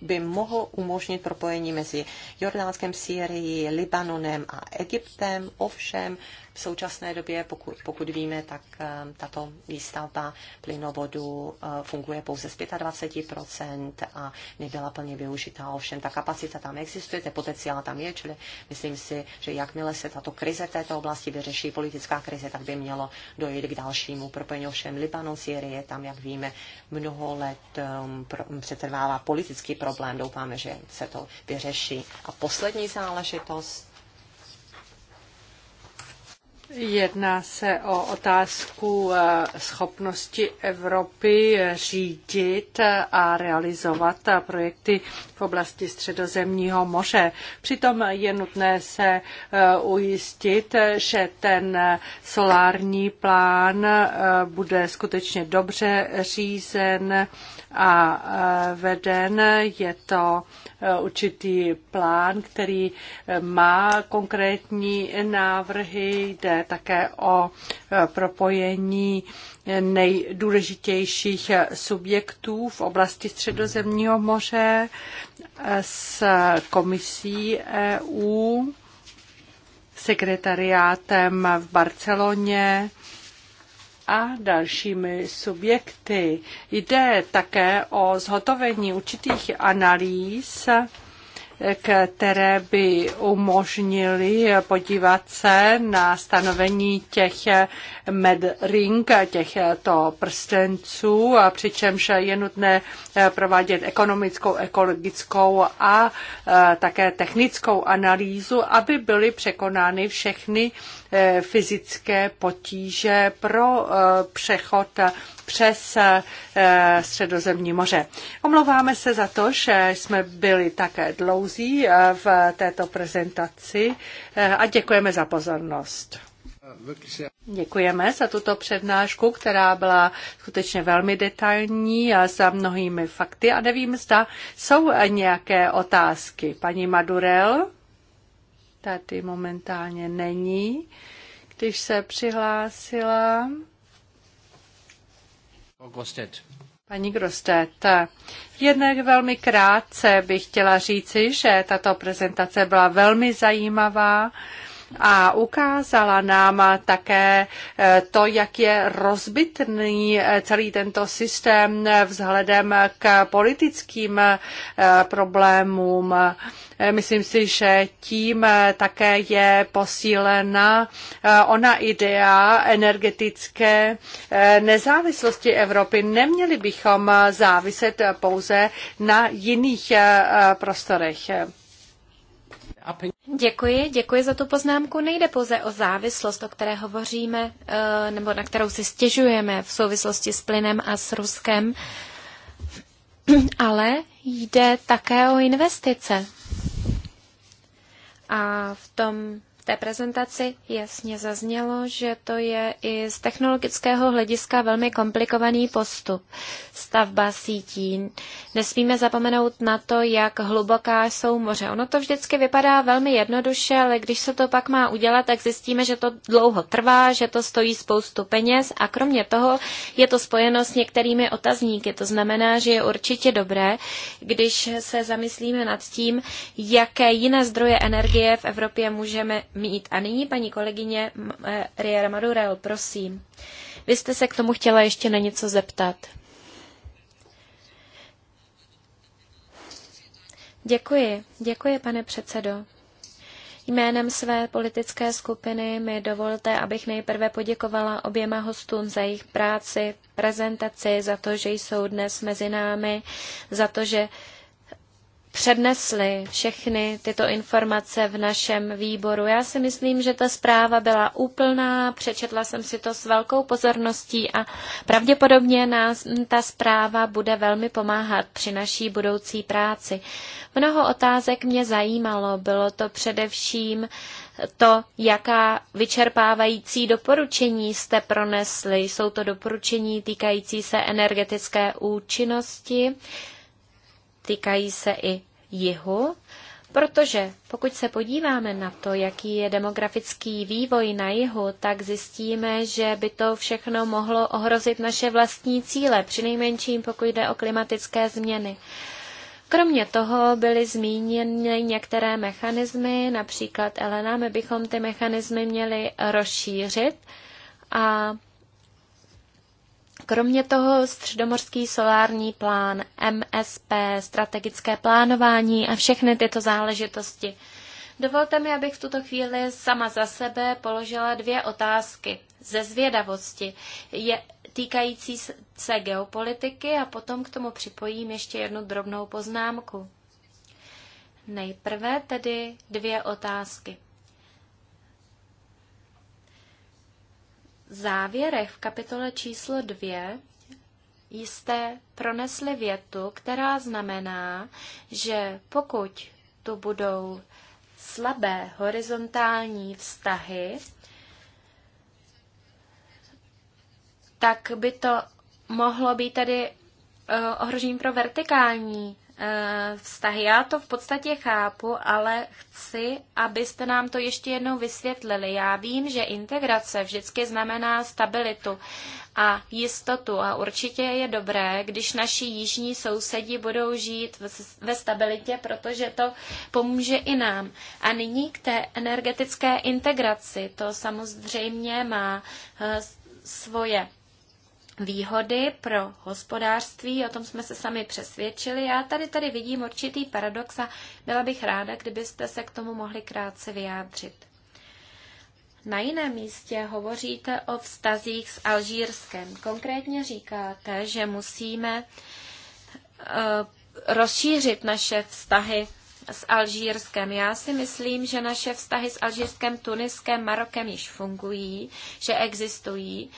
by mohl umožnit propojení mezi Jordánskem, Syrií, Libanonem a Egyptem. Ovšem, v současné době, pokud, pokud víme, tak eh, tato výstavba plynovodu eh, funguje pouze z 25% a nebyla plně využitá. Ovšem, ta kapacita tam existuje, ten potenciál tam je, čili myslím si, že jakmile se tato krize v této oblasti vyřeší, politická krize, tak by mělo dojít k dalšímu propojení. Ovšem, Libanon, Syrie, tam, jak víme, mnoho let ehm, přetrvává politický problém. Doufáme, že se to vyřeší. A poslední záležitost, Jedná se o otázku eh, schopnosti Evropy řídit a realizovat projekty v oblasti Středozemního moře. Přitom je nutné se eh, ujistit, že ten solární plán eh, bude skutečně dobře řízen a veden. Je to e, určitý plán, který e, má konkrétní návrhy. Jde také o e, propojení nejdůležitějších subjektů v oblasti Středozemního moře s komisí EU sekretariátem v Barceloně a dalšími subjekty. Jde také o zhotovení určitých analýz které by umožnily podívat se na stanovení těch medring, těchto prstenců, přičemž je nutné provádět ekonomickou, ekologickou a e, také technickou analýzu, aby byly překonány všechny e, fyzické potíže pro e, přechod přes eh, Středozemní moře. Omlouváme se za to, že jsme byli také dlouzí eh, v této prezentaci eh, a děkujeme za pozornost. Děkujeme za tuto přednášku, která byla skutečně velmi detailní a za mnohými fakty a nevím, zda jsou nějaké otázky. Paní Madurel tady momentálně není, když se přihlásila. Grostet. Paní Grostet, jednak velmi krátce bych chtěla říci, že tato prezentace byla velmi zajímavá a ukázala nám také eh, to, jak je rozbitný eh, celý tento systém eh, vzhledem k politickým problémům. Myslím si, že tím také je posílena ona idea energetické nezávislosti Evropy. Neměli bychom záviset pouze na jiných prostorech. Děkuji, děkuji za tu poznámku. Nejde pouze o závislost, o které hovoříme, eh, nebo na kterou si stěžujeme v souvislosti s plynem a s Ruskem, ale jde také o investice. A v tom té prezentaci jasně zaznělo, že to je i z technologického hlediska velmi komplikovaný postup. Stavba sítí. Nesmíme zapomenout na to, jak hluboká jsou moře. Ono to vždycky vypadá velmi jednoduše, ale když se to pak má udělat, tak zjistíme, že to dlouho trvá, že to stojí spoustu peněz a kromě toho je to spojeno s některými otazníky. To znamená, že je určitě dobré, když se zamyslíme nad tím, jaké jiné zdroje energie v Evropě můžeme mít. A nyní paní kolegyně eh, Riera Madurel, prosím. Vy jste se k tomu chtěla ještě na něco zeptat. Děkuji, děkuji, pane předsedo. Jménem své politické skupiny mi dovolte, abych nejprve poděkovala oběma hostům za jejich práci, prezentaci, za to, že jsou dnes mezi námi, za to, že přednesli všechny tyto informace v našem výboru. Já si myslím, že ta zpráva byla úplná, přečetla jsem si to s velkou pozorností a pravděpodobně nás ta zpráva bude velmi pomáhat při naší budoucí práci. Mnoho otázek mě zajímalo, bylo to především to, jaká vyčerpávající doporučení jste pronesli. Jsou to doporučení týkající se energetické účinnosti, týkají se i jihu, protože pokud se podíváme na to, jaký je demografický vývoj na jihu, tak zjistíme, že by to všechno mohlo ohrozit naše vlastní cíle, přinejmenším pokud jde o klimatické změny. Kromě toho byly zmíněny některé mechanismy, například Elena, my bychom ty mechanismy měli rozšířit a Kromě toho středomorský solární plán, MSP, strategické plánování a všechny tyto záležitosti. Dovolte mi, abych v tuto chvíli sama za sebe položila dvě otázky ze zvědavosti je, týkající se geopolitiky a potom k tomu připojím ještě jednu drobnou poznámku. Nejprve tedy dvě otázky. závěrech v kapitole číslo 2 jste pronesli větu, která znamená, že pokud tu budou slabé horizontální vztahy, tak by to mohlo být tady eh, ohrožení pro vertikální Eh, vztahy. Já to v podstatě chápu, ale chci, abyste nám to ještě jednou vysvětlili. Já vím, že integrace vždycky znamená stabilitu a jistotu a určitě je dobré, když naši jižní sousedi budou žít ve stabilitě, protože to pomůže i nám. A nyní k té energetické integraci. To samozřejmě má eh, svoje výhody pro hospodářství, o tom jsme se sami přesvědčili. Já tady tady vidím určitý paradox a byla bych ráda, kdybyste se k tomu mohli krátce vyjádřit. Na jiném místě hovoříte o vztazích s Alžírskem. Konkrétně říkáte, že musíme eh, rozšířit naše vztahy s Alžírskem. Já si myslím, že naše vztahy s Alžírskem, Tuniskem, Marokem již fungují, že existují.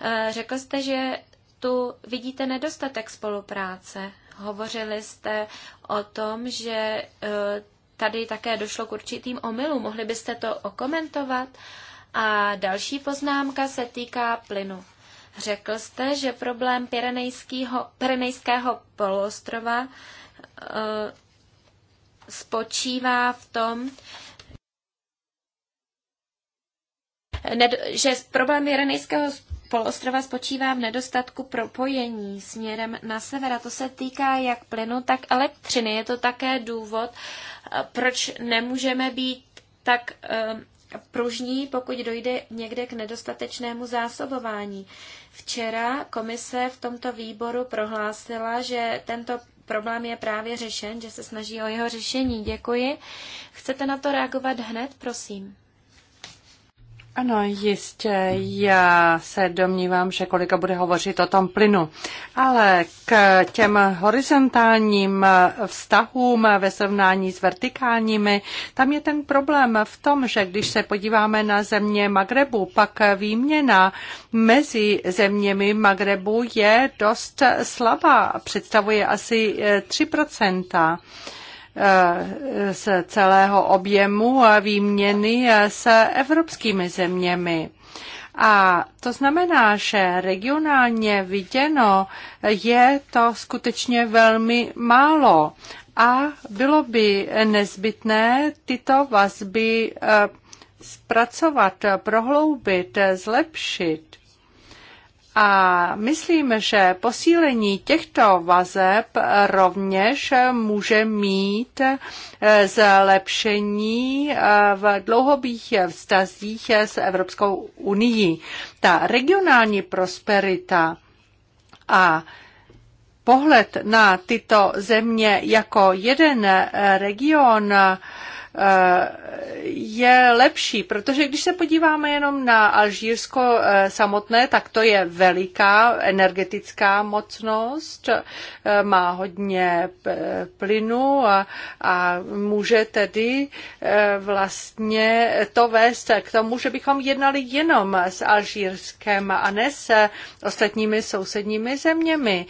Eh, řekl jste, že tu vidíte nedostatek spolupráce. Hovořili jste o tom, že eh, tady také došlo k určitým omylům. Mohli byste to okomentovat? A další poznámka se týká plynu. Řekl jste, že problém Pirenejského poloostrova e, spočívá v tom, že problém Pirenejského poloostrova spočívá v nedostatku propojení směrem na sever. A to se týká jak plynu, tak elektřiny. Je to také důvod, eh, proč nemůžeme být tak eh, pružní, pokud dojde někde k nedostatečnému zásobování. Včera komise v tomto výboru prohlásila, že tento problém je právě řešen, že se snaží o jeho řešení. Děkuji. Chcete na to reagovat hned, prosím? Ano, jistě. Já se domnívám, že kolika bude hovořit o tom plynu. Ale k těm horizontálním vztahům ve srovnání s vertikálními, tam je ten problém v tom, že když se podíváme na země Magrebu, pak výměna mezi zeměmi Magrebu je dost slabá. Představuje asi 3 Eh, z celého objemu výměny eh, s evropskými zeměmi. A to znamená, že regionálně viděno je to skutečně velmi málo a bylo by nezbytné tyto vazby eh, zpracovat, prohloubit, zlepšit. A myslím, že posílení těchto vazeb rovněž může mít eh, zlepšení eh, v dlouhobých vztazích s Evropskou unii. Ta regionální prosperita a pohled na tyto země jako jeden region Eh, je lepší, protože když se podíváme jenom na Alžírsko eh, samotné, tak to je veliká energetická mocnost, eh, má hodně plynu a, a může tedy vlastně to vést k tomu, že bychom jednali jenom s Alžírskem a ne s ostatními sousedními zeměmi.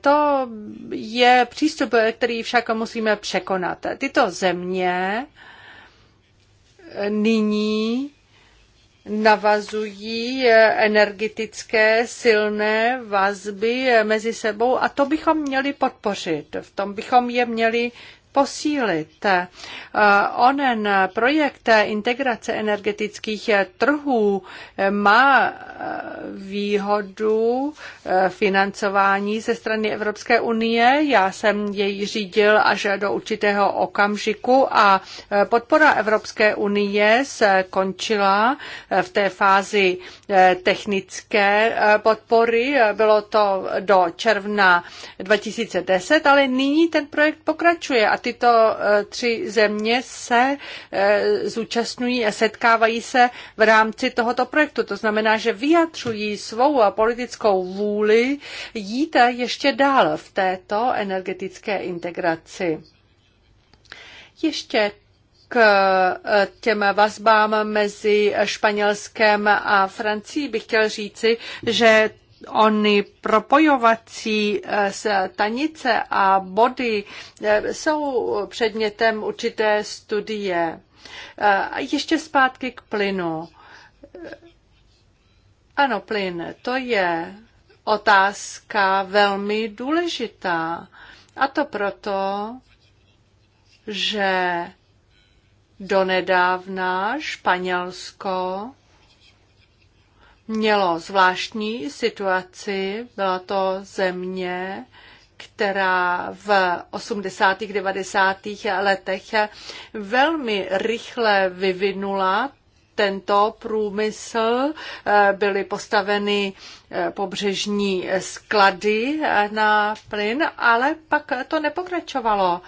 To je přístup, který však musíme překonat. Tyto země nyní navazují eh, energetické silné vazby eh, mezi sebou a to bychom měli podpořit. V tom bychom je měli posílit. Eh, onen projekt integrace energetických trhů eh, má eh, výhodu financování ze strany Evropské unie. Já jsem jej řídil až do určitého okamžiku a podpora Evropské unie se končila v té fázi technické podpory. Bylo to do června 2010, ale nyní ten projekt pokračuje a tyto eh, tři země se eh, zúčastňují a setkávají se v rámci tohoto projektu. To znamená, že vyjadřují svou politickou vůli jít ještě dál v této energetické integraci. Ještě k eh, těm vazbám mezi Španělskem a Francií bych chtěl říci, že ony propojovací eh, stanice a body eh, jsou předmětem určité studie. Eh, a ještě zpátky k plynu. Ano, plyn, to je otázka velmi důležitá. A to proto, že donedávna Španělsko mělo zvláštní situaci. Byla to země, která v 80. 90. letech velmi rychle vyvinula tento průmysl. Byly postaveny eh, pobřežní sklady na plyn, ale pak to nepokračovalo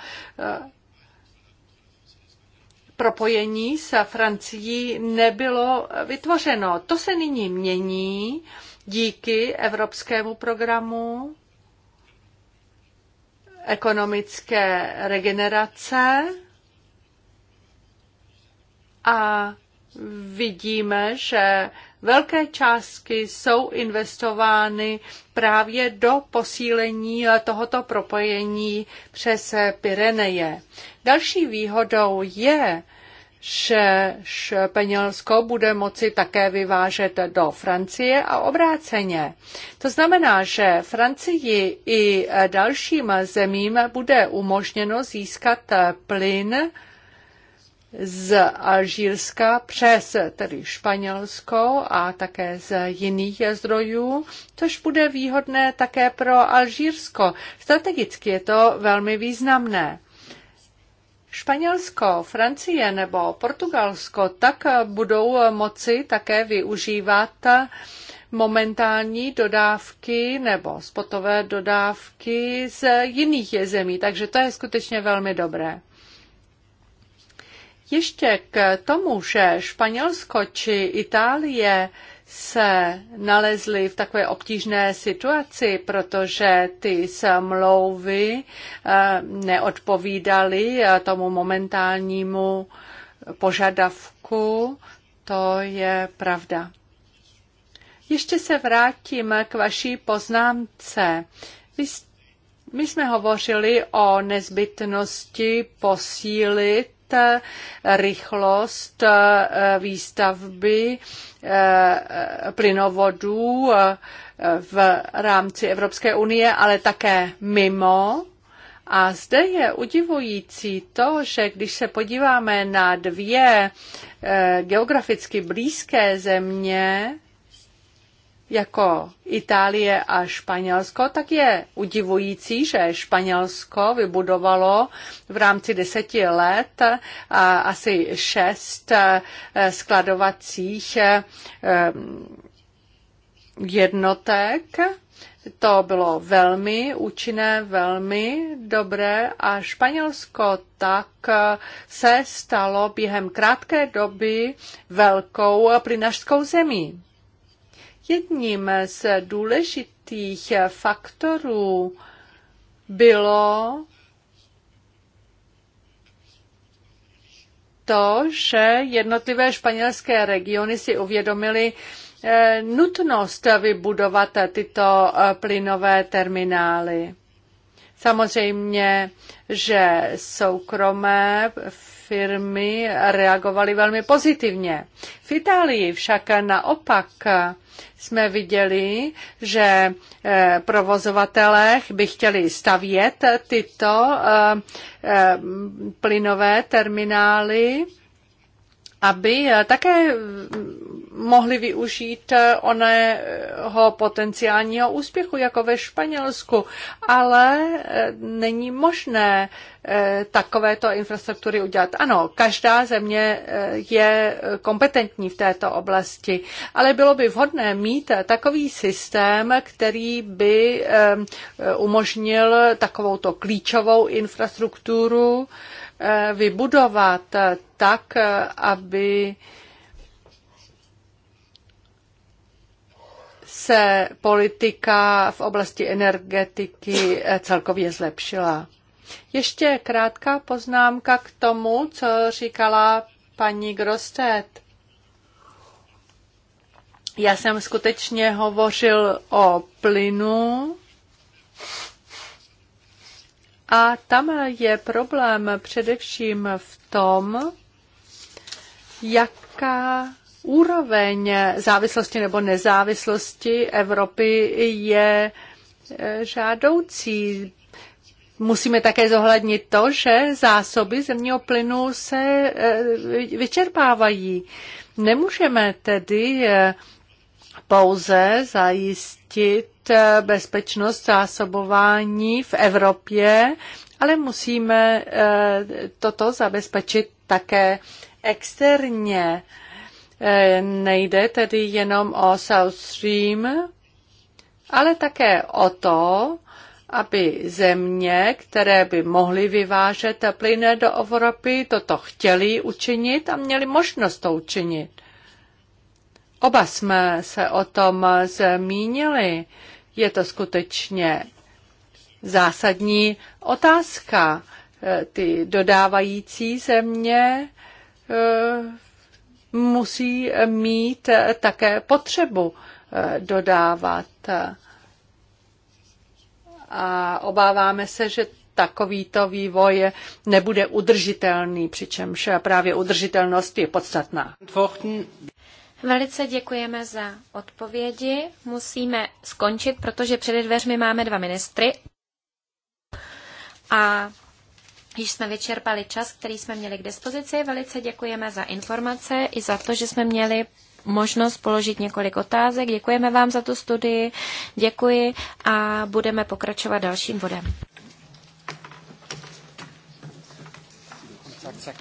propojení s Francií nebylo vytvořeno. To se nyní mění díky evropskému programu ekonomické regenerace a vidíme, že Velké částky jsou investovány právě do posílení tohoto propojení přes Pyreneje. Další výhodou je, že Španělsko bude moci také vyvážet do Francie a obráceně. To znamená, že Francii i dalším zemím bude umožněno získat plyn z Alžírska přes tedy Španělsko a také z jiných zdrojů, což bude výhodné také pro Alžírsko. Strategicky je to velmi významné. Španělsko, Francie nebo Portugalsko tak budou moci také využívat momentální dodávky nebo spotové dodávky z jiných zemí, takže to je skutečně velmi dobré. Ještě k tomu, že Španělsko či Itálie se nalezli v takové obtížné situaci, protože ty smlouvy eh, neodpovídaly eh, tomu momentálnímu požadavku, to je pravda. Ještě se vrátím k vaší poznámce. my jsme hovořili o nezbytnosti posílit rychlost eh, výstavby eh, plynovodů eh, v rámci Evropské unie, ale také mimo. A zde je udivující to, že když se podíváme na dvě geograficky blízké země, jako Itálie a Španělsko, tak je udivující, že Španělsko vybudovalo v rámci deseti let asi šest e, skladovacích e, jednotek. To bylo velmi účinné, velmi dobré a Španělsko tak e, se stalo během krátké doby velkou plynařskou zemí. Jedním z důležitých faktorů bylo to, že jednotlivé španělské regiony si uvědomily eh, nutnost vybudovat tyto eh, plynové terminály. Samozřejmě, že soukromé firmy reagovaly velmi pozitivně. V Itálii však naopak jsme viděli, že eh, provozovatelé by chtěli stavět tyto eh, eh, plynové terminály aby eh, také eh, mohli využít eh, oného potenciálního úspěchu, jako ve Španělsku, ale není možné takovéto infrastruktury udělat. Ano, každá země je kompetentní v této oblasti, ale bylo by vhodné mít takový systém, který by umožnil takovouto klíčovou infrastrukturu, Eh, vybudovat tak, aby se politika v oblasti energetiky eh, celkově zlepšila. Ještě krátká poznámka k tomu, co říkala paní Grostet. Já jsem skutečně hovořil o plynu a tam je problém především v tom, jaká úroveň závislosti nebo nezávislosti Evropy je e, žádoucí. Musíme také zohlednit to, že zásoby zemního plynu se e, vyčerpávají. Nemůžeme tedy e, pouze zajistit eh, bezpečnost zásobování v Evropě, ale musíme eh, toto zabezpečit také externě. Eh, nejde tedy jenom o South Stream, ale také o to, aby země, které by mohly vyvážet plyn do Evropy, toto chtěli učinit a měli možnost to učinit. Oba jsme se o tom zmínili. Je to skutečně zásadní otázka. Ty dodávající země eh, musí mít také potřebu eh, dodávat. A obáváme se, že takovýto vývoj nebude udržitelný, přičemž právě udržitelnost je podstatná. Velice děkujeme za odpovědi. Musíme skončit, protože před dveřmi máme dva ministry. A Již jsme vyčerpali čas, který jsme měli k dispozici. Velice děkujeme za informace i za to, že jsme měli možnost položit několik otázek. Děkujeme vám za tu studii, děkuji a budeme pokračovat dalším bodem. Tak, tak.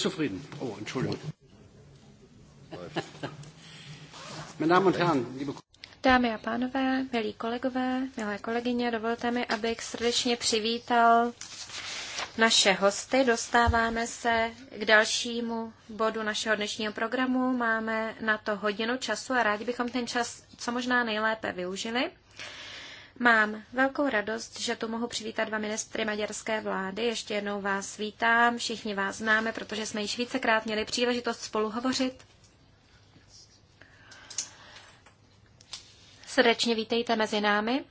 zufrieden. Oh, Entschuldigung. Meine Damen und Herren, liebe Dámy a pánové, milí kolegové, milé kolegyně, dovolte mi, abych srdečně přivítal naše hosty. Dostáváme se k dalšímu bodu našeho dnešního programu. Máme na to hodinu času a rádi bychom ten čas co možná nejlépe využili. Mám velkou radost, že tu mohu přivítat dva ministry maďarské vlády. Ještě jednou vás vítám, všichni vás známe, protože jsme již vícekrát měli příležitost spolu hovořit. Srdečně vítejte mezi námi.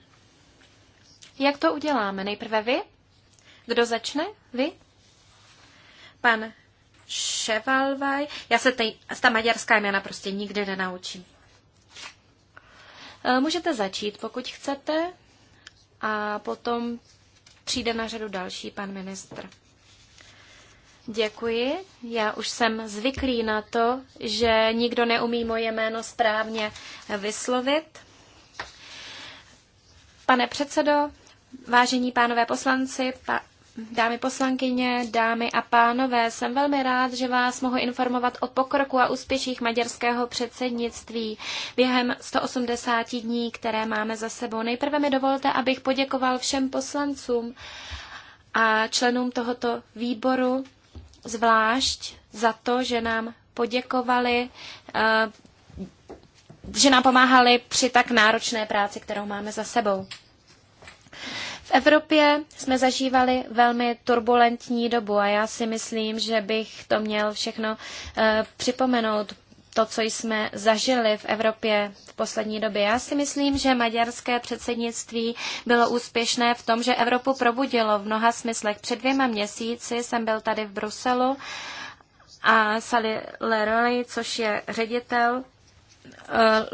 Jak to uděláme? Nejprve vy? Kdo začne? Vy? Pan Ševalvaj? Já se tej, ta maďarská jména prostě nikdy nenaučím. Eh, můžete začít, pokud chcete, a potom přijde na řadu další pan ministr. Děkuji. Já už jsem zvyklý na to, že nikdo neumí moje jméno správně vyslovit. Pane předsedo, vážení pánové poslanci, pa, dámy poslankyně, dámy a pánové, jsem velmi rád, že vás mohu informovat o pokroku a úspěších maďarského předsednictví během 180 dní, které máme za sebou. Nejprve mi dovolte, abych poděkoval všem poslancům a členům tohoto výboru, zvlášť za to, že nám poděkovali, eh, že nám pomáhali při tak náročné práci, kterou máme za sebou. V Evropě jsme zažívali velmi turbulentní dobu a já si myslím, že bych to měl všechno eh, připomenout, to, co jsme zažili v Evropě v poslední době. Já si myslím, že maďarské předsednictví bylo úspěšné v tom, že Evropu probudilo v mnoha smyslech. Před dvěma měsíci jsem byl tady v Bruselu a Sally Leroy, což je ředitel Eh,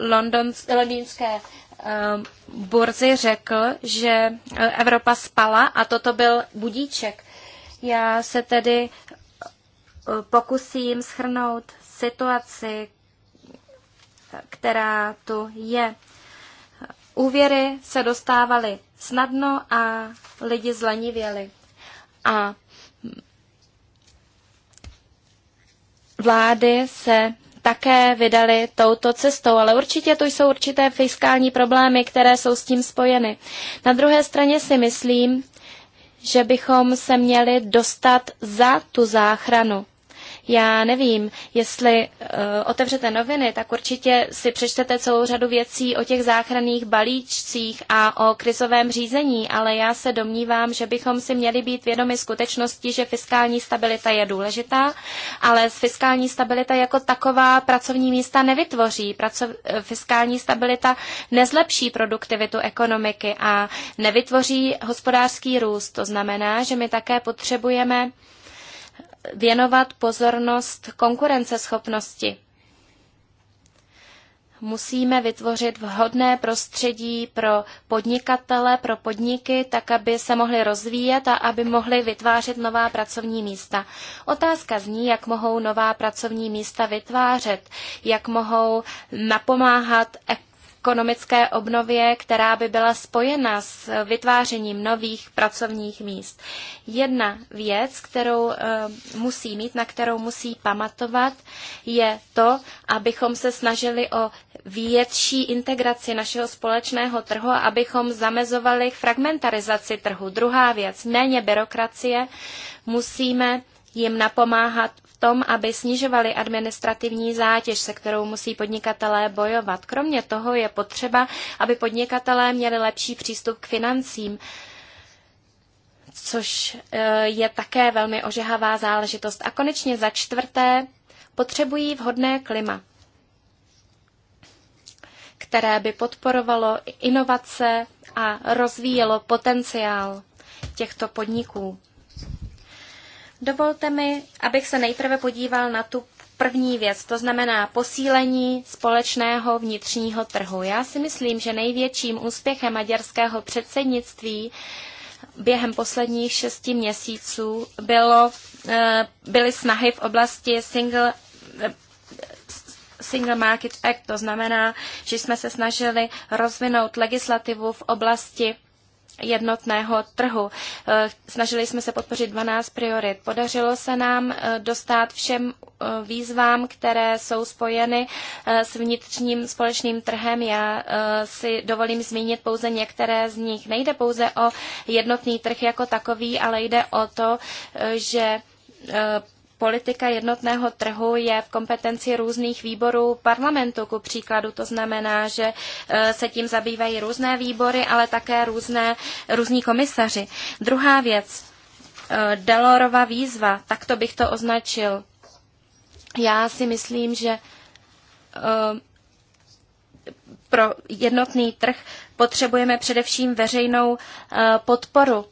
londýnské eh, burzy řekl, že eh, Evropa spala a toto byl budíček. Já se tedy pokusím schrnout situaci, která tu je. Úvěry se dostávaly snadno a lidi zlenivěli. A vlády se také vydali touto cestou, ale určitě tu jsou určité fiskální problémy, které jsou s tím spojeny. Na druhé straně si myslím, že bychom se měli dostat za tu záchranu. Já nevím, jestli uh, otevřete noviny, tak určitě si přečtete celou řadu věcí o těch záchranných balíčcích a o krizovém řízení, ale já se domnívám, že bychom si měli být vědomi skutečnosti, že fiskální stabilita je důležitá, ale fiskální stabilita jako taková pracovní místa nevytvoří. Pracov, eh, fiskální stabilita nezlepší produktivitu ekonomiky a nevytvoří hospodářský růst. To znamená, že my také potřebujeme věnovat pozornost konkurenceschopnosti. Musíme vytvořit vhodné prostředí pro podnikatele, pro podniky, tak aby se mohly rozvíjet a aby mohly vytvářet nová pracovní místa. Otázka zní, jak mohou nová pracovní místa vytvářet, jak mohou napomáhat ekonomické obnově, která by byla spojena s vytvářením nových pracovních míst. Jedna věc, kterou eh, musí mít, na kterou musí pamatovat, je to, abychom se snažili o větší integraci našeho společného trhu, abychom zamezovali fragmentarizaci trhu. Druhá věc, méně byrokracie, musíme jim napomáhat tom, aby snižovali administrativní zátěž, se kterou musí podnikatelé bojovat. Kromě toho je potřeba, aby podnikatelé měli lepší přístup k financím což e, je také velmi ožehavá záležitost. A konečně za čtvrté, potřebují vhodné klima, které by podporovalo inovace a rozvíjelo potenciál těchto podniků. Dovolte mi, abych se nejprve podíval na tu první věc, to znamená posílení společného vnitřního trhu. Já si myslím, že největším úspěchem maďarského předsednictví během posledních šesti měsíců bylo, eh, byly snahy v oblasti single, eh, Single Market Act. To znamená, že jsme se snažili rozvinout legislativu v oblasti jednotného trhu. Eh, snažili jsme se podpořit 12 priorit. Podařilo se nám eh, dostat všem eh, výzvám, které jsou spojeny s vnitřním společným trhem. Já si dovolím zmínit pouze některé z nich. Nejde pouze o jednotný trh jako takový, ale jde o to, že politika jednotného trhu je v kompetenci různých výborů parlamentu. Ku příkladu to znamená, že e, se tím zabývají různé výbory, ale také různé, různí komisaři. Druhá věc, e, Delorova výzva, tak to bych to označil. Já si myslím, že e, pro jednotný trh potřebujeme především veřejnou podporu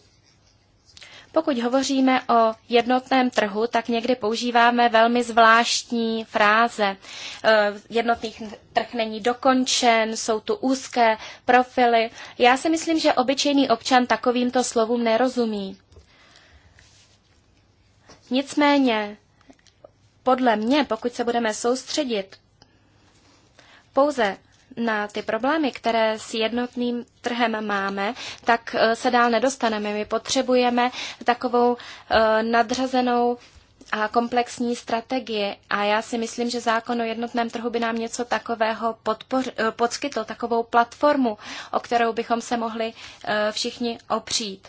pokud hovoříme o jednotném trhu, tak někdy používáme velmi zvláštní fráze. E, jednotný trh není dokončen, jsou tu úzké profily. Já si myslím, že obyčejný občan takovýmto slovům nerozumí. Nicméně, podle mě, pokud se budeme soustředit pouze na ty problémy, které s jednotným trhem máme, tak eh, se dál nedostaneme. My potřebujeme takovou eh, nadřazenou a komplexní strategie. A já si myslím, že zákon o jednotném trhu by nám něco takového podpoř- eh, podskytl, takovou platformu, o kterou bychom se mohli všichni opřít.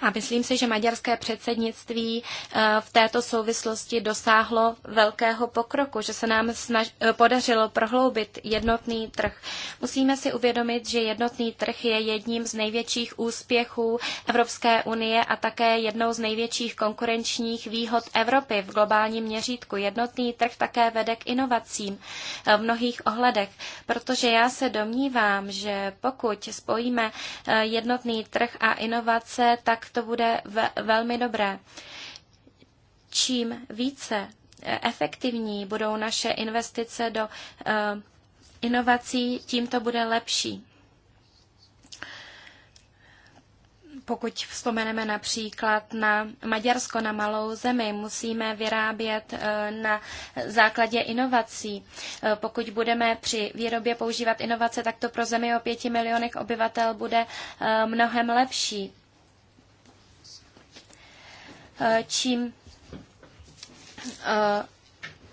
A myslím si, že maďarské předsednictví eh, v této souvislosti dosáhlo velkého pokroku, že se nám snaž- eh, podařilo prohloubit jednotný trh. Musíme si uvědomit, že jednotný trh je jedním z největších úspěchů Evropské unie a také jednou z největších konkurenčních výhod Evropy v globálním měřítku. Jednotný trh také vede k inovacím eh, v mnohých ohledech, protože já se domnívám, že pokud spojíme jednotný trh a inovace, tak to bude ve- velmi dobré. Čím více eh, efektivní budou naše investice do eh, inovací, tím to bude lepší. pokud vzpomeneme například na Maďarsko, na malou zemi, musíme vyrábět eh, na základě inovací. Pokud budeme při výrobě používat inovace, tak to pro zemi o pěti milionech obyvatel bude mnohem lepší čím eh,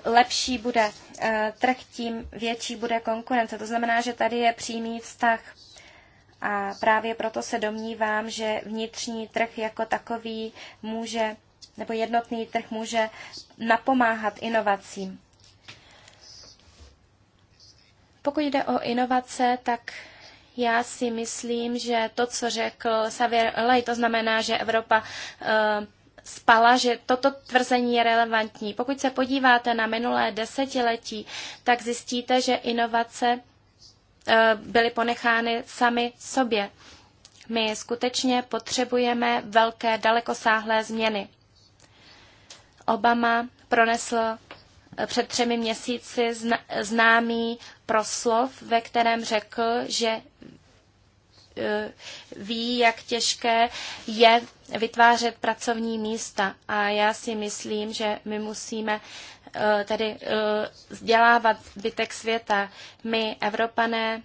lepší bude eh, trh, tím větší bude konkurence. To znamená, že tady je přímý vztah. A právě proto se domnívám, že vnitřní trh jako takový může, nebo jednotný trh může napomáhat inovacím. Pokud jde o inovace, tak já si myslím, že to, co řekl Xavier Lej, to znamená, že Evropa eh, spala, že toto tvrzení je relevantní. Pokud se podíváte na minulé desetiletí, tak zjistíte, že inovace e, byly ponechány sami sobě. My skutečně potřebujeme velké, dalekosáhlé změny. Obama pronesl e, před třemi měsíci známý proslov, ve kterém řekl, že e, ví, jak těžké je vytvářet pracovní místa. A já si myslím, že my musíme eh, tedy eh, vzdělávat zbytek světa. My, Evropané,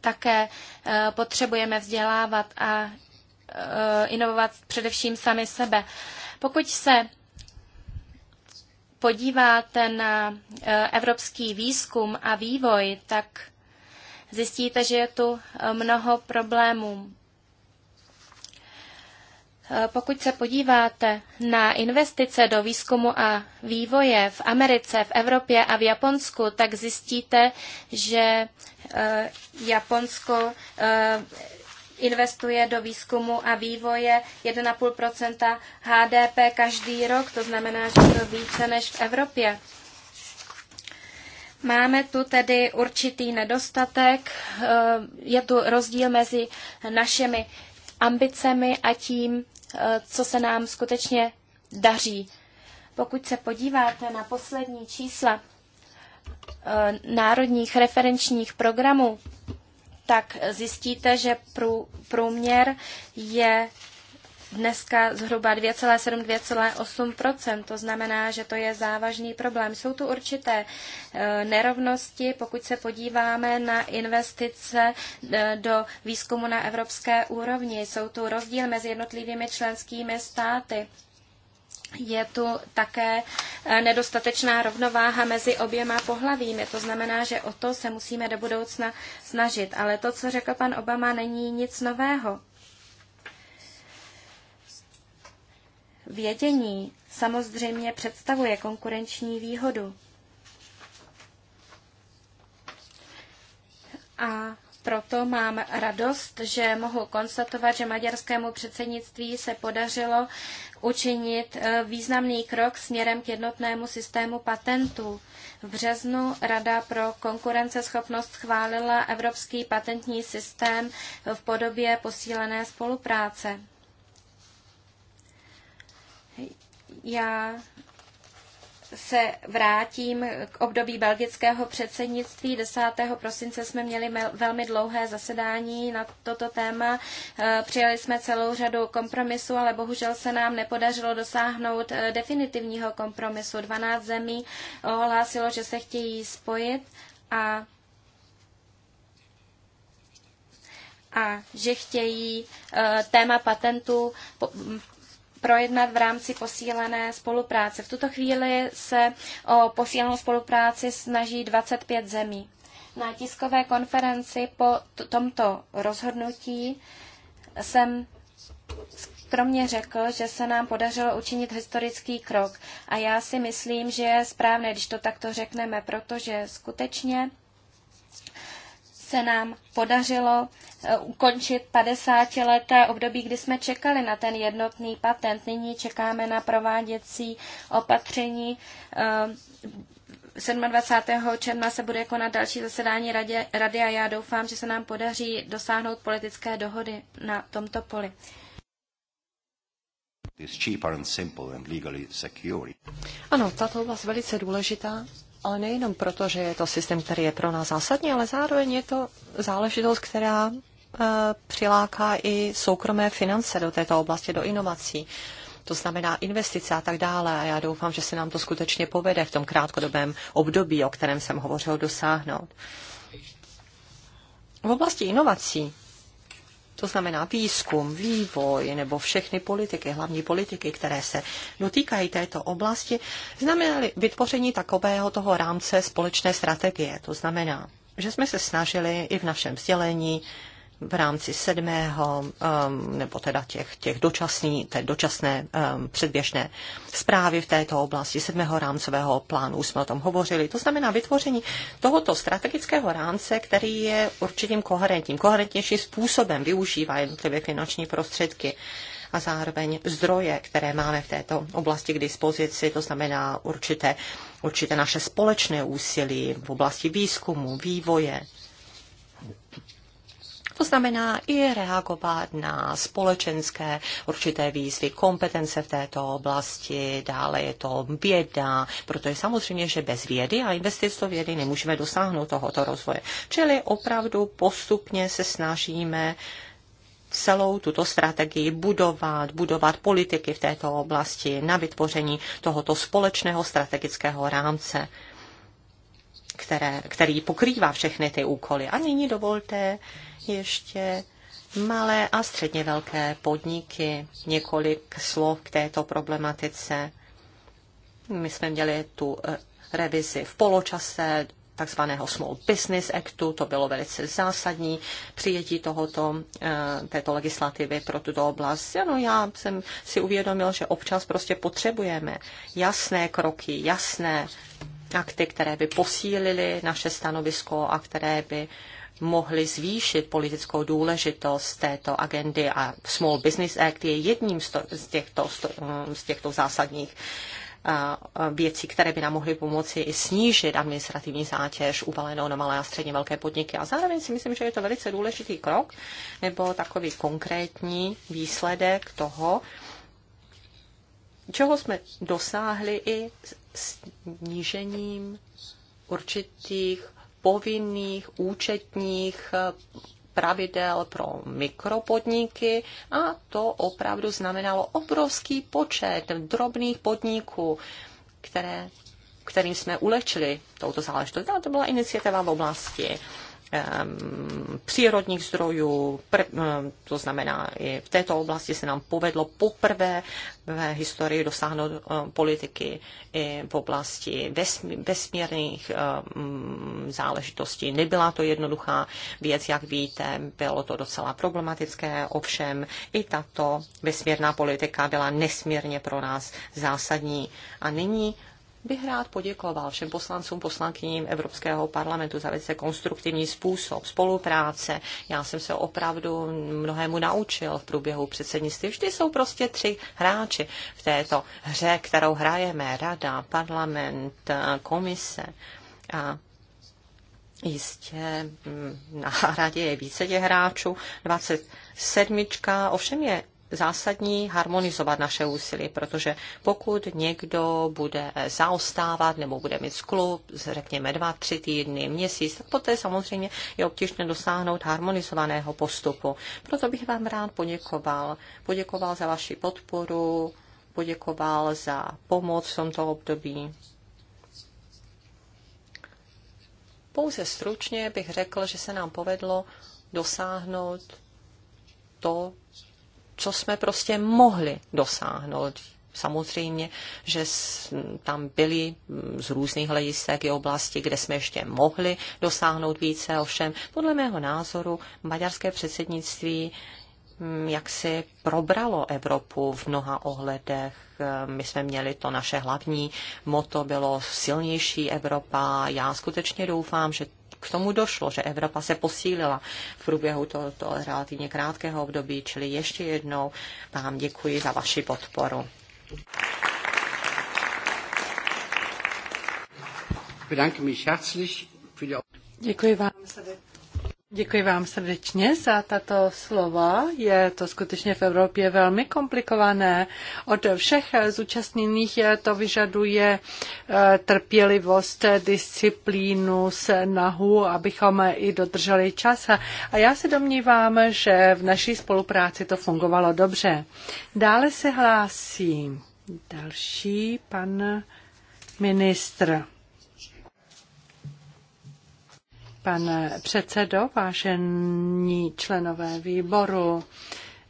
také eh, potřebujeme vzdělávat a inovovat především sami sebe. Pokud se podíváte na evropský výzkum a vývoj, tak zjistíte, že je tu mnoho problémů. Eh, pokud se podíváte na investice do výzkumu a vývoje v Americe, v Evropě a v Japonsku, tak zjistíte, že eh, Japonsko eh, investuje do výzkumu a vývoje 1,5 HDP každý rok, to znamená, že to více než v Evropě. Máme tu tedy určitý nedostatek, je tu rozdíl mezi našimi ambicemi a tím, co se nám skutečně daří. Pokud se podíváte na poslední čísla eh, národních referenčních programů, tak zjistíte, že průměr je dneska zhruba 2,7-2,8 To znamená, že to je závažný problém. Jsou tu určité e, nerovnosti, pokud se podíváme na investice e, do výzkumu na evropské úrovni. Jsou tu rozdíl mezi jednotlivými členskými státy. Je tu také e, nedostatečná rovnováha mezi oběma pohlavími. To znamená, že o to se musíme do budoucna snažit. Ale to, co řekl pan Obama, není nic nového. vědění samozřejmě představuje konkurenční výhodu. A proto mám radost, že mohu konstatovat, že maďarskému předsednictví se podařilo učinit e, významný krok směrem k jednotnému systému patentů. V březnu Rada pro konkurenceschopnost schválila evropský patentní systém v podobě posílené spolupráce. Já se vrátím k období belgického předsednictví. 10. prosince jsme měli velmi dlouhé zasedání na toto téma. Eh, přijali jsme celou řadu kompromisů, ale bohužel se nám nepodařilo dosáhnout eh, definitivního kompromisu. 12 zemí ohlásilo, že se chtějí spojit a a že chtějí eh, téma patentů projednat v rámci posílené spolupráce. V tuto chvíli se o posílenou spolupráci snaží 25 zemí. Na tiskové konferenci po tomto rozhodnutí jsem skromně řekl, že se nám podařilo učinit historický krok. A já si myslím, že je správné, když to takto řekneme, protože skutečně se nám podařilo eh, ukončit 50 leté období, kdy jsme čekali na ten jednotný patent. Nyní čekáme na prováděcí opatření. 27. Eh, června se bude konat další zasedání radě, rady a já doufám, že se nám podaří dosáhnout politické dohody na tomto poli. Ano, tato oblast velice důležitá ale nejenom proto, že je to systém, který je pro nás zásadní, ale zároveň je to záležitost, která eh, přiláká i soukromé finance do této oblasti, do inovací. To znamená investice a tak dále. A já doufám, že se nám to skutečně povede v tom krátkodobém období, o kterém jsem hovořil, dosáhnout. V oblasti inovací to znamená výzkum, vývoj nebo všechny politiky, hlavní politiky, které se dotýkají této oblasti, znamenaly vytvoření takového toho rámce společné strategie. To znamená, že jsme se snažili i v našem vzdělení v rámci sedmého, um, nebo teda těch, těch dočasný, té dočasné um, předběžné zprávy v této oblasti, sedmého rámcového plánu, už jsme o tom hovořili. To znamená vytvoření tohoto strategického rámce, který je určitým koherentním, koherentnějším způsobem využívá jednotlivé finanční prostředky a zároveň zdroje, které máme v této oblasti k dispozici, to znamená určité, určité naše společné úsilí v oblasti výzkumu, vývoje, to znamená i reagovat na společenské určité výzvy, kompetence v této oblasti, dále je to věda, protože samozřejmě, že bez vědy a investic do vědy nemůžeme dosáhnout tohoto rozvoje. Čili opravdu postupně se snažíme celou tuto strategii budovat, budovat politiky v této oblasti na vytvoření tohoto společného strategického rámce, které, který pokrývá všechny ty úkoly. A nyní dovolte ještě malé a středně velké podniky. Několik slov k této problematice. My jsme měli tu eh, revizi v poločase takzvaného Small Business Actu, to bylo velice zásadní přijetí tohoto, eh, této legislativy pro tuto oblast. Ano, já jsem si uvědomil, že občas prostě potřebujeme jasné kroky, jasné akty, které by posílily naše stanovisko a které by mohli zvýšit politickou důležitost této agendy a Small Business Act je jedním z, to, z, těchto, mm, z těchto zásadních věcí, které by nám mohly pomoci i snížit administrativní zátěž uvalenou na malé a středně velké podniky. A zároveň si myslím, že je to velice důležitý krok nebo takový konkrétní výsledek toho, čeho jsme dosáhli i snížením určitých povinných účetních eh, pravidel pro mikropodniky a to opravdu znamenalo obrovský počet drobných podniků, které, kterým jsme ulečili touto záležitost. A to byla iniciativa v oblasti přírodních zdrojů, to znamená i v této oblasti se nám povedlo poprvé v historii dosáhnout politiky i v oblasti vesmírných záležitostí. Nebyla to jednoduchá věc, jak víte, bylo to docela problematické, ovšem i tato vesmírná politika byla nesmírně pro nás zásadní. A nyní bych rád poděkoval všem poslancům, poslankyním Evropského parlamentu za velice konstruktivní způsob spolupráce. Já jsem se opravdu mnohému naučil v průběhu předsednictví. Vždy jsou prostě tři hráči v této hře, kterou hrajeme. Rada, parlament, komise. A Jistě mm, na radě je více těch hráčů, 27. Ovšem je zásadní harmonizovat naše úsilí, protože pokud někdo bude zaostávat nebo bude mít sklub, řekněme dva, tři týdny, měsíc, tak poté samozřejmě je obtížné dosáhnout harmonizovaného postupu. Proto bych vám rád poděkoval. Poděkoval za vaši podporu, poděkoval za pomoc v tomto období. Pouze stručně bych řekl, že se nám povedlo dosáhnout to, co jsme prostě mohli dosáhnout. Samozřejmě, že tam byly mm, z různých hledisek i oblasti, kde jsme ještě mohli dosáhnout více, ovšem podle mého názoru maďarské předsednictví mm, jak si probralo Evropu v mnoha ohledech. Mm, my jsme měli to naše hlavní moto, bylo silnější Evropa. Já skutečně doufám, že k tomu došlo, že Evropa se posílila v průběhu to relativně krátkého období, čili ještě jednou vám děkuji za vaši podporu. Děkuji vám. Děkuji vám srdečně za tato slova. Je to skutečně v Evropě velmi komplikované. Od všech zúčastněných to vyžaduje eh, trpělivost, disciplínu, snahu, abychom i dodrželi čas. A já se domnívám, že v naší spolupráci to fungovalo dobře. Dále se hlásí další pan ministr. Pane předsedo, vážení členové výboru,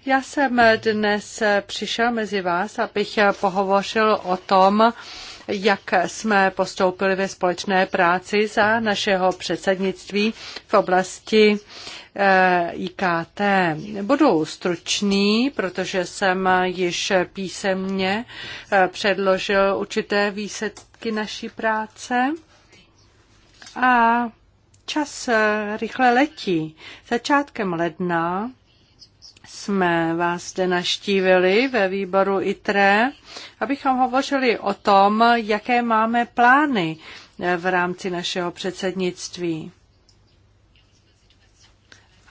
já jsem dnes přišel mezi vás, abych pohovořil o tom, jak jsme postoupili ve společné práci za našeho předsednictví v oblasti eh, IKT. Budu stručný, protože jsem již písemně eh, předložil určité výsledky naší práce a Čas eh, rychle letí. Začátkem ledna jsme vás zde naštívili ve výboru ITRE, abychom hovořili o tom, jaké máme plány eh, v rámci našeho předsednictví.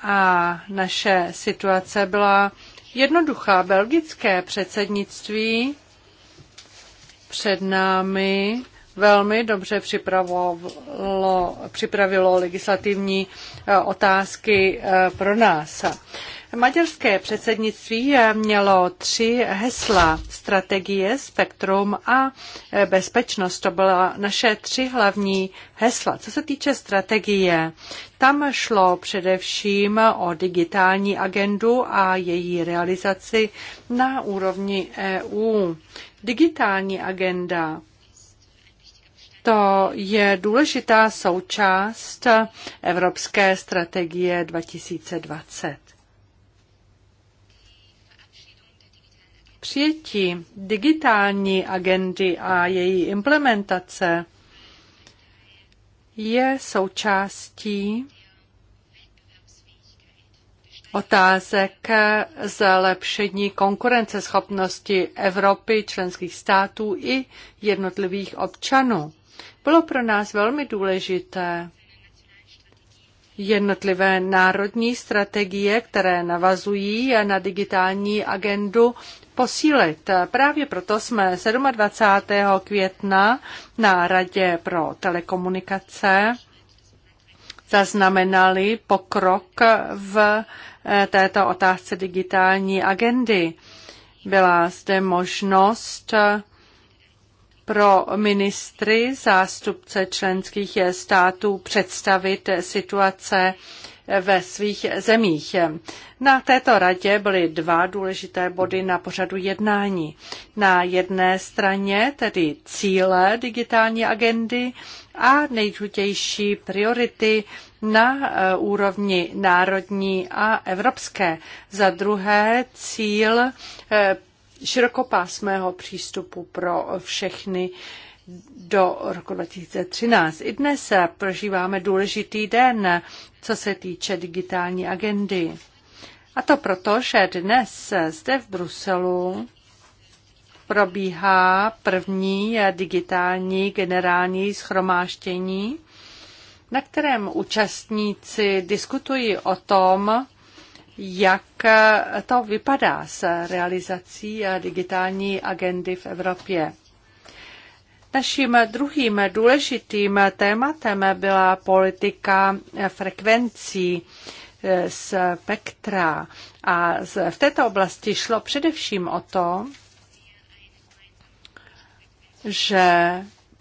A naše situace byla jednoduchá. Belgické předsednictví před námi velmi dobře připravilo, připravilo legislativní e, otázky e, pro nás. Maďarské předsednictví e, mělo tři hesla. Strategie, spektrum a bezpečnost. To byla naše tři hlavní hesla. Co se týče strategie, tam šlo především o digitální agendu a její realizaci na úrovni EU. Digitální agenda to je důležitá součást Evropské strategie 2020. Přijetí digitální agendy a její implementace je součástí otázek zlepšení konkurenceschopnosti Evropy, členských států i jednotlivých občanů. Bylo pro nás velmi důležité jednotlivé národní strategie, které navazují na digitální agendu, posílit. Právě proto jsme 27. května na Radě pro telekomunikace zaznamenali pokrok v eh, této otázce digitální agendy. Byla zde možnost pro ministry, zástupce členských států představit situace ve svých zemích. Na této radě byly dva důležité body na pořadu jednání. Na jedné straně tedy cíle digitální agendy a nejdůležitější priority na eh, úrovni národní a evropské. Za druhé cíl eh, širokopásmého přístupu pro všechny do roku 2013. I dnes prožíváme důležitý den, co se týče digitální agendy. A to proto, že dnes zde v Bruselu probíhá první digitální generální schromáštění, na kterém účastníci diskutují o tom, jak to vypadá s realizací digitální agendy v Evropě. Naším druhým důležitým tématem byla politika frekvencí eh, spektra. A v této oblasti šlo především o to, že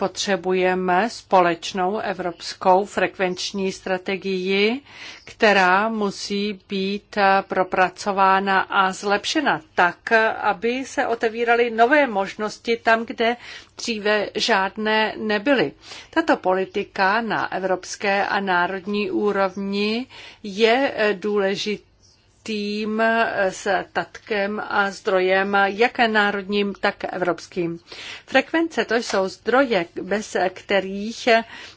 potřebujeme společnou evropskou frekvenční strategii, která musí být propracována a zlepšena tak, aby se otevíraly nové možnosti tam, kde dříve žádné nebyly. Tato politika na evropské a národní úrovni je důležitá tým eh, s tatkem a zdrojem, jak národním, tak evropským. Frekvence to jsou zdroje, bez kterých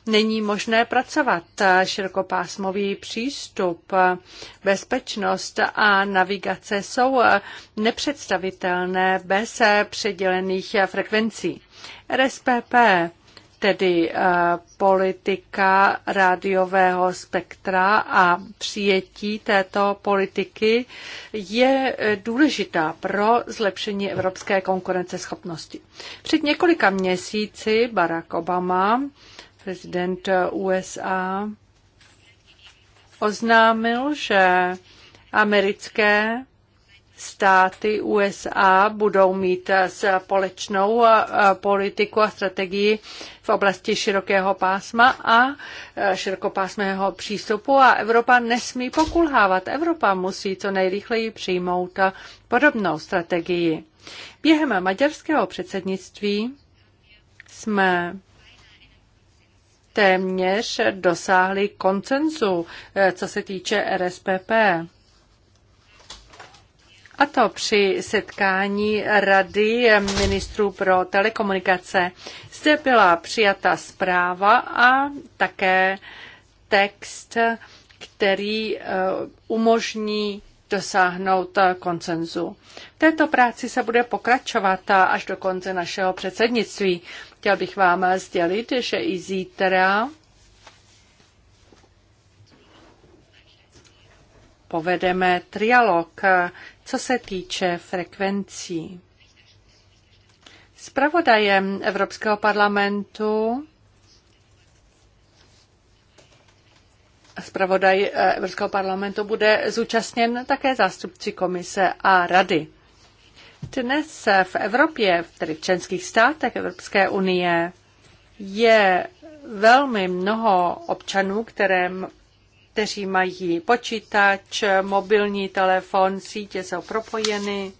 není možné pracovat. Širokopásmový přístup, bezpečnost a navigace jsou nepředstavitelné bez předělených frekvencí. RSPP tedy eh, politika rádiového spektra a přijetí této politiky je eh, důležitá pro zlepšení evropské konkurenceschopnosti. Před několika měsíci Barack Obama, prezident USA, oznámil, že americké státy USA budou mít společnou eh, politiku a strategii v oblasti širokého pásma a eh, širokopásmého přístupu a Evropa nesmí pokulhávat. Evropa musí co nejrychleji přijmout podobnou strategii. Během maďarského předsednictví jsme téměř dosáhli koncenzu, eh, co se týče RSPP a to při setkání Rady ministrů pro telekomunikace. Zde byla přijata zpráva a také text, který eh, umožní dosáhnout koncenzu. V této práci se bude pokračovat až do konce našeho předsednictví. Chtěl bych vám sdělit, že i zítra povedeme trialog co se týče frekvencí, zpravodajem Evropského parlamentu zpravodaj eh, Evropského parlamentu bude zúčastněn také zástupci komise a rady. Dnes v Evropě, tedy v členských státech Evropské unie, je velmi mnoho občanů, kterém kteří mají počítač, mobilní telefon, sítě jsou propojeny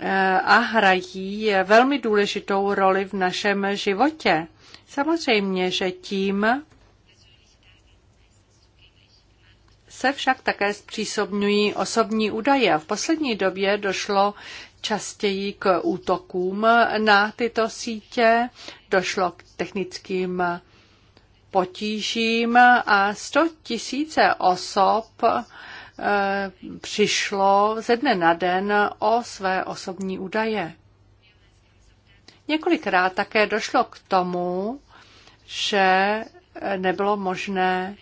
eh, a hrají velmi důležitou roli v našem životě. Samozřejmě, že tím se však také zpřísobňují osobní údaje. V poslední době došlo častěji k útokům na tyto sítě, došlo k technickým potížím a 100 tisíce osob eh, přišlo ze dne na den o své osobní údaje. Několikrát také došlo k tomu, že nebylo možné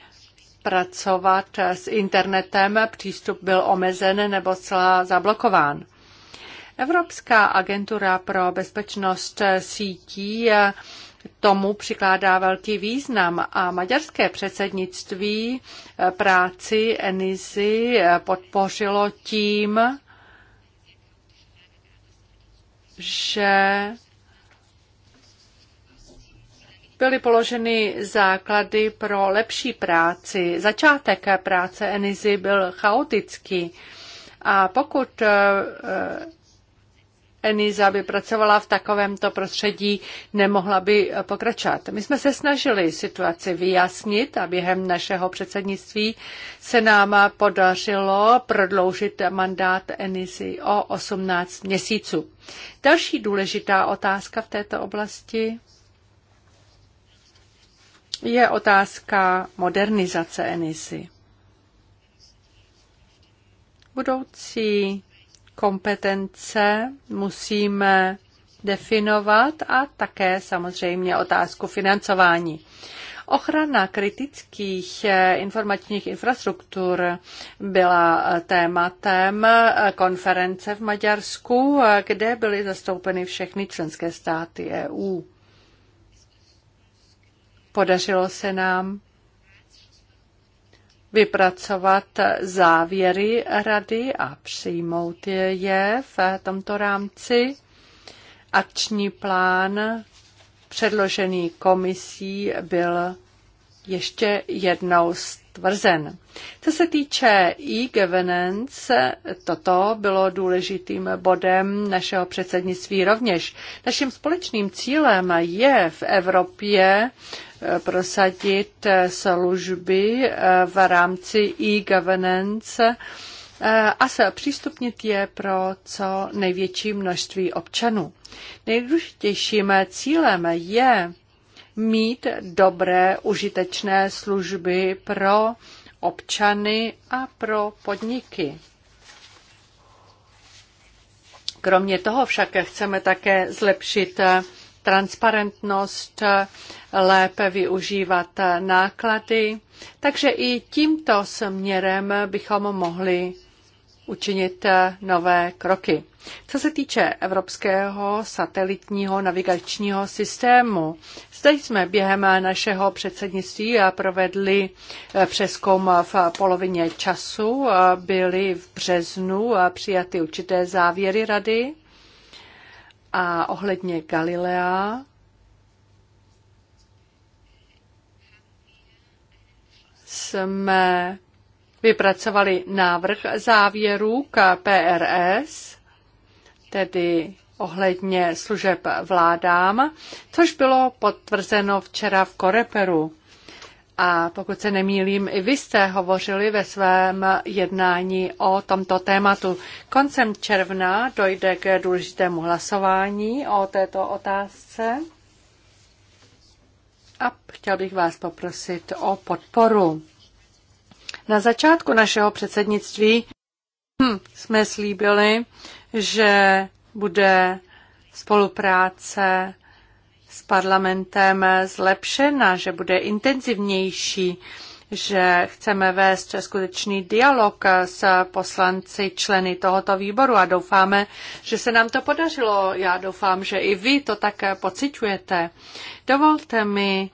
pracovat s internetem, přístup byl omezen nebo celá zablokován. Evropská agentura pro bezpečnost sítí tomu přikládá velký význam a maďarské předsednictví eh, práci Enisy eh, podpořilo tím, že byly položeny základy pro lepší práci. Začátek práce Enisy byl chaotický a pokud eh, Eniza by pracovala v takovémto prostředí, nemohla by pokračovat. My jsme se snažili situaci vyjasnit a během našeho předsednictví se nám podařilo prodloužit mandát Enisy o 18 měsíců. Další důležitá otázka v této oblasti je otázka modernizace Enisy. Budoucí kompetence musíme definovat a také samozřejmě otázku financování. Ochrana kritických eh, informačních infrastruktur byla eh, tématem eh, konference v Maďarsku, kde byly zastoupeny všechny členské státy EU. Podařilo se nám vypracovat závěry rady a přijmout je v tomto rámci. Akční plán předložený komisí byl ještě jednou stvrzen. Co se týče e-governance, toto bylo důležitým bodem našeho předsednictví rovněž. Naším společným cílem je v Evropě prosadit eh, služby eh, v rámci e-governance eh, a se přístupnit je pro co největší množství občanů. Nejdůležitějším cílem je mít dobré užitečné služby pro občany a pro podniky. Kromě toho však chceme také zlepšit transparentnost lépe využívat náklady. Takže i tímto směrem bychom mohli učinit nové kroky. Co se týče evropského satelitního navigačního systému, zde jsme během našeho předsednictví provedli eh, přeskum v polovině času. Eh, byly v březnu eh, přijaty určité závěry rady a ohledně Galilea jsme vypracovali návrh závěrů k PRS, tedy ohledně služeb vládám, což bylo potvrzeno včera v Koreperu. A pokud se nemýlím, i vy jste hovořili ve svém jednání o tomto tématu. Koncem června dojde k důležitému hlasování o této otázce a chtěl bych vás poprosit o podporu. Na začátku našeho předsednictví hm, jsme slíbili, že bude spolupráce s parlamentem zlepšena, že bude intenzivnější že chceme vést skutečný dialog s poslanci, členy tohoto výboru a doufáme, že se nám to podařilo. Já doufám, že i vy to tak pociťujete. Dovolte mi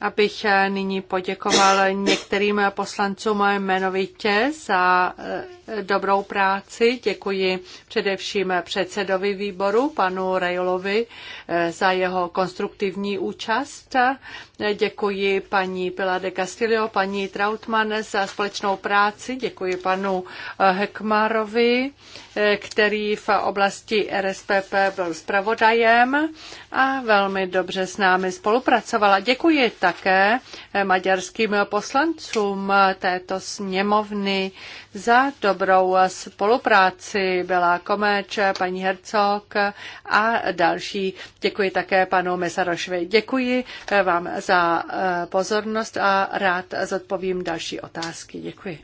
abych nyní poděkoval některým poslancům jmenovitě za eh, dobrou práci. Děkuji především předsedovi výboru, panu Rejlovi, Eh, za jeho konstruktivní účast. Eh, děkuji paní Pila de Castillo, paní Trautmann za společnou práci. Děkuji panu eh, Hekmarovi, který v oblasti RSPP byl zpravodajem a velmi dobře s námi spolupracovala. Děkuji také maďarským poslancům této sněmovny, za dobrou spolupráci byla Komeč, paní Hercog a další. Děkuji také panu Mesarošvi. Děkuji vám za eh, pozornost a rád zodpovím další otázky. Děkuji.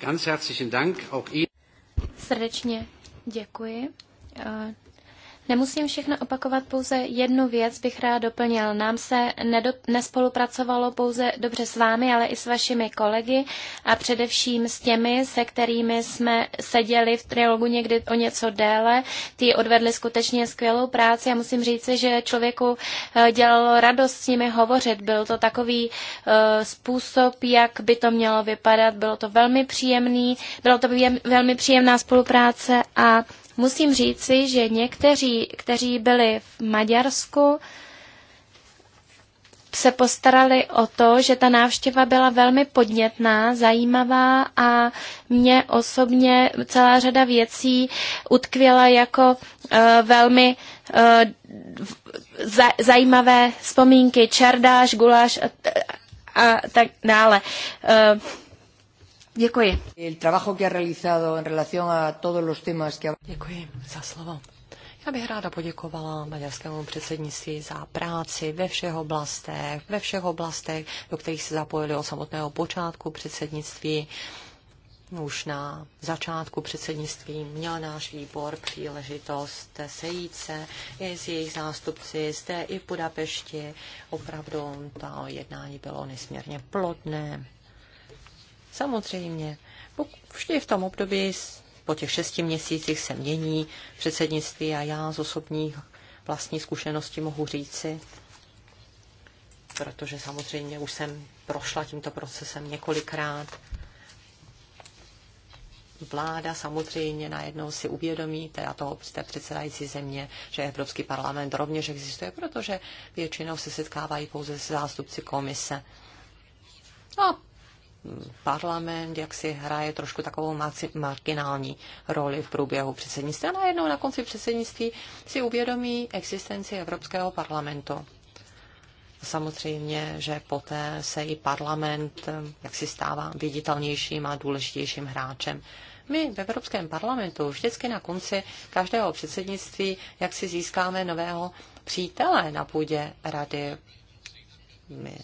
Ganz herzlichen Dank auch Srdečně děkuji eh, Nemusím všechno opakovat, pouze jednu věc bych rád doplnil. Nám se nedo, nespolupracovalo pouze dobře s vámi, ale i s vašimi kolegy a především s těmi, se kterými jsme seděli v trilogu někdy o něco déle. Ty odvedli skutečně skvělou práci a musím říci, že člověku eh, dělalo radost s nimi hovořit. Byl to takový uh, způsob, jak by to mělo vypadat. Bylo to velmi příjemný, bylo to velmi příjemná spolupráce a Musím říci, že někteří, kteří byli v Maďarsku, se postarali o to, že ta návštěva byla velmi podnětná, zajímavá a mě osobně celá řada věcí utkvěla jako uh, velmi uh, za, zajímavé vzpomínky, čardáš, guláš a, a tak dále. Uh, Děkuji. El trabajo que ha realizado en relación a todos los temas que... Děkuji za slovo. Já bych ráda poděkovala maďarskému předsednictví za práci ve všech oblastech, ve všech oblastech, do kterých se zapojili od samotného počátku předsednictví. Už na začátku předsednictví měl náš výbor příležitost sejít se i s jejich zástupci zde i v Budapešti. Opravdu to jednání bylo nesmírně plodné. Samozřejmě, vždy v tom období po těch šesti měsících se mění předsednictví a já z osobních vlastní zkušenosti mohu říci, protože samozřejmě už jsem prošla tímto procesem několikrát. Vláda samozřejmě najednou si uvědomí, teda toho té předsedající země, že Evropský parlament rovněž existuje, protože většinou se setkávají pouze s zástupci komise. A parlament, jak si hraje trošku takovou marginální roli v průběhu předsednictví. A najednou na konci předsednictví si uvědomí existenci Evropského parlamentu. Samozřejmě, že poté se i parlament, eh, jak si stává, viditelnějším a důležitějším hráčem. My v Evropském parlamentu vždycky na konci každého předsednictví, jak si získáme nového přítele na půdě rady. My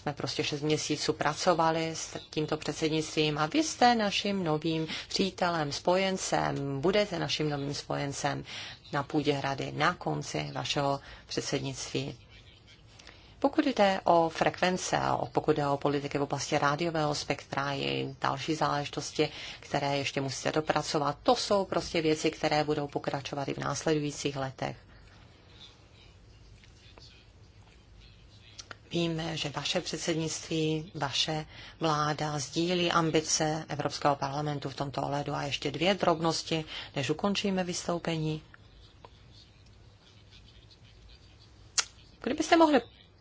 jsme prostě šest měsíců pracovali s tímto předsednictvím a vy jste naším novým přítelem, spojencem, budete naším novým spojencem na půdě hrady na konci vašeho předsednictví. Pokud jde o frekvence, pokud jde o politiky v oblasti rádiového spektra je další záležitosti, které ještě musíte dopracovat, to jsou prostě věci, které budou pokračovat i v následujících letech. Víme, že vaše předsednictví, vaše vláda sdílí ambice Evropského parlamentu v tomto ohledu. A ještě dvě drobnosti, než ukončíme vystoupení. Kdybyste mohli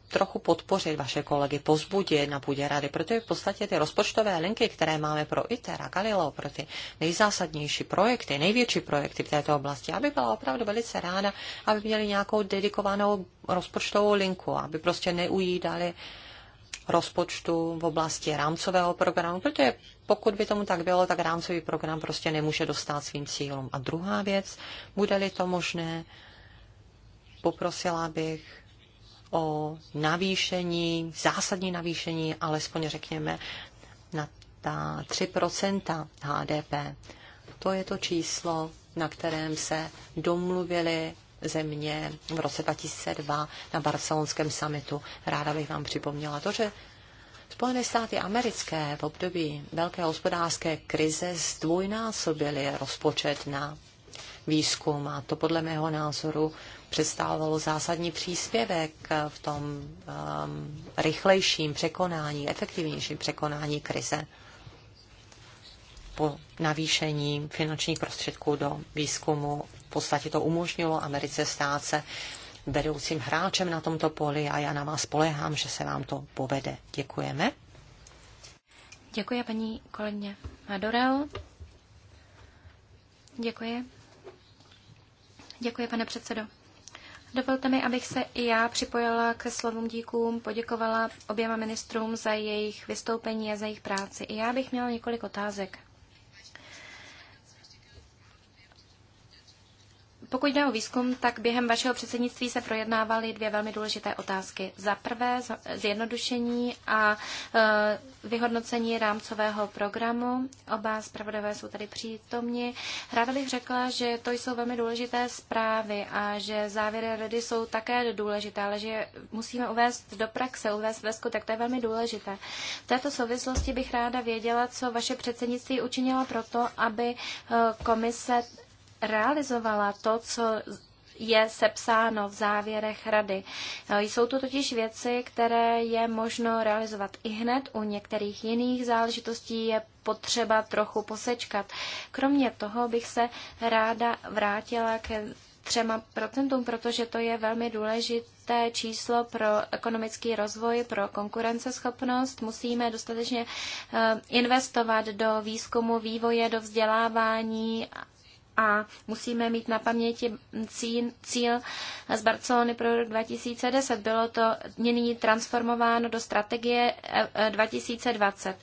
trochu podpořit vaše kolegy, pozbudit na půdě rady, protože v podstatě ty rozpočtové linky, které máme pro ITER a Galileo, pro ty nejzásadnější projekty, největší projekty v této oblasti, aby byla opravdu velice ráda, aby měli nějakou dedikovanou rozpočtovou linku, aby prostě neujídali rozpočtu v oblasti rámcového programu, protože pokud by tomu tak bylo, tak rámcový program prostě nemůže dostat svým cílům. A druhá věc, bude-li to možné, poprosila bych o navýšení, zásadní navýšení, alespoň řekněme, na ta 3 HDP. To je to číslo, na kterém se domluvili země v roce 2002 na barcelonském summitu. Ráda bych vám připomněla to, že Spojené státy americké v období velké hospodářské krize zdvojnásobily rozpočet na výzkum a to podle mého názoru představovalo zásadní příspěvek v tom um, rychlejším překonání, efektivnějším překonání krize po navýšení finančních prostředků do výzkumu. V podstatě to umožnilo Americe stát se vedoucím hráčem na tomto poli a já na vás spolehám, že se vám to povede. Děkujeme. Děkuji, paní kolegyně Madorel. Děkuji. Děkuji, pane předsedo. Dovolte mi, abych se i já připojila ke slovům díkům, poděkovala oběma ministrům za jejich vystoupení a za jejich práci. I já bych měla několik otázek. Pokud jde o výzkum, tak během vašeho předsednictví se projednávaly dvě velmi důležité otázky. Za prvé zjednodušení a e, vyhodnocení rámcového programu. Oba zpravodové jsou tady přítomni. Ráda bych řekla, že to jsou velmi důležité zprávy a že závěry rady jsou také důležité, ale že musíme uvést do praxe, uvést ve skutek. To je velmi důležité. V této souvislosti bych ráda věděla, co vaše předsednictví učinilo proto, aby e, komise realizovala to, co je sepsáno v závěrech rady. E, jsou to totiž věci, které je možno realizovat i hned. U některých jiných záležitostí je potřeba trochu posečkat. Kromě toho bych se ráda vrátila ke třema procentům, protože to je velmi důležité číslo pro ekonomický rozvoj, pro konkurenceschopnost. Musíme dostatečně e, investovat do výzkumu, vývoje, do vzdělávání a musíme mít na paměti cíl z Barcelony pro rok 2010. Bylo to nyní transformováno do strategie 2020. E,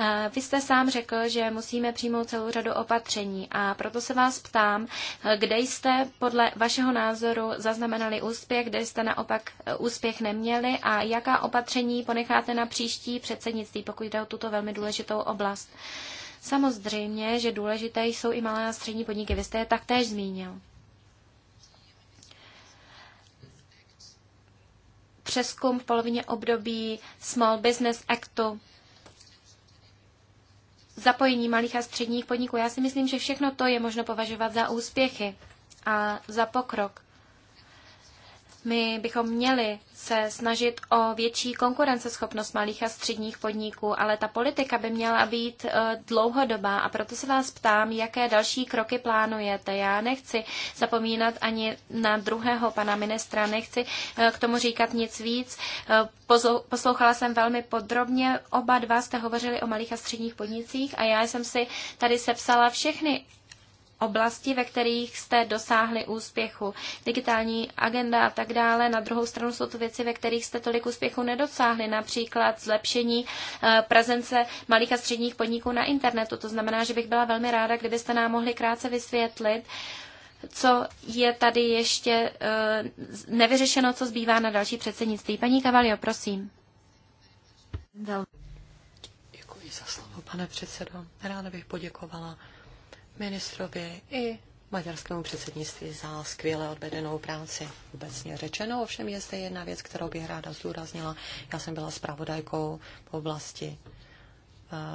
e, e, vy jste sám řekl, že musíme přijmout celou řadu opatření a proto se vás ptám, kde jste podle vašeho názoru zaznamenali úspěch, kde jste naopak úspěch neměli a jaká opatření ponecháte na příští předsednictví, pokud jde o tuto velmi důležitou oblast. Samozřejmě, že důležité jsou i malé a střední podniky. Vy jste je taktéž zmínil. Přeskum v polovině období Small Business Actu, zapojení malých a středních podniků. Já si myslím, že všechno to je možno považovat za úspěchy a za pokrok. My bychom měli se snažit o větší konkurenceschopnost malých a středních podniků, ale ta politika by měla být eh, dlouhodobá a proto se vás ptám, jaké další kroky plánujete. Já nechci zapomínat ani na druhého pana ministra, nechci eh, k tomu říkat nic víc. Eh, poslouchala jsem velmi podrobně, oba dva jste hovořili o malých a středních podnicích a já jsem si tady sepsala všechny oblasti, ve kterých jste dosáhli úspěchu. Digitální agenda a tak dále. Na druhou stranu jsou to věci, ve kterých jste tolik úspěchu nedosáhli. Například zlepšení eh, prezence malých a středních podniků na internetu. To znamená, že bych byla velmi ráda, kdybyste nám mohli krátce vysvětlit, co je tady ještě eh, nevyřešeno, co zbývá na další předsednictví. Paní Kavalio, prosím. Děkuji za slovo, pane předsedo. Ráda bych poděkovala ministrovi i maďarskému předsednictví za skvěle odvedenou práci. Obecně řečeno, ovšem je zde jedna věc, kterou bych ráda zdůraznila. Já jsem byla zpravodajkou v oblasti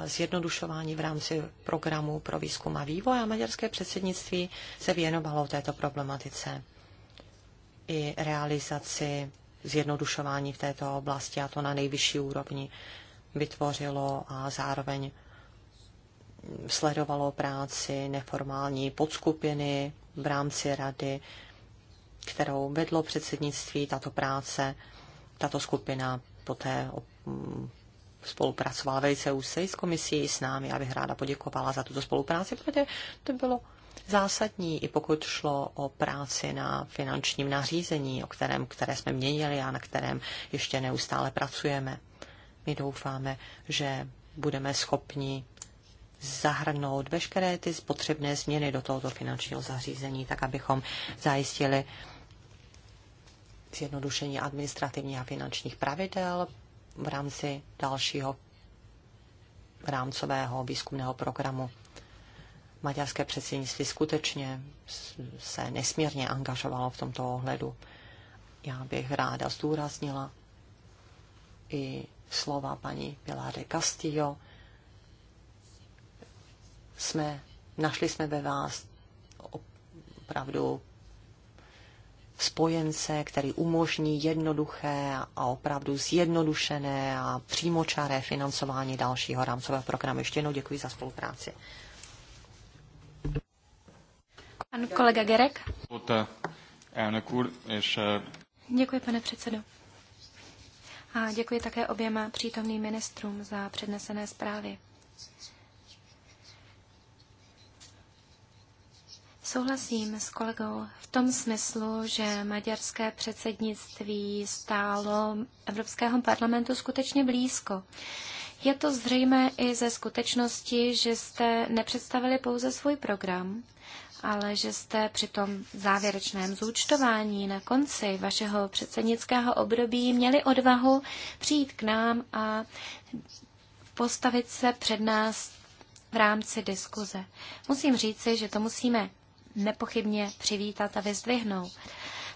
eh, zjednodušování v rámci programu pro výzkum a vývoj a maďarské předsednictví se věnovalo této problematice i realizaci zjednodušování v této oblasti a to na nejvyšší úrovni vytvořilo a zároveň sledovalo práci neformální podskupiny v rámci rady, kterou vedlo předsednictví. Tato práce, tato skupina poté mm, spolupracovala velice úzce s komisí, s námi. Já bych ráda poděkovala za tuto spolupráci, protože to bylo zásadní, i pokud šlo o práci na finančním nařízení, o kterém, které jsme měnili a na kterém ještě neustále pracujeme. My doufáme, že budeme schopni zahrnout veškeré ty spotřebné změny do tohoto finančního zařízení, tak abychom zajistili zjednodušení administrativních a finančních pravidel v rámci dalšího rámcového výzkumného programu. Maďarské předsednictví skutečně se nesmírně angažovalo v tomto ohledu. Já bych ráda zdůraznila i slova paní Piláře Castillo, jsme, našli jsme ve vás opravdu spojence, který umožní jednoduché a opravdu zjednodušené a přímočaré financování dalšího rámcového programu. Ještě jednou děkuji za spolupráci. Pan kolega Gerek. Eh, děkuji, pane předsedo. A děkuji také oběma přítomným ministrům za přednesené zprávy. Souhlasím s kolegou v tom smyslu, že maďarské předsednictví stálo Evropského parlamentu skutečně blízko. Je to zřejmé i ze skutečnosti, že jste nepředstavili pouze svůj program, ale že jste při tom závěrečném zúčtování na konci vašeho předsednického období měli odvahu přijít k nám a postavit se před nás v rámci diskuze. Musím říci, že to musíme nepochybně přivítat a vyzdvihnout.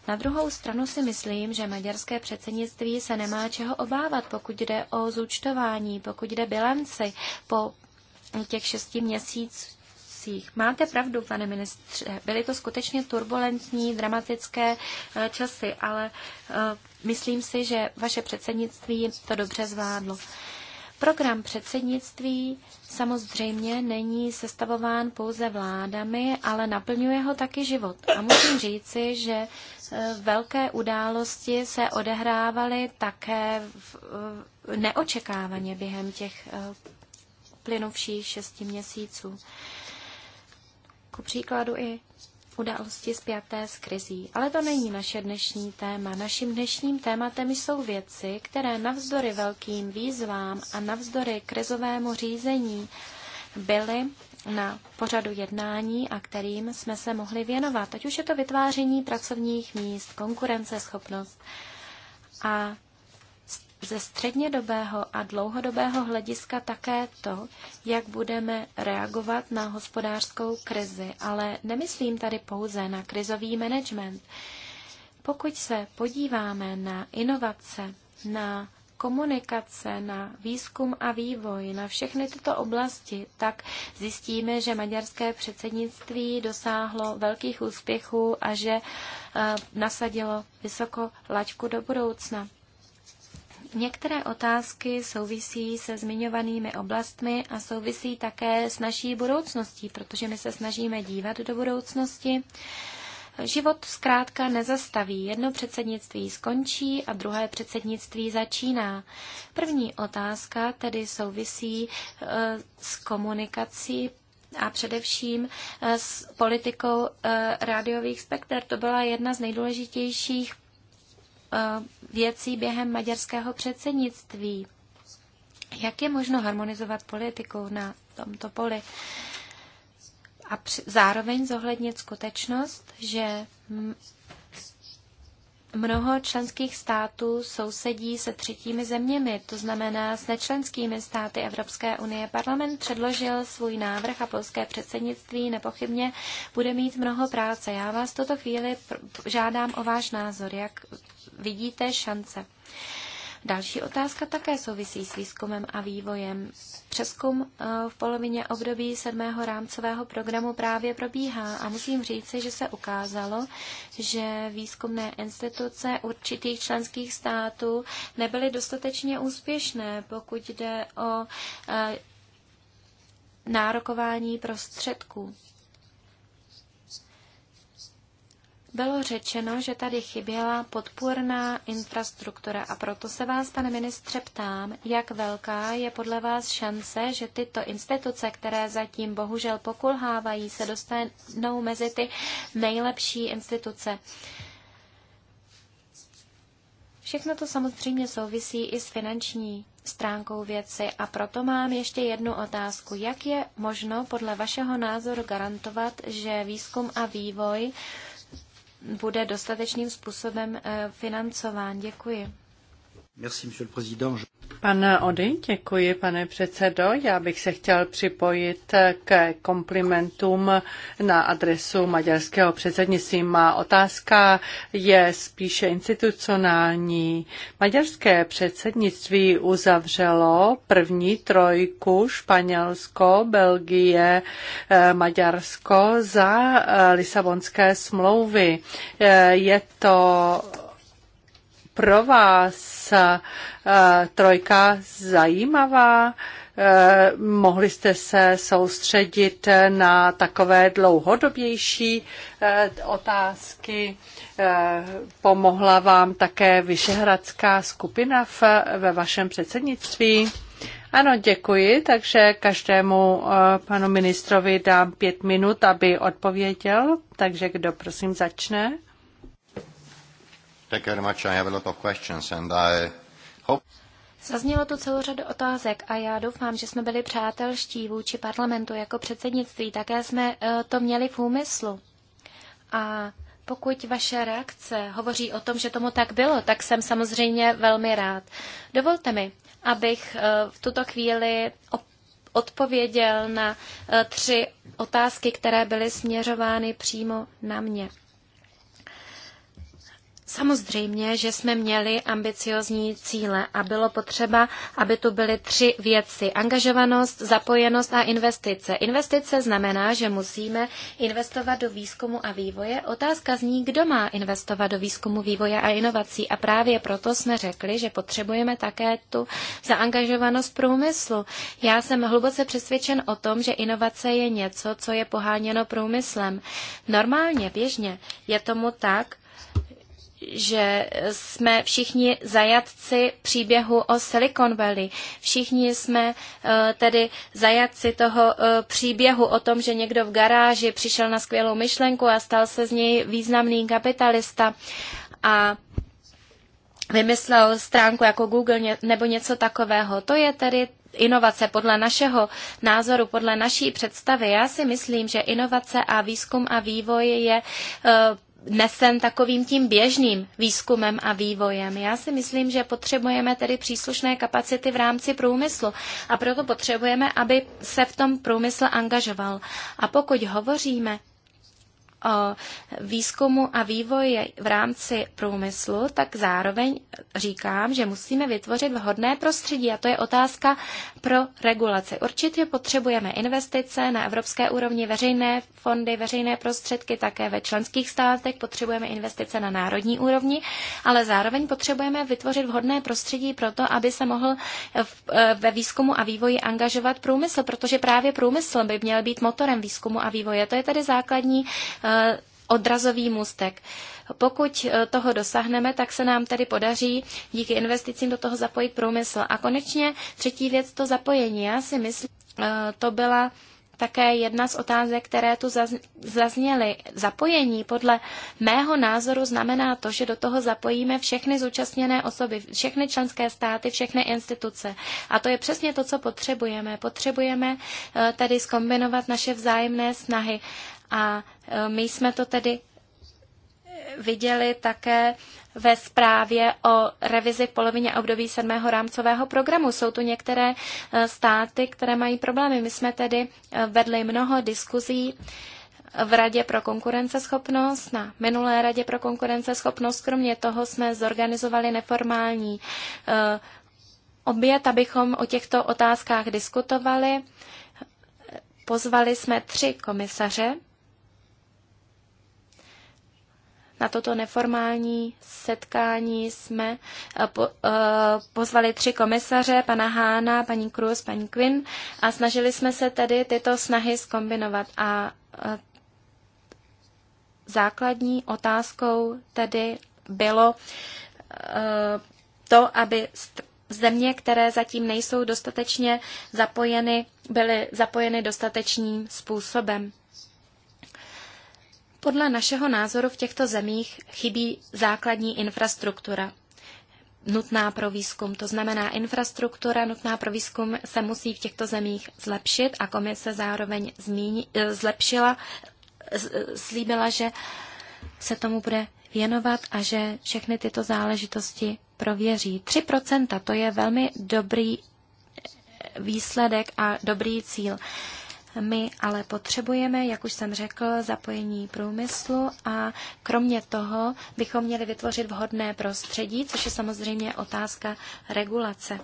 Na druhou stranu si myslím, že maďarské předsednictví se nemá čeho obávat, pokud jde o zúčtování, pokud jde bilanci po těch šesti měsících Máte pravdu, pane ministře, byly to skutečně turbulentní, dramatické eh, časy, ale eh, myslím si, že vaše předsednictví to dobře zvládlo. Program předsednictví samozřejmě není sestavován pouze vládami, ale naplňuje ho taky život. A musím říci, že e, velké události se odehrávaly také v, e, neočekávaně během těch e, plynovších šesti měsíců. Ku příkladu i události zpěté s krizí. Ale to není naše dnešní téma. Naším dnešním tématem jsou věci, které navzdory velkým výzvám a navzdory krizovému řízení byly na pořadu jednání a kterým jsme se mohli věnovat. Ať už je to vytváření pracovních míst, konkurenceschopnost a ze střednědobého a dlouhodobého hlediska také to, jak budeme reagovat na hospodářskou krizi, ale nemyslím tady pouze na krizový management. Pokud se podíváme na inovace, na komunikace, na výzkum a vývoj, na všechny tyto oblasti, tak zjistíme, že maďarské předsednictví dosáhlo velkých úspěchů a že eh, nasadilo vysoko laťku do budoucna. Některé otázky souvisí se zmiňovanými oblastmi a souvisí také s naší budoucností, protože my se snažíme dívat do budoucnosti. Život zkrátka nezastaví. Jedno předsednictví skončí a druhé předsednictví začíná. První otázka tedy souvisí e, s komunikací a především e, s politikou e, rádiových spekter. To byla jedna z nejdůležitějších Eh, věcí během maďarského předsednictví. Jak je možno harmonizovat politiku na tomto poli a při, zároveň zohlednit skutečnost, že mnoho členských států sousedí se třetími zeměmi, to znamená s nečlenskými státy Evropské unie. Parlament předložil svůj návrh a polské předsednictví nepochybně bude mít mnoho práce. Já vás toto chvíli žádám o váš názor, jak vidíte šance. Další otázka také souvisí s výzkumem a vývojem. Přeskum eh, v polovině období sedmého rámcového programu právě probíhá a musím říci, že se ukázalo, že výzkumné instituce určitých členských států nebyly dostatečně úspěšné, pokud jde o eh, nárokování prostředků. bylo řečeno, že tady chyběla podpůrná infrastruktura a proto se vás, pane ministře, ptám, jak velká je podle vás šance, že tyto instituce, které zatím bohužel pokulhávají, se dostanou mezi ty nejlepší instituce. Všechno to samozřejmě souvisí i s finanční stránkou věci a proto mám ještě jednu otázku. Jak je možno podle vašeho názoru garantovat, že výzkum a vývoj bude dostatečným způsobem eh, financován. Děkuji. Merci, monsieur le président. Pan Ody, děkuji, pane předsedo. Já bych se chtěl připojit k komplimentům na adresu maďarského předsednictví. Má otázka je spíše institucionální. Maďarské předsednictví uzavřelo první trojku Španělsko, Belgie, eh, Maďarsko za eh, Lisabonské smlouvy. Eh, je to pro vás eh, trojka zajímavá? Eh, mohli jste se soustředit na takové dlouhodobější eh, otázky? Pomohla vám také Vyšehradská skupina ve vašem předsednictví? Ano, děkuji, takže každému panu ministrovi dám pět minut, aby odpověděl. Takže kdo prosím začne? Thank you very much. I have a lot of questions and I hope... Zaznělo tu celou řadu otázek a já doufám, že jsme byli přátelští vůči parlamentu jako předsednictví. Také jsme eh, to měli v úmyslu. A pokud vaše reakce hovoří o tom, že tomu tak bylo, tak jsem samozřejmě velmi rád. Dovolte mi, abych eh, v tuto chvíli odpověděl na eh, tři otázky, které byly směřovány přímo na mě. Samozřejmě, že jsme měli ambiciozní cíle a bylo potřeba, aby tu byly tři věci. Angažovanost, zapojenost a investice. Investice znamená, že musíme investovat do výzkumu a vývoje. Otázka zní, kdo má investovat do výzkumu, vývoje a inovací. A právě proto jsme řekli, že potřebujeme také tu zaangažovanost průmyslu. Já jsem hluboce přesvědčen o tom, že inovace je něco, co je poháněno průmyslem. Normálně, běžně je tomu tak, že jsme všichni zajatci příběhu o Silicon Valley. Všichni jsme eh, tedy zajatci toho eh, příběhu o tom, že někdo v garáži přišel na skvělou myšlenku a stal se z něj významný kapitalista a vymyslel stránku jako Google nebo něco takového. To je tedy inovace podle našeho názoru, podle naší představy. Já si myslím, že inovace a výzkum a vývoj je eh, nesen takovým tím běžným výzkumem a vývojem. Já si myslím, že potřebujeme tedy příslušné kapacity v rámci průmyslu a proto potřebujeme, aby se v tom průmysl angažoval. A pokud hovoříme výzkumu a vývoji v rámci průmyslu, tak zároveň říkám, že musíme vytvořit vhodné prostředí a to je otázka pro regulaci. Určitě potřebujeme investice na evropské úrovni, veřejné fondy, veřejné prostředky také ve členských státech, potřebujeme investice na národní úrovni, ale zároveň potřebujeme vytvořit vhodné prostředí pro to, aby se mohl e, ve výzkumu a vývoji angažovat průmysl, protože právě průmysl by měl být motorem výzkumu a vývoje. To je tedy základní e, Eh, odrazový mustek. Pokud eh, toho dosáhneme, tak se nám tedy podaří díky investicím do toho zapojit průmysl. A konečně třetí věc, to zapojení. Já si myslím, eh, to byla také jedna z otázek, které tu zazněly. Zapojení podle mého názoru znamená to, že do toho zapojíme všechny zúčastněné osoby, všechny členské státy, všechny instituce. A to je přesně to, co potřebujeme. Potřebujeme tedy skombinovat naše vzájemné snahy. A e, my jsme to tedy viděli také ve zprávě o revizi v polovině období sedmého rámcového programu. Jsou tu některé e, státy, které mají problémy. My jsme tedy e, vedli mnoho diskuzí v Radě pro konkurenceschopnost, na minulé Radě pro konkurenceschopnost. Kromě toho jsme zorganizovali neformální oběd, abychom o těchto otázkách diskutovali. Pozvali jsme tři komisaře Na toto neformální setkání jsme eh, eh, pozvali tři komisaře, pana Hána, paní Cruz, paní Quinn a snažili jsme se tedy tyto snahy skombinovat a eh, základní otázkou tedy bylo to, aby země, které zatím nejsou dostatečně zapojeny, byly zapojeny dostatečným způsobem. Podle našeho názoru v těchto zemích chybí základní infrastruktura nutná pro výzkum. To znamená, infrastruktura nutná pro výzkum se musí v těchto zemích zlepšit a komise zároveň zmíní, eh, zlepšila, eh, slíbila, že se tomu bude věnovat a že všechny tyto záležitosti prověří. 3% to je velmi dobrý eh, výsledek a dobrý cíl. My ale potřebujeme, jak už jsem řekl, zapojení průmyslu a kromě toho bychom měli vytvořit vhodné prostředí, což je samozřejmě otázka regulace.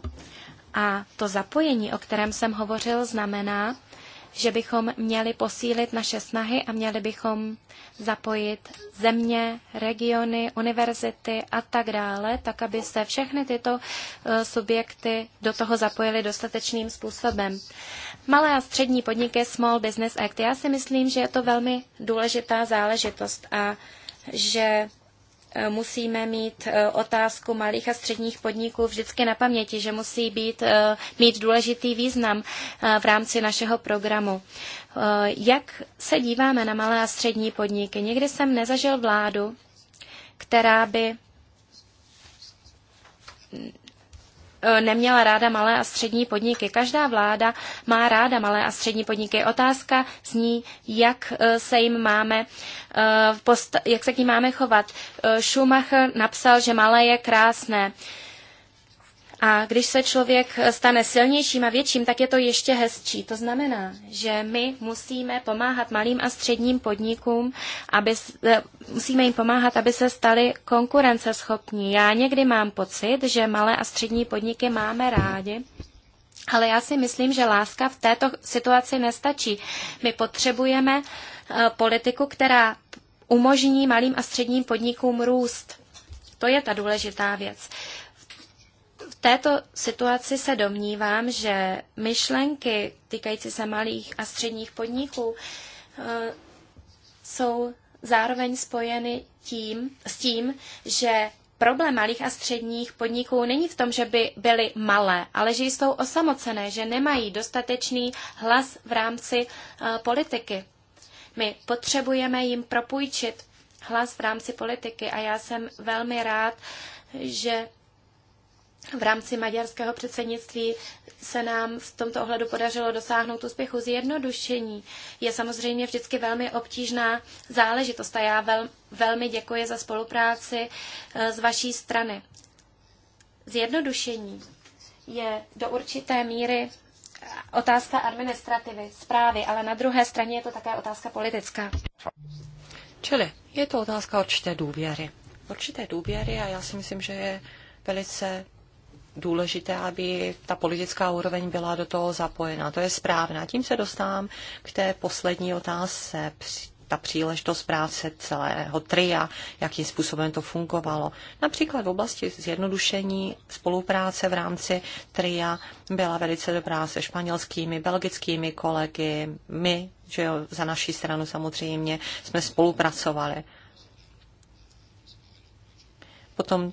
A to zapojení, o kterém jsem hovořil, znamená, že bychom měli posílit naše snahy a měli bychom zapojit země, regiony, univerzity a tak dále, tak aby se všechny tyto eh, subjekty do toho zapojily dostatečným způsobem. Malé a střední podniky Small Business Act. Já si myslím, že je to velmi důležitá záležitost a že e, musíme mít e, otázku malých a středních podniků vždycky na paměti, že musí být, e, mít důležitý význam v rámci našeho programu. Jak se díváme na malé a střední podniky? Někdy jsem nezažil vládu, která by E, neměla ráda malé a střední podniky. Každá vláda má ráda malé a střední podniky. Otázka zní, jak e, se jim máme e, jak se k ním máme chovat. Schumacher napsal, že malé je krásné. A když se člověk stane silnějším a větším, tak je to ještě hezčí. To znamená, že my musíme pomáhat malým a středním podnikům, aby, e, musíme jim pomáhat, aby se stali konkurenceschopní. Já někdy mám pocit, že malé a střední podniky máme rádi, ale já si myslím, že láska v této situaci nestačí. My potřebujeme e, politiku, která umožní malým a středním podnikům růst. To je ta důležitá věc této situaci se domnívám, že myšlenky týkající se malých a středních podniků eh, jsou zároveň spojeny tím, s tím, že problém malých a středních podniků není v tom, že by byly malé, ale že jsou osamocené, že nemají dostatečný hlas v rámci eh, politiky. My potřebujeme jim propůjčit hlas v rámci politiky a já jsem velmi rád, že v rámci maďarského předsednictví se nám v tomto ohledu podařilo dosáhnout úspěchu zjednodušení. Je samozřejmě vždycky velmi obtížná záležitost a já vel, velmi děkuji za spolupráci eh, z vaší strany. Zjednodušení je do určité míry otázka administrativy, zprávy, ale na druhé straně je to také otázka politická. Čili je to otázka určité důvěry. Určité důvěry a já si myslím, že je velice důležité, aby ta politická úroveň byla do toho zapojena. To je správné. Tím se dostávám k té poslední otázce. Ta příležitost práce celého tria, jakým způsobem to fungovalo. Například v oblasti zjednodušení spolupráce v rámci tria byla velice dobrá se španělskými, belgickými kolegy. My, že jo, za naší stranu samozřejmě, jsme spolupracovali. Potom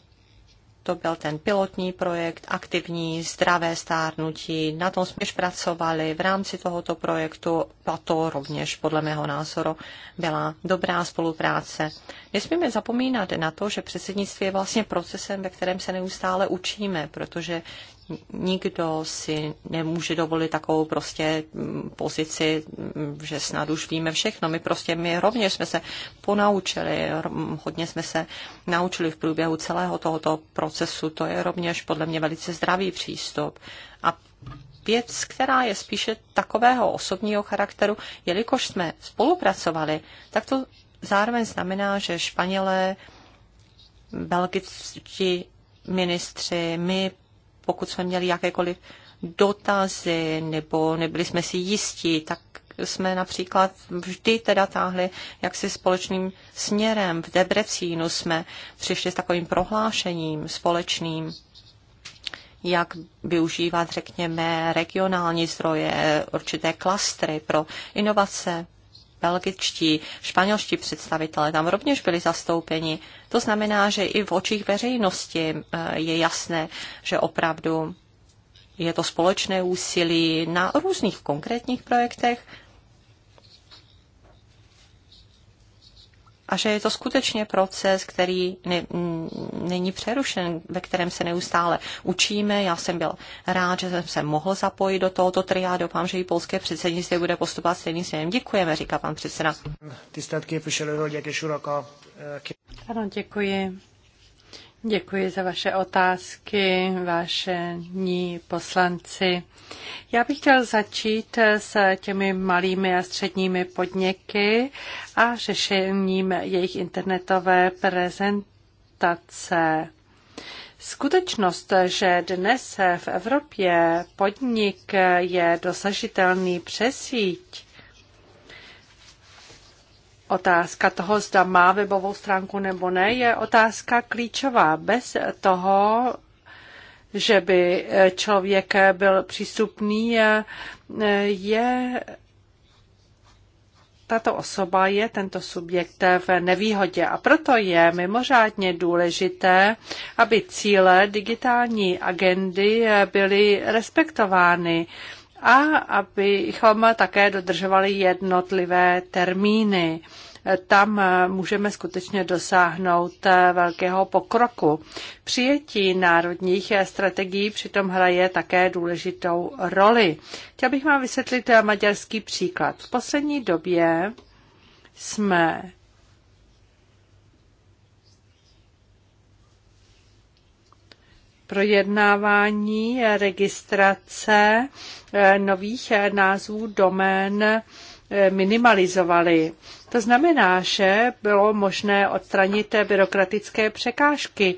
to byl ten pilotní projekt Aktivní zdravé stárnutí. Na tom jsme pracovali v rámci tohoto projektu a to rovněž podle mého názoru byla dobrá spolupráce. Nesmíme zapomínat na to, že předsednictví je vlastně procesem, ve kterém se neustále učíme, protože nikdo si nemůže dovolit takovou prostě mm, pozici, mm, že snad už víme všechno. My prostě, my rovněž jsme se ponaučili, mm, hodně jsme se naučili v průběhu celého tohoto procesu. To je rovněž podle mě velice zdravý přístup. A věc, která je spíše takového osobního charakteru, jelikož jsme spolupracovali, tak to zároveň znamená, že Španělé, belgičtí ministři, my, pokud jsme měli jakékoliv dotazy nebo nebyli jsme si jistí, tak jsme například vždy teda táhli jaksi společným směrem. V Debrecínu jsme přišli s takovým prohlášením společným, jak využívat, řekněme, regionální zdroje, určité klastry pro inovace, belgičtí, španělští představitelé tam rovněž byli zastoupeni. To znamená, že i v očích veřejnosti eh, je jasné, že opravdu je to společné úsilí na různých konkrétních projektech, a že je to skutečně proces, který ne, není přerušen, ve kterém se neustále učíme. Já jsem byl rád, že jsem se mohl zapojit do tohoto tria. Doufám, že i polské předsednictví bude postupovat stejným směrem. Děkujeme, říká pan předseda. Ano, děkuji. Děkuji za vaše otázky, vášení poslanci. Já bych chtěl začít s těmi malými a středními podniky a řešením jejich internetové prezentace. Skutečnost, že dnes v Evropě podnik je dosažitelný přes síť, Otázka toho, zda má webovou stránku nebo ne, je otázka klíčová. Bez toho že by eh, člověk eh, byl přístupný, eh, je tato osoba je tento subjekt v nevýhodě a proto je mimořádně důležité, aby cíle digitální agendy byly respektovány a abychom také dodržovali jednotlivé termíny tam eh, můžeme skutečně dosáhnout eh, velkého pokroku. Přijetí národních eh, strategií přitom hraje také důležitou roli. Chtěl bych vám vysvětlit maďarský příklad. V poslední době jsme projednávání registrace nových názvů domén Eh, minimalizovaly. To znamená, že bylo možné odstranit byrokratické překážky.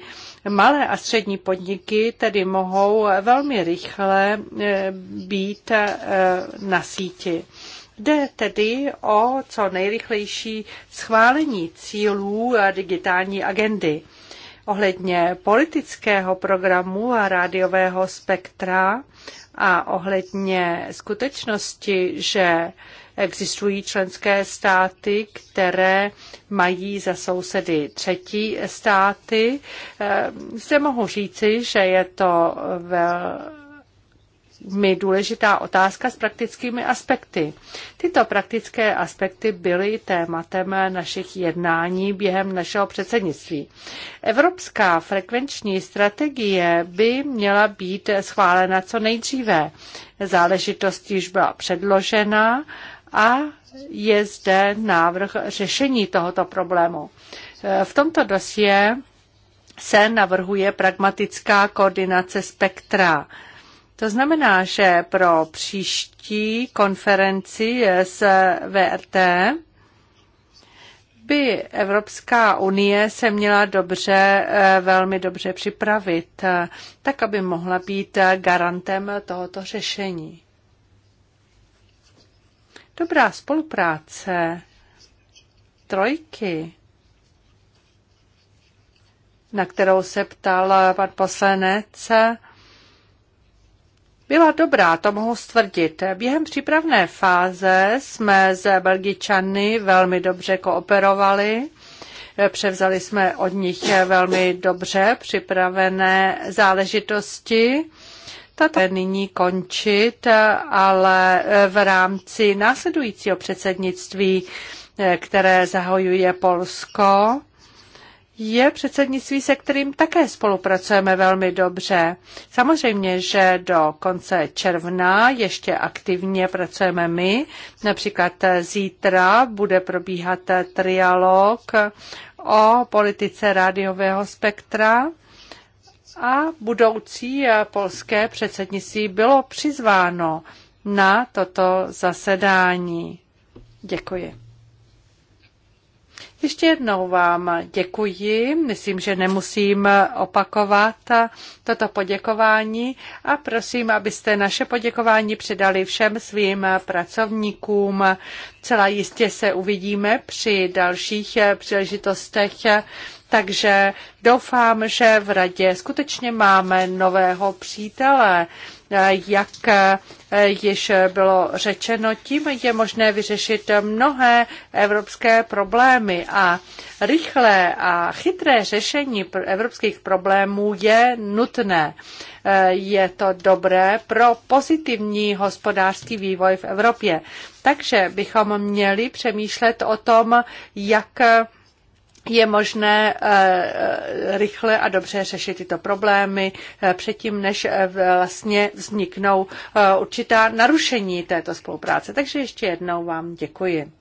Malé a střední podniky tedy mohou velmi rychle eh, být eh, na síti. Jde tedy o co nejrychlejší schválení cílů digitální agendy. Ohledně politického programu a rádiového spektra a ohledně skutečnosti, že Existují členské státy, které mají za sousedy třetí státy. Eh, zde mohu říci, že je to velmi důležitá otázka s praktickými aspekty. Tyto praktické aspekty byly tématem našich jednání během našeho předsednictví. Evropská frekvenční strategie by měla být schválena co nejdříve. Záležitost již byla předložena a je zde návrh řešení tohoto problému. V tomto dosie se navrhuje pragmatická koordinace spektra. To znamená, že pro příští konferenci s VRT by Evropská unie se měla dobře, eh, velmi dobře připravit, eh, tak aby mohla být eh, garantem tohoto řešení. Dobrá spolupráce trojky, na kterou se ptal pan poslanec, byla dobrá, to mohu stvrdit. Během přípravné fáze jsme s Belgičany velmi dobře kooperovali. Převzali jsme od nich velmi dobře připravené záležitosti tato nyní končit, ale v rámci následujícího předsednictví, které zahojuje Polsko, je předsednictví, se kterým také spolupracujeme velmi dobře. Samozřejmě, že do konce června ještě aktivně pracujeme my. Například zítra bude probíhat trialog o politice rádiového spektra a budoucí eh, polské předsednictví bylo přizváno na toto zasedání. Děkuji. Ještě jednou vám děkuji. Myslím, že nemusím opakovat toto poděkování a prosím, abyste naše poděkování předali všem svým pracovníkům. Celá jistě se uvidíme při dalších příležitostech takže doufám, že v radě skutečně máme nového přítele. Jak již bylo řečeno, tím je možné vyřešit mnohé evropské problémy a rychlé a chytré řešení evropských problémů je nutné. Je to dobré pro pozitivní hospodářský vývoj v Evropě. Takže bychom měli přemýšlet o tom, jak je možné eh, eh, rychle a dobře řešit tyto problémy eh, předtím, než vlastně vzniknou určitá narušení této spolupráce. Takže ještě jednou vám děkuji.